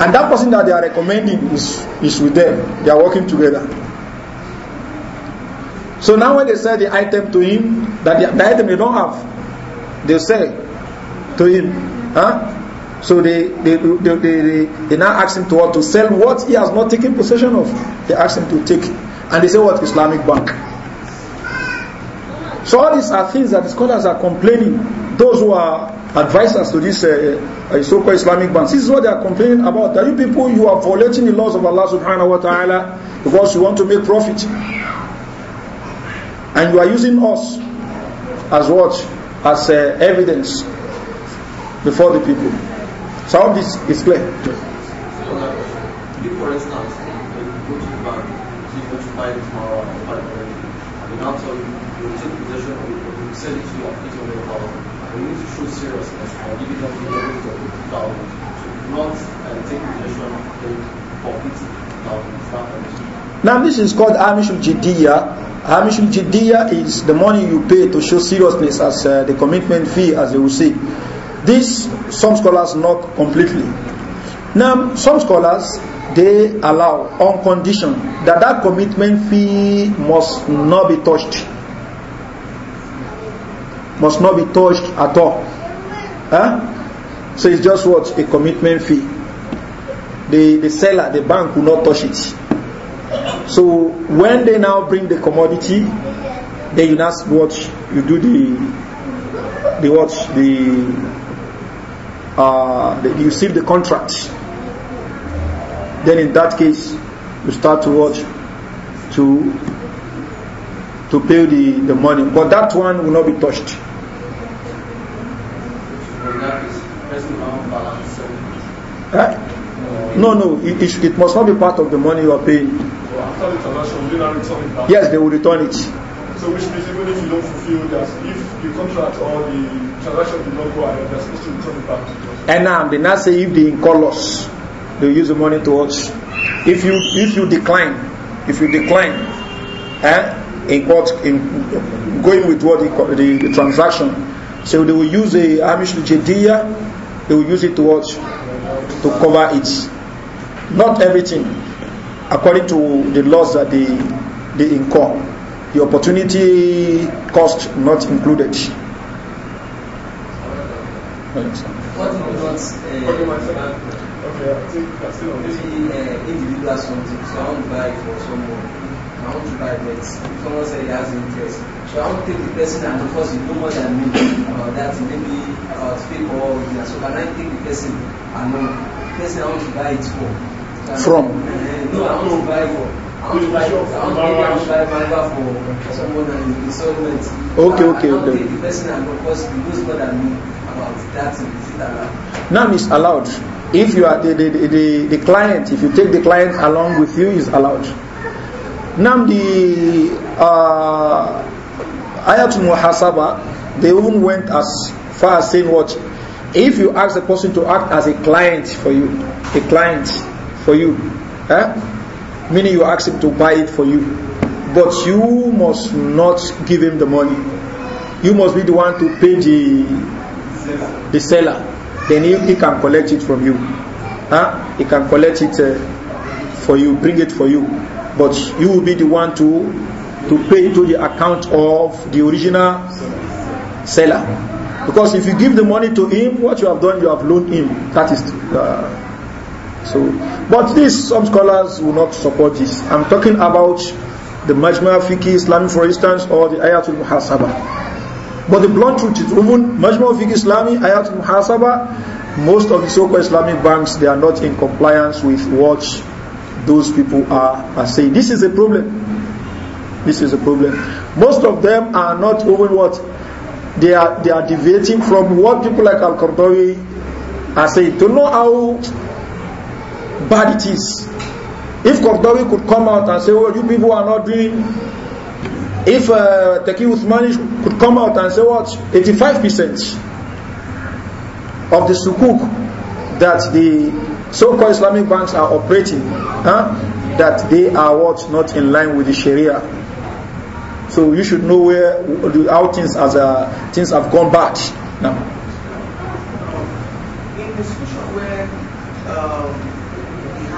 And that person that they are recommending is, is with them. They are working together. So now when they sell the item to him, that the, the item they don't have, they sell to him. Huh? So they, they, they, they, they, now ask him to what? To sell what he has not taken possession of. They ask him to take. And they say what? Islamic Bank. So all these are things that the scholars are complaining. Those who are advisors to this uh, uh so-called Islamic bank, this is what they are complaining about. That you people, you are violating the laws of Allah subhanahu wa ta'ala because you want to make profit. And you are using us as what? As uh, evidence before the people. So this is clear. So, like, if for instance, you go to the bank, you go to buy tomorrow or buy already, and in after you take possession of it, will send it to you after in your you need to show seriousness or give it up to your government. So not uh, take possession then forfeit the Now this is called Amishul Jidiyah. Hamishul Jidiyah is the money you pay to show seriousness as uh, the commitment fee, as they will say. This, some scholars not completely. Now, some scholars, they allow on condition that that commitment fee must not be touched. Must not be touched at all. Huh? So it's just what? A commitment fee. The, the seller, the bank will not touch it. So when they now bring the commodity, they you ask what you do the the what the uh, you seal the contract, then in that case, you start to watch to to pay the, the money. But that one will not be touched. Right? Eh? No, no, it, it, it, must not be part of the money you are paying. Yes, they will return it. So which means even if you don't fulfill that, if the contract or the transaction did not go ahead, they're supposed to return it back to you. And now um, they now say if they call us, they use the money towards. If you if you decline, if you decline, eh, in what in going with what the, the, the transaction, so they will use the Amish Jedia, they will use it towards to cover it. Not everything, according to the laws that they they incur the opportunity cost not included. What if not, uh, okay, I think I still maybe uh, individual something, so I want to buy for someone, I want to buy that. someone says he has interest, so I want to take the person and of you know more than me about that, maybe about paper So can I take the person and know person I want to buy it for? From? Uh, no, I want to buy for. Okay, okay, okay. The person allowed? None is allowed. If you are the, the, the, the client, if you take the client along with you, is allowed. Now the uh, Ayatul Muhasaba, they even went as far as saying what? If you ask the person to act as a client for you, a client for you, eh? meaning you ask him to buy it for you. But you must not give him the money. You must be the one to pay the seller. the seller. Then he, he can collect it from you. Huh? He can collect it uh, for you, bring it for you. But you will be the one to to pay to the account of the original seller. Because if you give the money to him, what you have done, you have loaned him. That is uh, so. But this, some scholars will not support this. I'm talking about the Majma Fiqh Islami, for instance, or the Ayatul Muhasaba. But the blunt truth is, even Majma Fiqh Islami, Ayatul Muhasaba, most of the so-called Islamic banks, they are not in compliance with what those people are, are saying. This is a problem. This is a problem. Most of them are not even what they are they are deviating from what people like Al Qardawi are saying. To know how bad it is. If Kordawi could come out and say, well, oh, you people are not doing, if uh, Taki Uthmani could come out and say, what, 85% of the sukuk that the so-called Islamic banks are operating, huh, that they are what, not in line with the Sharia. So you should know where how things, as, uh, things have gone bad now.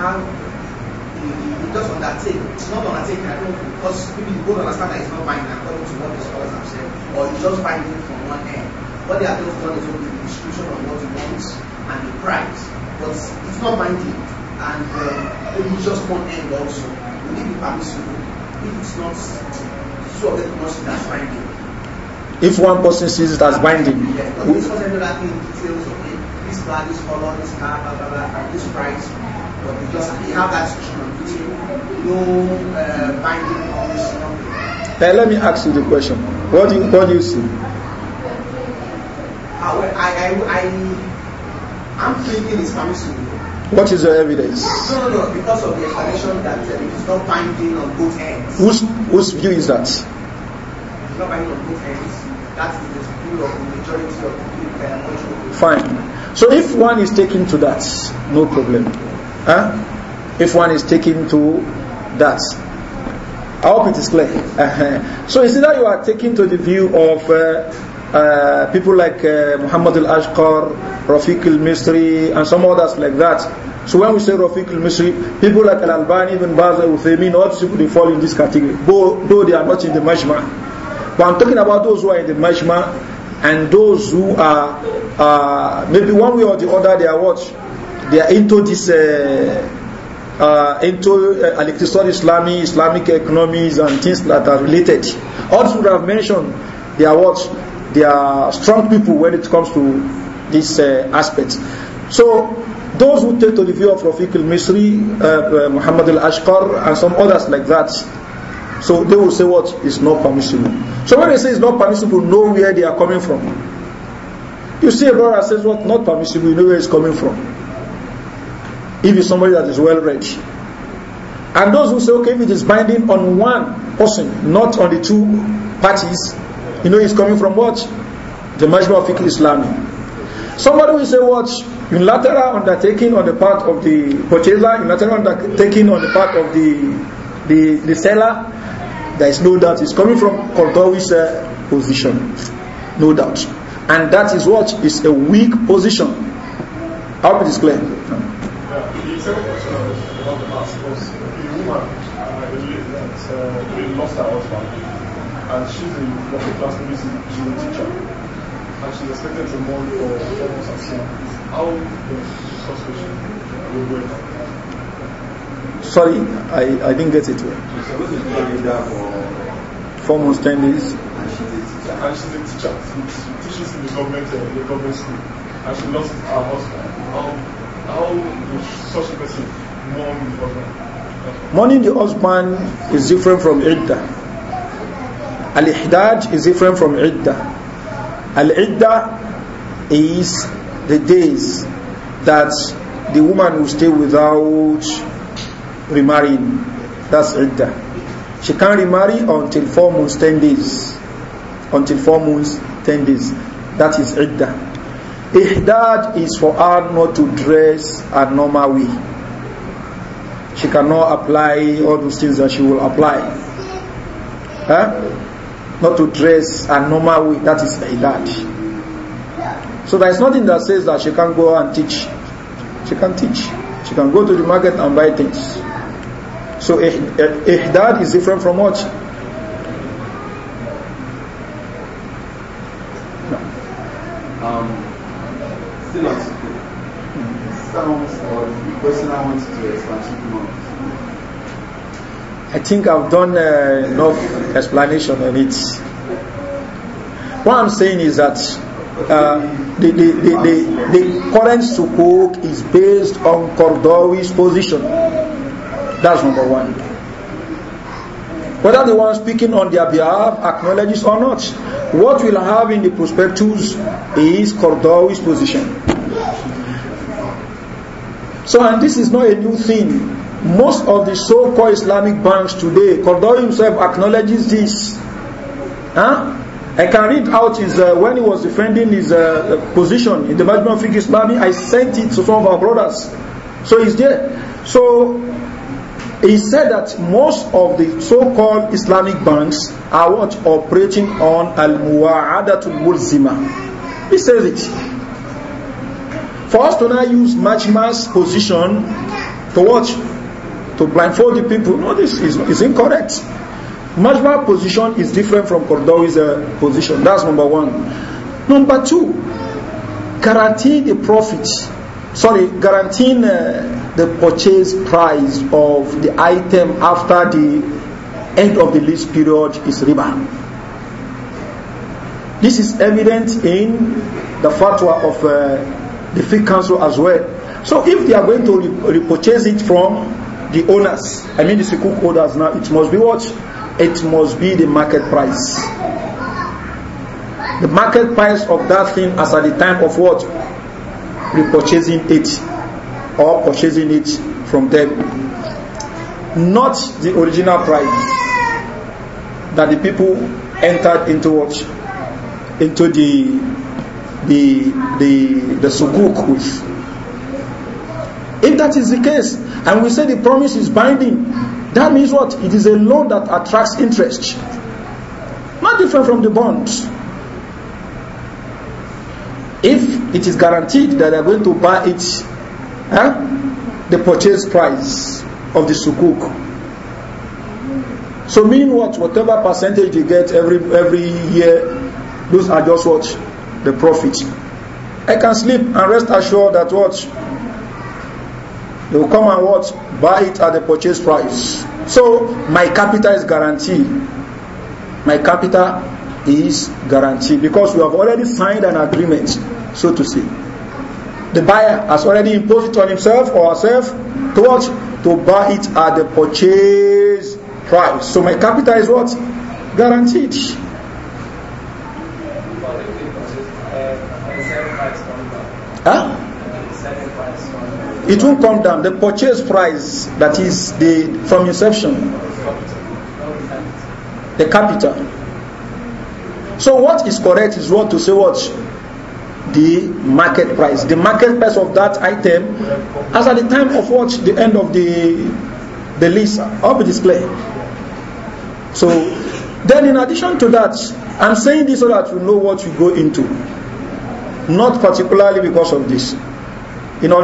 how you just undertake, it's not undertaking, I don't because people don't understand that it's not binding according to what the scholars have said, or it's just binding from one end. What they have just done is only the description of what you wants and the price, but it's not binding, and uh, maybe just one end also. We need be permissible if it's not two of them must that's binding? If one person sees it as binding, yes, but this person know that details of it, this blood this color, this car, blah blah blah, and this price. But because we have that situation, no uh, binding on this. Hey, let me ask you the question. What do you, what do you see? I I, I, I, am thinking it's coming permissible. What is your evidence? No, no, no, because of the explanation that uh, it is not binding on both ends. Whose, whose view is that? It's not binding on both ends. That is the view of the majority of the people. Uh, Fine. So if one is taken to that, no problem. Huh? If one is taken to that. I hope it is clear. so you see you are taken to the view of uh, uh, people like uh, Muhammad al-Ashqar, Rafiq al-Misri, and some others like that. So when we say Rafiq al-Misri, people like Al-Albani, Ibn Baz, Uthaymin, all people, they fall in this category, though, they are not in the Majma. But I'm talking about those who are in the Majma, and those who are, maybe one way or the other, they are what? they are into this uh, uh, into uh, Islamic, Islamic economies and things that are related. Also, would have mentioned they are what they are strong people when it comes to this uh, aspect. So those who take to the view of Rafiq al-Misri, uh, uh, Muhammad al-Ashqar and some others like that, so they will say what is not permissible. So when they say it's not permissible, know where they are coming from. You see a brother says what not permissible, you know where it's coming from if it's somebody that is well read. And those who say, okay, if it is binding on one person, not on the two parties, you know, it's coming from what? The Majma of Fiqh Islami. Somebody will say, what? Unilateral undertaking on the part of the purchaser, unilateral undertaking on the part of the, the, the seller. There is no doubt. It's coming from Kordowi's uh, position. No doubt. And that is what is a weak position. I hope it is clear. and she's a local class maybe she's teacher, and she's expected to mourn for four months and work? Sorry, I, I didn't get it She's supposed to be there for four months, ten days. And she's a teacher. And she's a teacher. She teaches in the government, uh, the government school. And she lost her husband. How, how does such a person mourn the husband? Mourning the husband is different from iddah. Al-Ihdaj is different from idda. al idda is the days that the woman will stay without remarrying. That's idda. She can't remarry until four months, ten days. Until four months, ten days. That is idda. Ihdaj is for her not to dress a normal way. She cannot apply all those things that she will apply. Huh? not to dress a normal way. That is idad. So there is nothing that says that she can go and teach. She can teach. She can go to the market and buy things. So ihdad eh, eh, eh, is different from what? think I've done uh, enough explanation on it. What I'm saying is that uh, the, the, the, the, current sukuk is based on Cordovi's position. That's number one. Whether the one speaking on their behalf acknowledges or not, what we'll have in the prospectus is Cordovi's position. So, and this is not a new thing most of the so-called Islamic banks today, Cordoba himself acknowledges this. Huh? I can read out his, uh, when he was defending his uh, uh position in the management of Fiqh Islami, I sent it to some of our brothers. So he's there. So he said that most of the so-called Islamic banks are what operating on al-muwa'adatul mulzima. He says it. For us to now use Majma's position to watch. to blindfold the people. No, this is, is incorrect. Majma position is different from Kordawi's uh, position. That's number one. Number two, guarantee the profit, sorry, guaranteeing uh, the purchase price of the item after the end of the lease period is riba. This is evident in the fatwa of uh, the Fiqh Council as well. So if they are going to repurchase it from the owners, I mean the sukuk owners now, it must be what? It must be the market price. The market price of that thing as at the time of what? Repurchasing it or purchasing it from them. Not the original price that the people entered into what? Into the the the the sukuk with. If that is the case, and we say the promise is binding. That means what? It is a loan that attracts interest. Not different from the bond. If it is guaranteed that they are going to buy it, eh, the purchase price of the sukuk. So mean what? Whatever percentage you get every every year, those are just what? The profit. I can sleep and rest assured that what? They will come and what? Buy it at the purchase price. So my capital is guaranteed. My capital is guaranteed because we have already signed an agreement, so to say. The buyer has already imposed it on himself or herself to what? To buy it at the purchase price. So my capital is what? Guaranteed. Huh? It won't come down. The purchase price, that is the from inception, the capital. So what is correct is what to say what the market price, the market price of that item, as at the time of what the end of the the lease of the display. So then, in addition to that, I'm saying this so that you know what you go into, not particularly because of this. You know,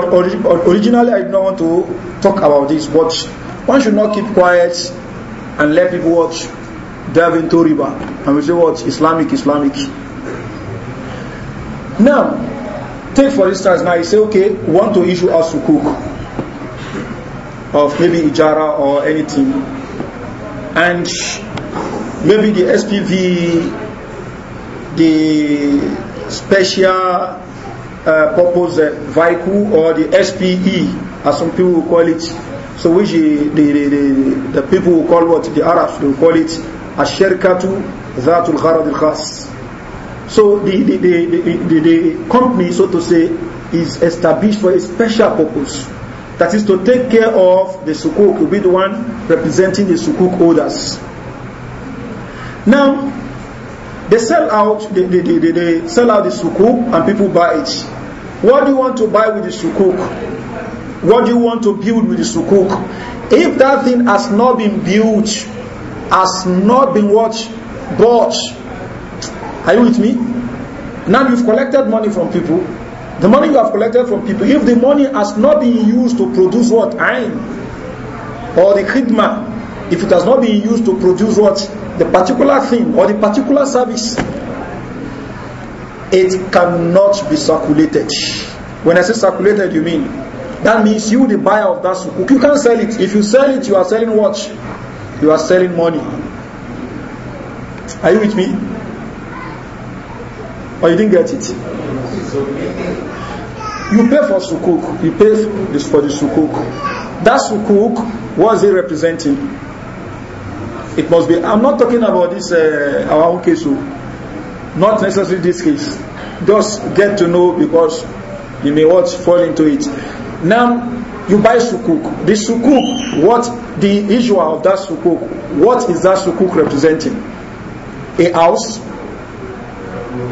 originally I did not want to talk about this, but one should not keep quiet and let people watch delve into riba. And we say what? Islamic, Islamic. Now, take for instance, now you say, okay, want to issue us to cook of maybe Ijara or anything. And maybe the SPV, the special Uh, purpose uh, vehicle or the SPE, as some people will call it. So which the, the, the, the people will call what? The Arabs will call it Asherkatu Zatul Gharad khas So the, the, the, the, the company, so to say, is established for a special purpose. That is to take care of the sukuk, will be the one representing the sukuk holders. Now, They sell out, they, they, they, they, sell out the sukuk and people buy it. What do you want to buy with the sukuk? What do you want to build with the sukuk? If that thing has not been built, has not been what? Bought. Are you with me? Now you've collected money from people. The money you have collected from people, if the money has not been used to produce what? Ain or the khidmah, if it has not been used to produce what? the particular thing or the particular service, it cannot be circulated. When I say circulated, you mean that means you, the buyer of that sukuk, you can't sell it. If you sell it, you are selling what? You are selling money. Are you with me? Or you didn't get it? You pay for sukuk. You pay for the sukuk. That sukuk, what is it representing? It must be, I'm not talking about this, uh, our own case, so oh. not necessarily this case. Just get to know because you may what fall into it. Now, you buy sukuk. The sukuk, what the issue of that sukuk, what is that sukuk representing? A house?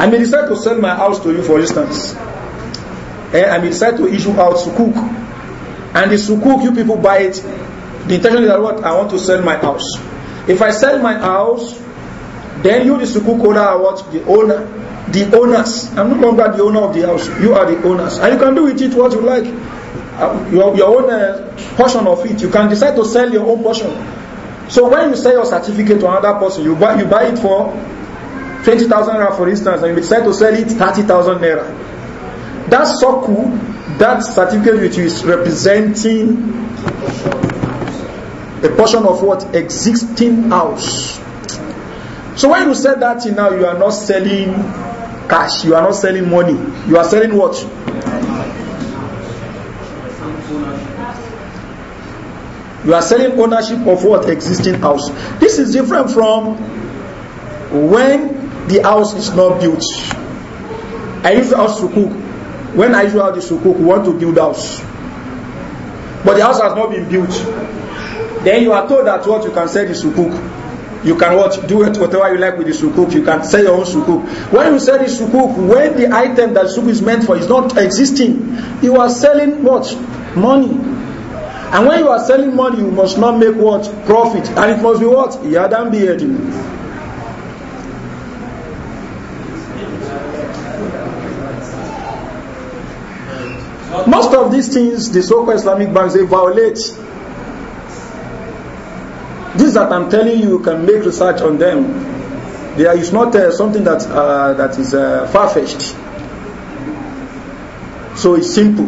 I may decide to sell my house to you, for instance. And eh, I may decide to issue out sukuk. And the sukuk, you people buy it. The intention is that what? I want to sell my house. If I sell my house, then you, the sukuk owner, are what? The owner. The owners. I'm no longer the owner of the house. You are the owners. And you can do with it what you like. Uh, your, your own uh, portion of it. You can decide to sell your own portion. So when you sell your certificate to another person, you buy, you buy it for 20,000 naira, for instance, and you decide to sell it 30,000 naira. That soku, that certificate which is representing a portion of what existing house. So when you sell that thing now, you are not selling cash, you are not selling money, you are selling what? You are selling ownership of what existing house. This is different from when the house is not built. I use the house to cook. When I use the house to cook, we want to build house. But the house has not been built. Then you are told that what you can sell is sukuk. You can what do it whatever you like with the sukuk. You can sell your own sukuk. When you sell the sukuk, when the item that sukuk is meant for is not existing, you are selling what money. And when you are selling money, you must not make what profit, and it must be what yadam biyadin. Most of these things, the so-called Islamic banks, they violate that I'm telling you, you can make research on them. There is not uh, something that, uh, that is uh, far-fetched. So it's simple.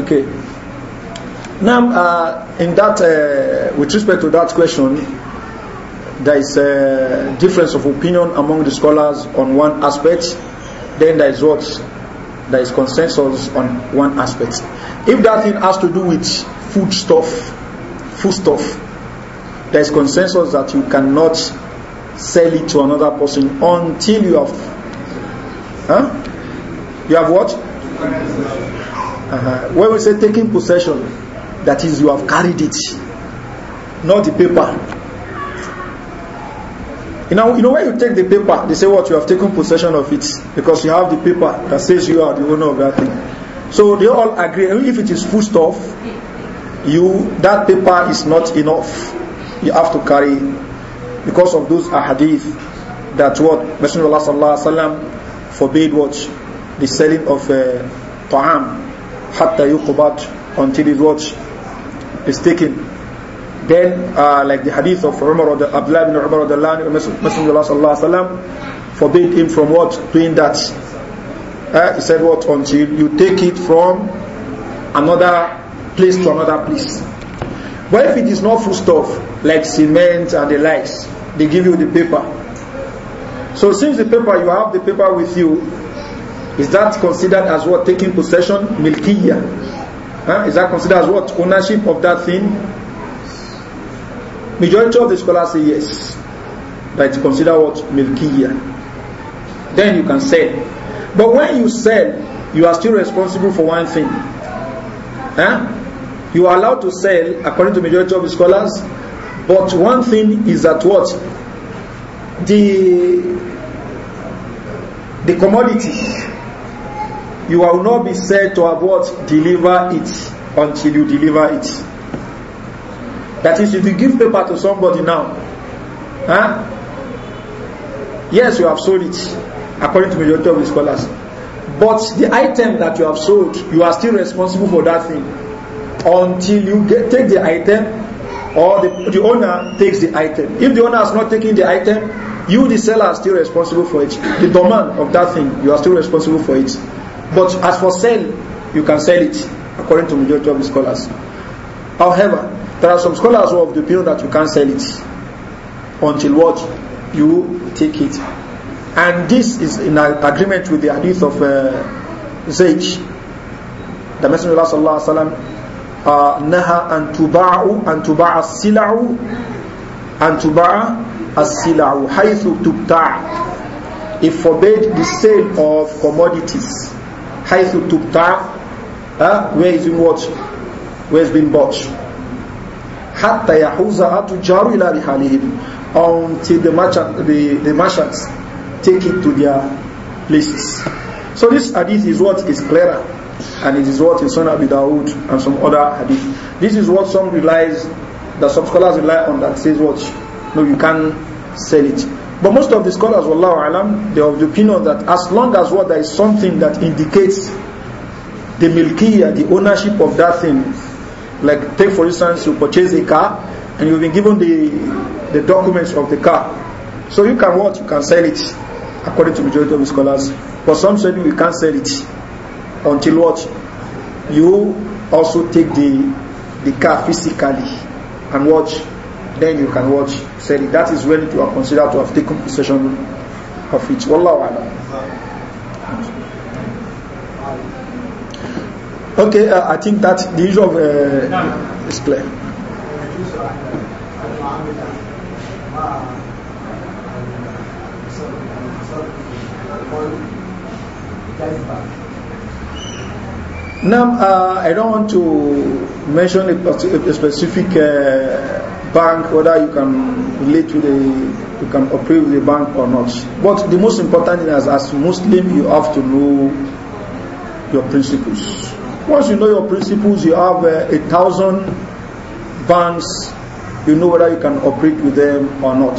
Okay. Now, uh, in that, uh, with respect to that question, there is a difference of opinion among the scholars on one aspect. Then there is what there is consensus on one aspect. If that thing has to do with food stuff, food stuff, there is consensus that you cannot sell it to another person until you have, huh? You have what? Uh-huh. When we say taking possession, that is, you have carried it, not the paper. You know, you know when you take the paper, they say what you have taken possession of it because you have the paper that says you are the owner of that thing. So they all agree. If it is full stuff, you that paper is not enough. You have to carry because of those ahadith that what Messenger of Allah sallallahu alaihi wasallam forbade what the selling of uh, ta'am حتى يقبض until his watch is taken. Then, uh, like the hadith of Umar, Abdullah ibn Umar, Messenger of Allah sallam, forbade him from what? Doing that. Uh, he said what? Until you take it from another place to another place. But if it is not full stuff like cement and the likes, they give you the paper. So since the paper, you have the paper with you, Is that considered as what? Taking possession? Milkiya. Huh? Is that considered as what? Ownership of that thing? Majority of the scholars say yes. That is considered what? Milkiya. Then you can sell. But when you sell, you are still responsible for one thing. Huh? You are allowed to sell, according to majority of the scholars, but one thing is that what? The the commodity you will not be said to have what? Deliver it until you deliver it. That is, if you give paper to somebody now, huh? yes, you have sold it, according to majority of the scholars. But the item that you have sold, you are still responsible for that thing until you get, take the item or the, the owner takes the item. If the owner has not taken the item, you, the seller, are still responsible for it. The demand of that thing, you are still responsible for it. But as for sale, you can sell it, according to majority of the scholars. However, there are some scholars who have the opinion that you can't sell it until what? You take it. And this is in agreement with the hadith of uh, Zayd. The Messenger of Allah sallallahu alaihi wasallam uh, naha an tuba'u an tuba'a sila'u an tuba'a as-sila'u haythu tubta'. He forbade the sale of commodities Haythu tubta, uh, where is in what? Where has been bought. Hatta yahuza atujaru ila rihalihim. Until the merchant, the, the merchants take it to their places. So this hadith is what is clearer and it is what in Sunnah Abi Dawood and some other hadith. This is what some relies, that some scholars rely on that says what? No, you can sell it. But most of the scholars, Wallahu Alam, they are the opinion that as long as what there is something that indicates the milkiya, the ownership of that thing, like take for instance, you purchase a car and you've been given the, the documents of the car. So you can what? You can sell it, according to majority of the scholars. But some say you can't sell it until what? You also take the, the car physically and watch then you can watch sell That is when you are considered to have taken possession of it. Wallahu Okay, uh, I think that the issue of uh, is clear. Now, uh, I don't want to mention a, a specific uh, bank, whether you can relate with the you can operate with the bank or not. But the most important thing is as Muslim you have to know your principles. Once you know your principles, you have uh, a thousand banks, you know whether you can operate with them or not.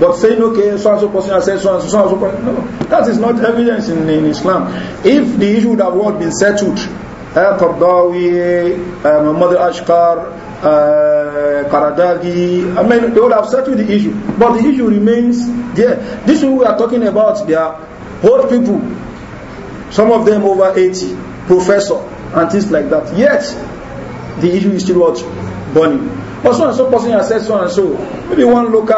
But saying, okay, so and so person has said so and so, so and so person, no, that is not evidence in, in Islam. If the issue would have all been settled, Al-Qardawi, eh, eh, Muhammad al-Ashqar, Uh, Karadagi. I mean, they would have settled the issue. But the issue remains there. This we are talking about, they are old people. Some of them over 80, professor, and things like that. Yet, the issue is still what? Burning. But so and so person has said so and so. Maybe one local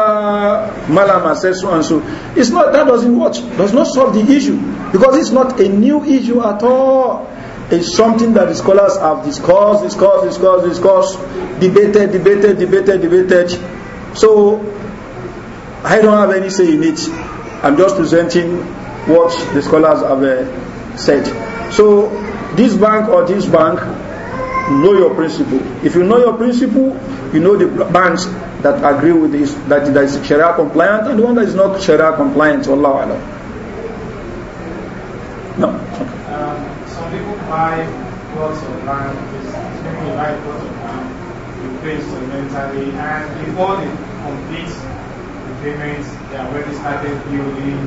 malam has said so and so. It's not, that doesn't what? Does not solve the issue. Because it's not a new issue at all. is something that the scholars have discussed, discussed, discussed, discussed, debated, debated, debated, debated. So I don't have any say in it. I'm just presenting what the scholars have uh, said. So this bank or this bank, know your principle. If you know your principle, you know the banks that agree with this, that, that is Sharia compliant and the one that is not Sharia compliant. Wallahu alam. five plots of land, maybe five plots of land, you pay instrumentally, and before they complete the payments, they have already started building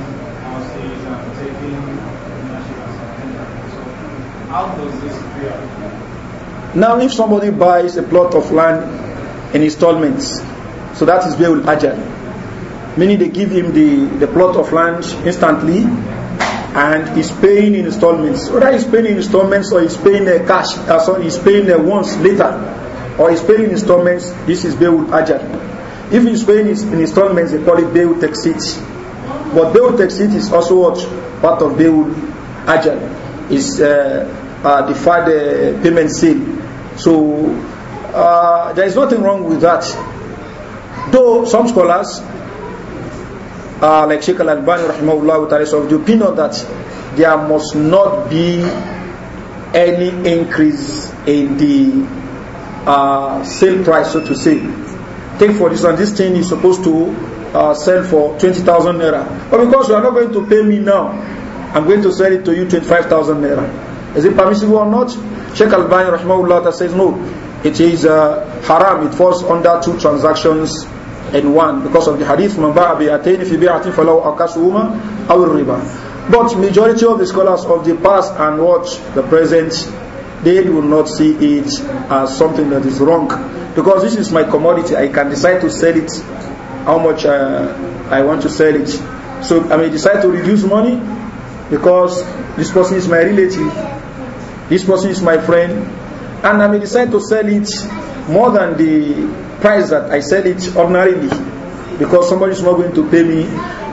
houses and taking ownership and something like that. So, how does this fare? Now, if somebody buys a plot of land in installments, so that is very urgent. agile. Meaning they give him the, the plot of land instantly and he's paying in installments. Whether he's paying in installments or he's paying uh, cash, uh, sorry, he's paying uh, once later, or he's paying in installments, this is Beul Ajar. If he's paying in installments, they call it Tech City. But Tech City is also what? Part of Beul Ajar. It's uh, uh, deferred uh, payment sale. So uh, there is nothing wrong with that. Though some scholars uh, like Sheikh Al-Albani rahimahullah is of the opinion that there must not be any increase in the uh, sale price, so to say. Take for instance, this thing is supposed to uh, sell for 20,000 naira. But because you are not going to pay me now, I'm going to sell it to you 25,000 naira. Is it permissible or not? Sheikh Al-Bani rahimahullah says no. It is uh, haram. It falls under two transactions and one because of the hadith man ba'a bi'atayn fi bi'atin falahu akasuhuma aw riba but majority of the scholars of the past and what the present they will not see it as something that is wrong because this is my commodity I can decide to sell it how much uh, I want to sell it so I may decide to reduce money because this person is my relative this person is my friend and I may decide to sell it more than the price that I sell it ordinarily because somebody is not going to pay me,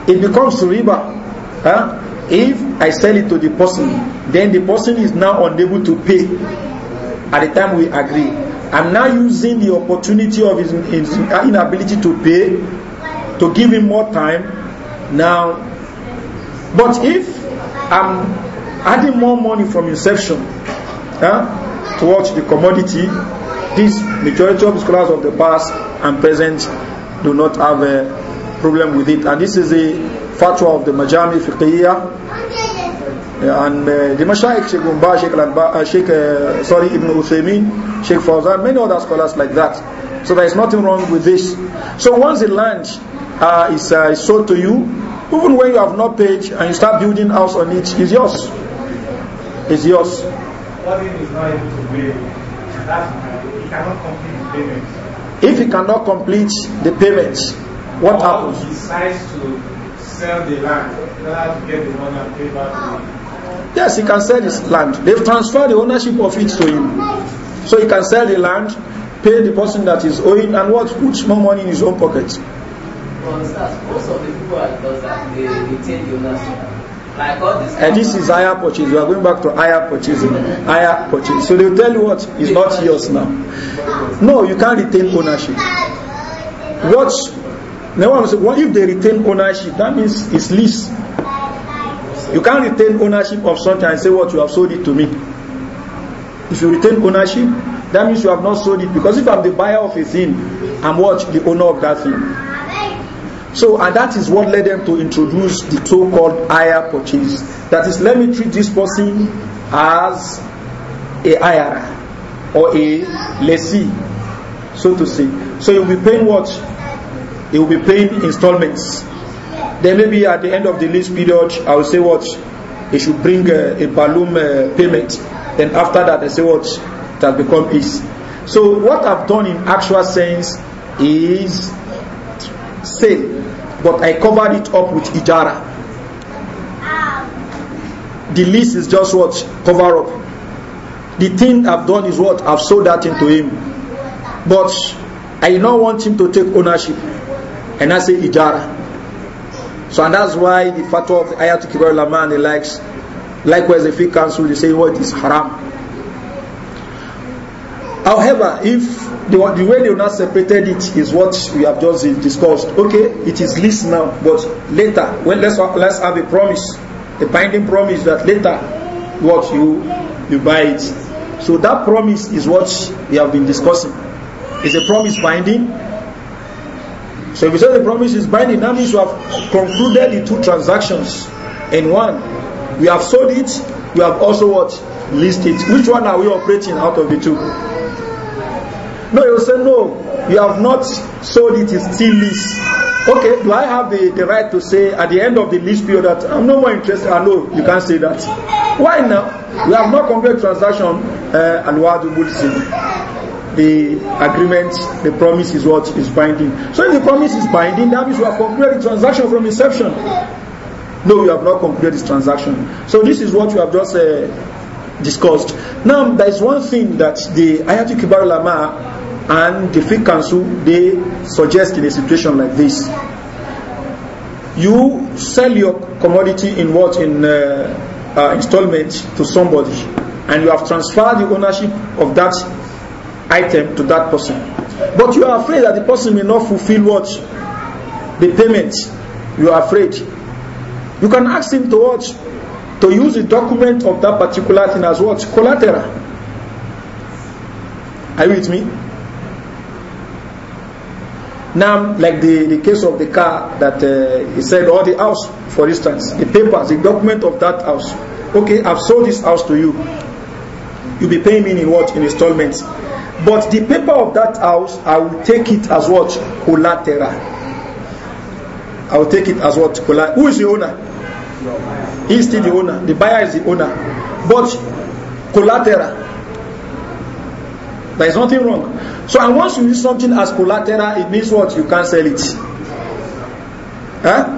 it becomes riba. Huh? If I sell it to the person, then the person is now unable to pay at the time we agree. I'm now using the opportunity of his, his inability to pay to give him more time. Now, but if I'm adding more money from inception huh, towards the commodity, This majority of scholars of the past and present do not have a problem with it. And this is a fatwa of the Majami Fiqhiyya. And uh, the Mashaykh, Sheikh Umba, Sheikh, Lanba, uh, Sheikh uh, sorry, Ibn Uthaymeen, Sheikh Fawzan, many other scholars like that. So there is nothing wrong with this. So once the land uh, is, uh, is sold to you, even when you have not paid and you start building house on it, it's yours. It's yours. What if to If he cannot complete the payment, what happens? He decides to sell the land Yes, he can sell his land. They've transferred the ownership of it to him. So he can sell the land, pay the person that is owing, and what? Put more money in his own pocket. Well, most of the people are they, they retain the ownership. And this is higher purchase. We are going back to higher purchasing. Higher purchase. So they'll tell you what is not yours now. No, you can't retain ownership. What now I'm saying, what if they retain ownership? That means it's lease. You can't retain ownership of something and say what you have sold it to me. If you retain ownership, that means you have not sold it because if I'm the buyer of a thing, I'm what the owner of that thing. So, and that is what led them to introduce the so called hire purchase. That is, let me treat this person as a IRA or a lessee, so to say. So, you'll be paying what? You'll be paying installments. Then, maybe at the end of the lease period, I will say what? He should bring a, a balloon uh, payment. Then, after that, I say what? That become his. So, what I've done in actual sense is sale but I covered it up with ijara. The lease is just what? Cover up. The thing I've done is what? I've sold that into him. But I now want him to take ownership. And I say ijara. So and that's why the fatwa of Ayatul Kibar Lama and likes, likewise the Fiqh Council, they say what is haram. However, if the, the way they now separated it is what we have just discussed. Okay, it is least now, but later, when let's let's have a promise, a binding promise that later, what you you buy it. So that promise is what we have been discussing. Is a promise binding? So if you say the promise is binding, that means you have concluded the two transactions in one. We have sold it. We have also what listed. Which one are we operating out of the two? No, you say, no, you have not sold it, it's still lease. Okay, do I have the, the right to say at the end of the lease period that I'm no more interested? I ah, know you can't say that. Why now? We have not completed transaction uh, and what do we see The agreement, the promise is what is binding. So if the promise is binding, that means we have completed the transaction from inception. No, we have not completed this transaction. So this is what we have just uh, discussed. Now, there is one thing that the Ayatu Kibar Lama And the fiqh council, they suggest in a situation like this. You sell your commodity in what? In uh, uh, installment to somebody. And you have transferred the ownership of that item to that person. But you are afraid that the person may not fulfill what? The payment. You are afraid. You can ask him to what? To use the document of that particular thing as what? Collateral. Are you with me? Now, like the, the case of the car that uh, he said, or the house, for instance, the papers, the document of that house. Okay, I've sold this house to you. You'll be paying me in what? In installments. But the paper of that house, I will take it as what? Collateral. I will take it as what? Collateral. Who is the owner? He's still the owner. The buyer is the owner. But collateral. There is nothing wrong. So and once you use something as collateral, it means what? You sell it. Huh?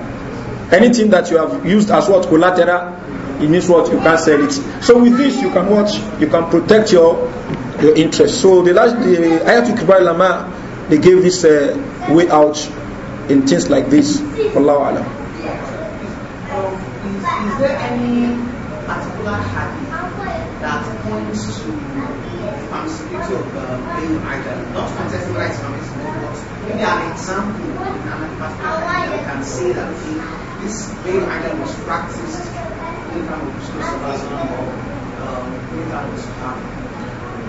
Anything that you have used as what collateral, it means what you sell it. So with this, you can watch, you can protect your your interest. So the last the Ayatul Kibar Lama, they gave this uh, way out in things like this. Allahu Alam. Um, is, there any particular habit that points to possibility of uh, being either yeah. example, you can say that this veil idol was practiced um,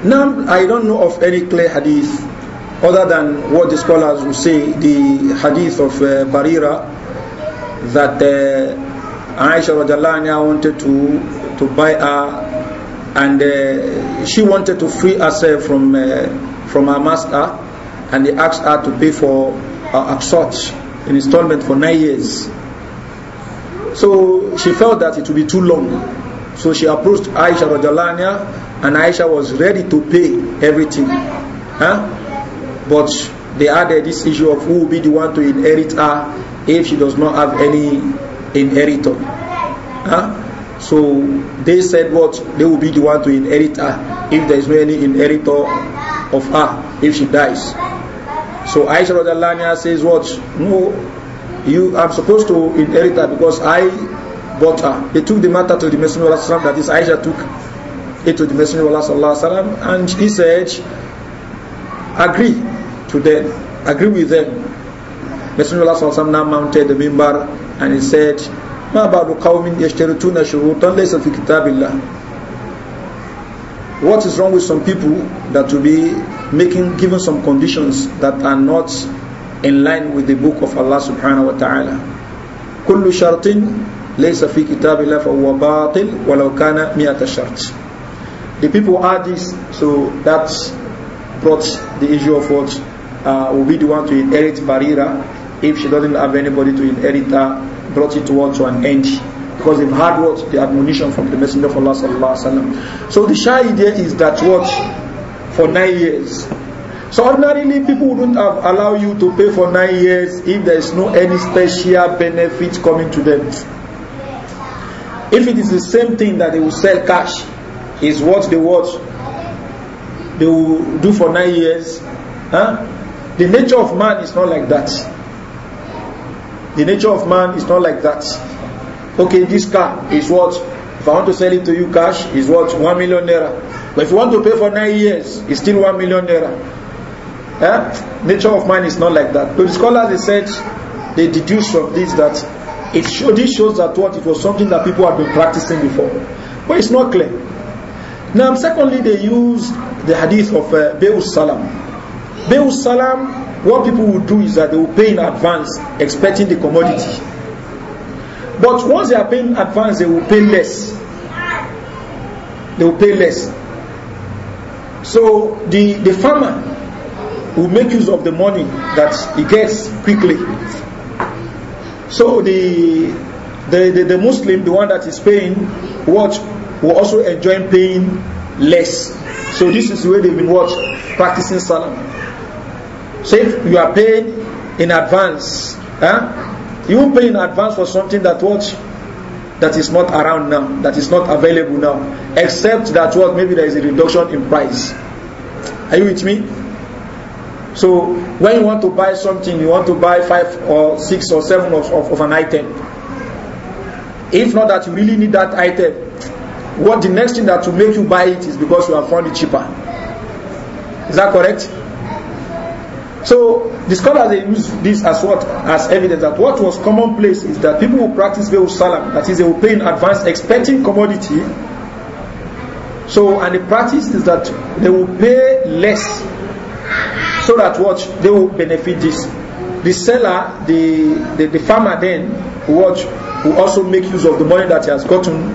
now, I don't know of any clear hadith other than what the scholars will say, the hadith of uh, Barira that uh, Aisha Rajalanya wanted to, to buy her and uh, she wanted to free herself from, uh, from her master and he asked her to pay for uh, absorpt in installment for nine years. So she felt that it would be too long. So she approached Aisha Rajalania and Aisha was ready to pay everything. Huh? But they added this issue of who will be the one to inherit her if she does not have any inheritor. Huh? So they said what they will be the one to inherit her if there is no any inheritor of her if she dies. So Aisha Radalania says, What? No, you I'm supposed to inherit her because I bought her. They took the matter to the Messenger of Allah, that is, Aisha took it to the Messenger of Allah, and he said, Agree to them, agree with them. Messenger of Allah now mounted the mimbar and he said, ما بعد قوم يشترطون شروطا ليس في كتاب الله what is wrong with some people that will be making given some conditions that are not in line with the book of Allah subhanahu wa ta'ala كل شرط ليس في كتاب الله فهو باطل ولو كان مئة شرط the people add this so that brought the issue of what uh, will be the one to inherit Barira if she doesn't have anybody to inherit her brought it towards to an end because they've had what the admonition from the Messenger of Allah sallallahu alaihi wasallam. So the shy idea is that what for nine years. So ordinarily people wouldn't have allow you to pay for nine years if there is no any special benefit coming to them. If it is the same thing that they will sell cash, is what they what they will do for nine years. Huh? The nature of man is not like that. The nature of man is not like that. okay, this car is worth. If I want to sell it to you cash, is worth One million naira. But if you want to pay for nine years, it's still one million naira. Eh? Nature of mind is not like that. But the scholars they said they deduce from this that it show, this shows that what it was something that people had been practicing before, but it's not clear. Now, secondly, they use the hadith of uh, Beus Salam. Beus Salam, what people would do is that they would pay in advance, expecting the commodity. But once they are paying advance, they will pay less. They will pay less. So the, the farmer will make use of the money that he gets quickly. So the, the, the, the Muslim, the one that is paying what, will also enjoy paying less. So this is the way they've been what? Practicing salam. So if you are paid in advance, huh? You pay in advance for something that what that is not around now, that is not available now, except that what maybe there is a reduction in price. Are you with me? So when you want to buy something, you want to buy five or six or seven of, of, of an item. If not that you really need that item, what the next thing that will make you buy it is because you have found it cheaper. Is that correct? So The scholars they use this as what as evidence that what was commonplace is that people who practice Be'ul Salam, that is, they will pay in advance expecting commodity. So, and the practice is that they will pay less so that what they will benefit this. The seller, the, the, the farmer then, what will also make use of the money that he has gotten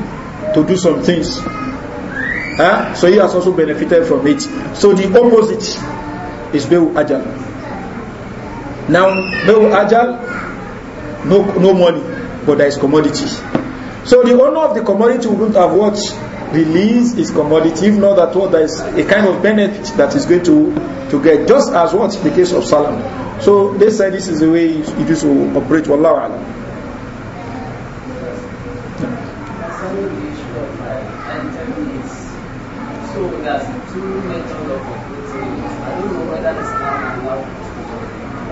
to do some things. Huh? So he has also benefited from it. So the opposite is Be'ul Ajal. Now, no agile, no, no money, but there is commodity. So the owner of the commodity wouldn't have what? Release his commodity, if not that what there is a kind of benefit that is going to, to get, just as what the case of Salam. So they said this is the way it is to operate, Wallahu Alam.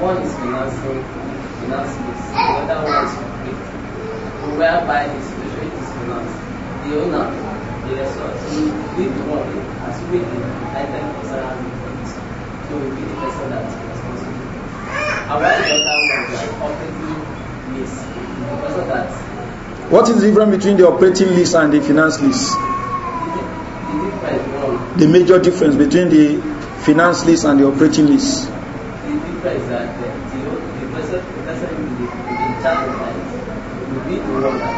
One is financing, one is complete. Whereby the situation is financed. The owner, the the one So be the person that is responsible. However, the other one is that what is the difference between the operating lease and the finance lease? The, the major difference between the finance lease and the operating lease.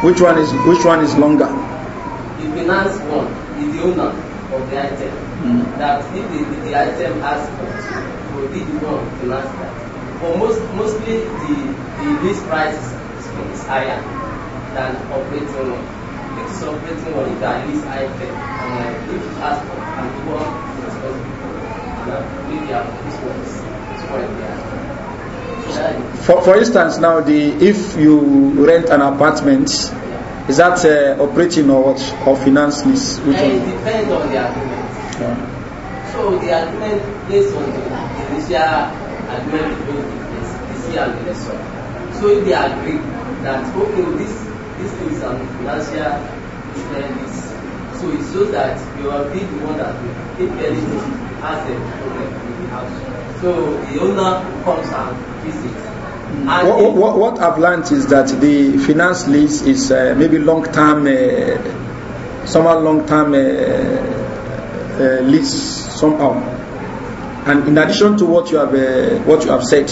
Which one is which one is longer? The finance one is the owner of the item. Mm. That if the, the, the item has cost, will be the one finance that. For most mostly the the list price is higher than operating one. If it's operating one, it's at least item. And uh, if it has and the one responsible for it, and uh, maybe I have this one. Yeah for, for instance, now the if you rent an apartment, is that uh, operating or what or finance lease? Eh, it depends on the agreement. Yeah. So the agreement based on the initial agreement the So if they agree that okay, this this thing is an financial lease, so it shows that you are be the one that if anything has a problem with the house, so the owner comes and what, what, what, I've learned is that the finance lease is uh, maybe long term, uh, somehow long term uh, uh lease somehow. And in addition to what you have uh, what you have said,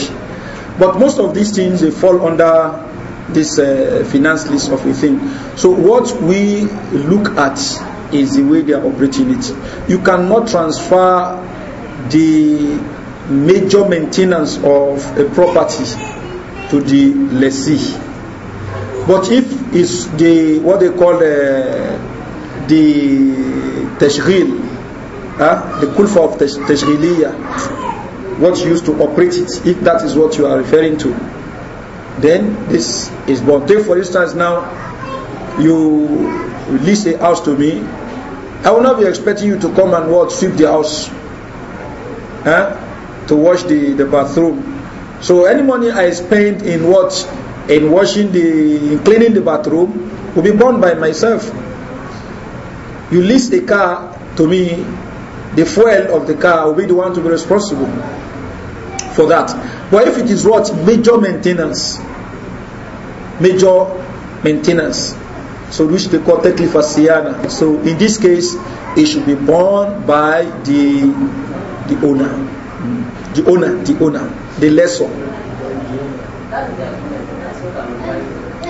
but most of these things they fall under this uh, finance lease of a thing. So what we look at is the way they are operating it. You cannot transfer the major maintenance of a property to the lessee. But if it's the what they call the, uh, the tashghil, huh? the kulfa of tash, tashghiliya, what used to operate it, if that is what you are referring to, then this is born. Take for instance now, you lease a house to me, I will not be expecting you to come and what sweep the house. Huh? to wash the, the bathroom. So any money I spend in what? In washing the, in cleaning the bathroom will be borne by myself. You lease a car to me, the fuel of the car will be the one to be responsible for that. But if it is what? Major maintenance. Major maintenance. So which they call teklifasiana. So in this case, it should be borne by the the owner. the owner, the owner, the lessor.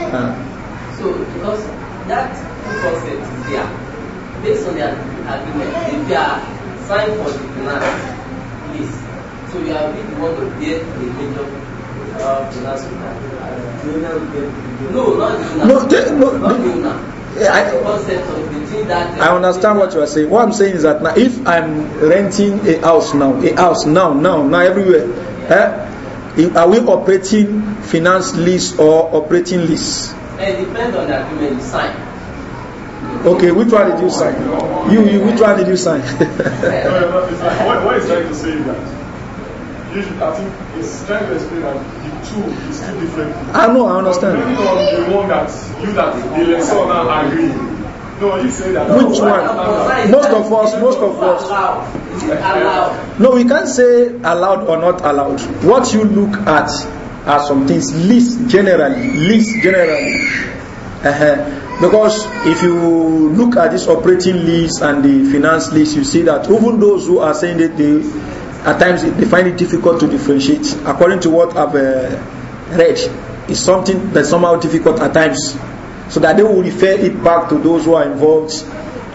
Uh, so because that concept is there, based on their agreement, if they are signed for the finance list, so you are really the one to bear the major uh, finance. No, not the owner. No, the, no, not the owner. I, I understand what you are saying. What I'm saying is that now, if I'm renting a house now, a house now, now, now, everywhere, eh, are we operating finance lease or operating lease? Eh, it depends on the agreement you sign. Okay, which one did you sign? You, you, which one did you sign? what, what is trying to say that? You should, I think, it's trying to explain that different. Ah, I know, I understand. Depending on the one that you that the lesson now agree. No, you say that. Which one? Most of us, most of us. No, we can't say allowed or not allowed. What you look at are some things, least generally, least generally. Uh -huh. Because if you look at this operating list and the finance list, you see that even those who are saying that they at times they find it difficult to differentiate. According to what I've uh, read, it's something that's somehow difficult at times, so that they will refer it back to those who are involved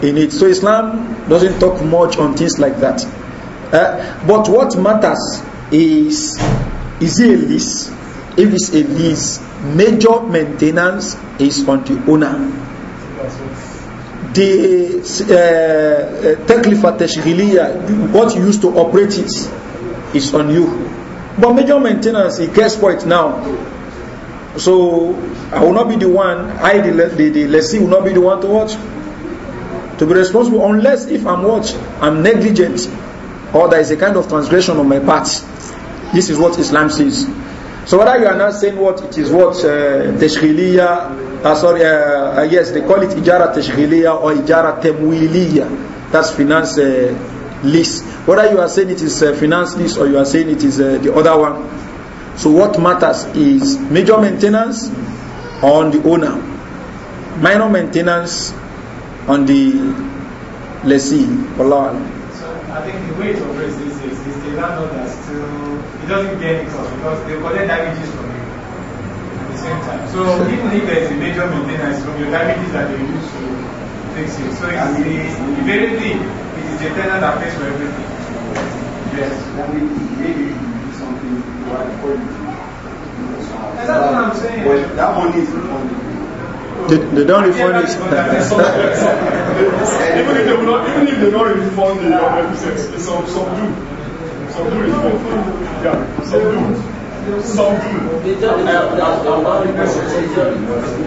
in it. So Islam doesn't talk much on things like that. Uh, but what matters is is it a lease? If it's a lease, major maintenance is on the owner. the uh, eh, eh, taklifa tashghiliya, what you used to operate it, is on you. But major maintenance, it gets for it now. So I will not be the one, I, the, the, the lessee, will not be the one to watch. To be responsible, unless if I'm watch, I'm negligent or there is a kind of transgression on my part. This is what Islam says. So whether you are not saying what it is what uh, Uh, sorry, uh, uh, yes, they call it ijara tashghiliya or ijara temwiliya. That's finance uh, lease. Whether you are saying it is uh, finance lease or you are saying it is uh, the other one. So what matters is major maintenance on the owner, minor maintenance on the lessee. Allah. So I think the way to phrase this is, is the landlord that still he doesn't get any cost because they collect damages from So even if there is a major maintenance from your diabetes that they use to fix it, so it's the, the very thing, it is the tenant that pays for everything. Yes. Maybe something you are That's what I'm saying. Well, that money is refunded. They, don't refund it. even if they not, even if they not refund the 100 it's some some do, some do Yeah, some something.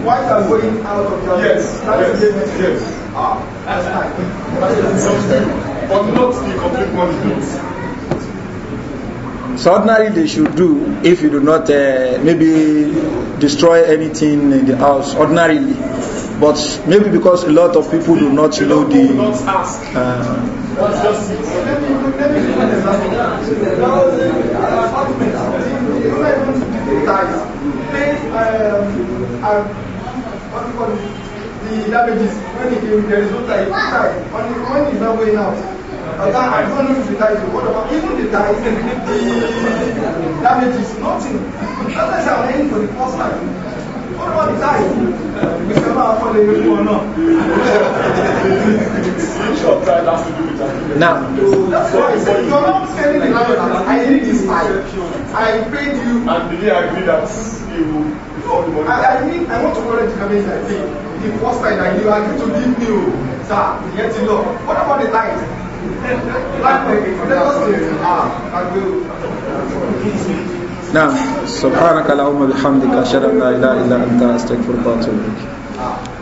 Why are going out of your Yes, yes, yes. Ah, that's nice. Something, but not the complete money. So ordinarily they should do if you do not uh, maybe destroy anything in the house ordinarily, but maybe because a lot of people do not know the. Uh, are what you call it, the damages when it, there is no tie, tie when, when it's not going out. But that, I don't know if the tie is what about even the tie, the damages, nothing. That's why I'm aiming for the first time. What about the tie? Mr. Ma, for the new one, no. Now, that's why I said, you're not selling the tie. I need this tie. I paid you. And did he agree that he you I, I mean, I want to worry to come inside. The, the first time that you agree to give me, sir, yet you know. What about the light? نعم سبحانك اللهم بحمدك اشهد ان لا اله الا انت استغفرك واتوب اليك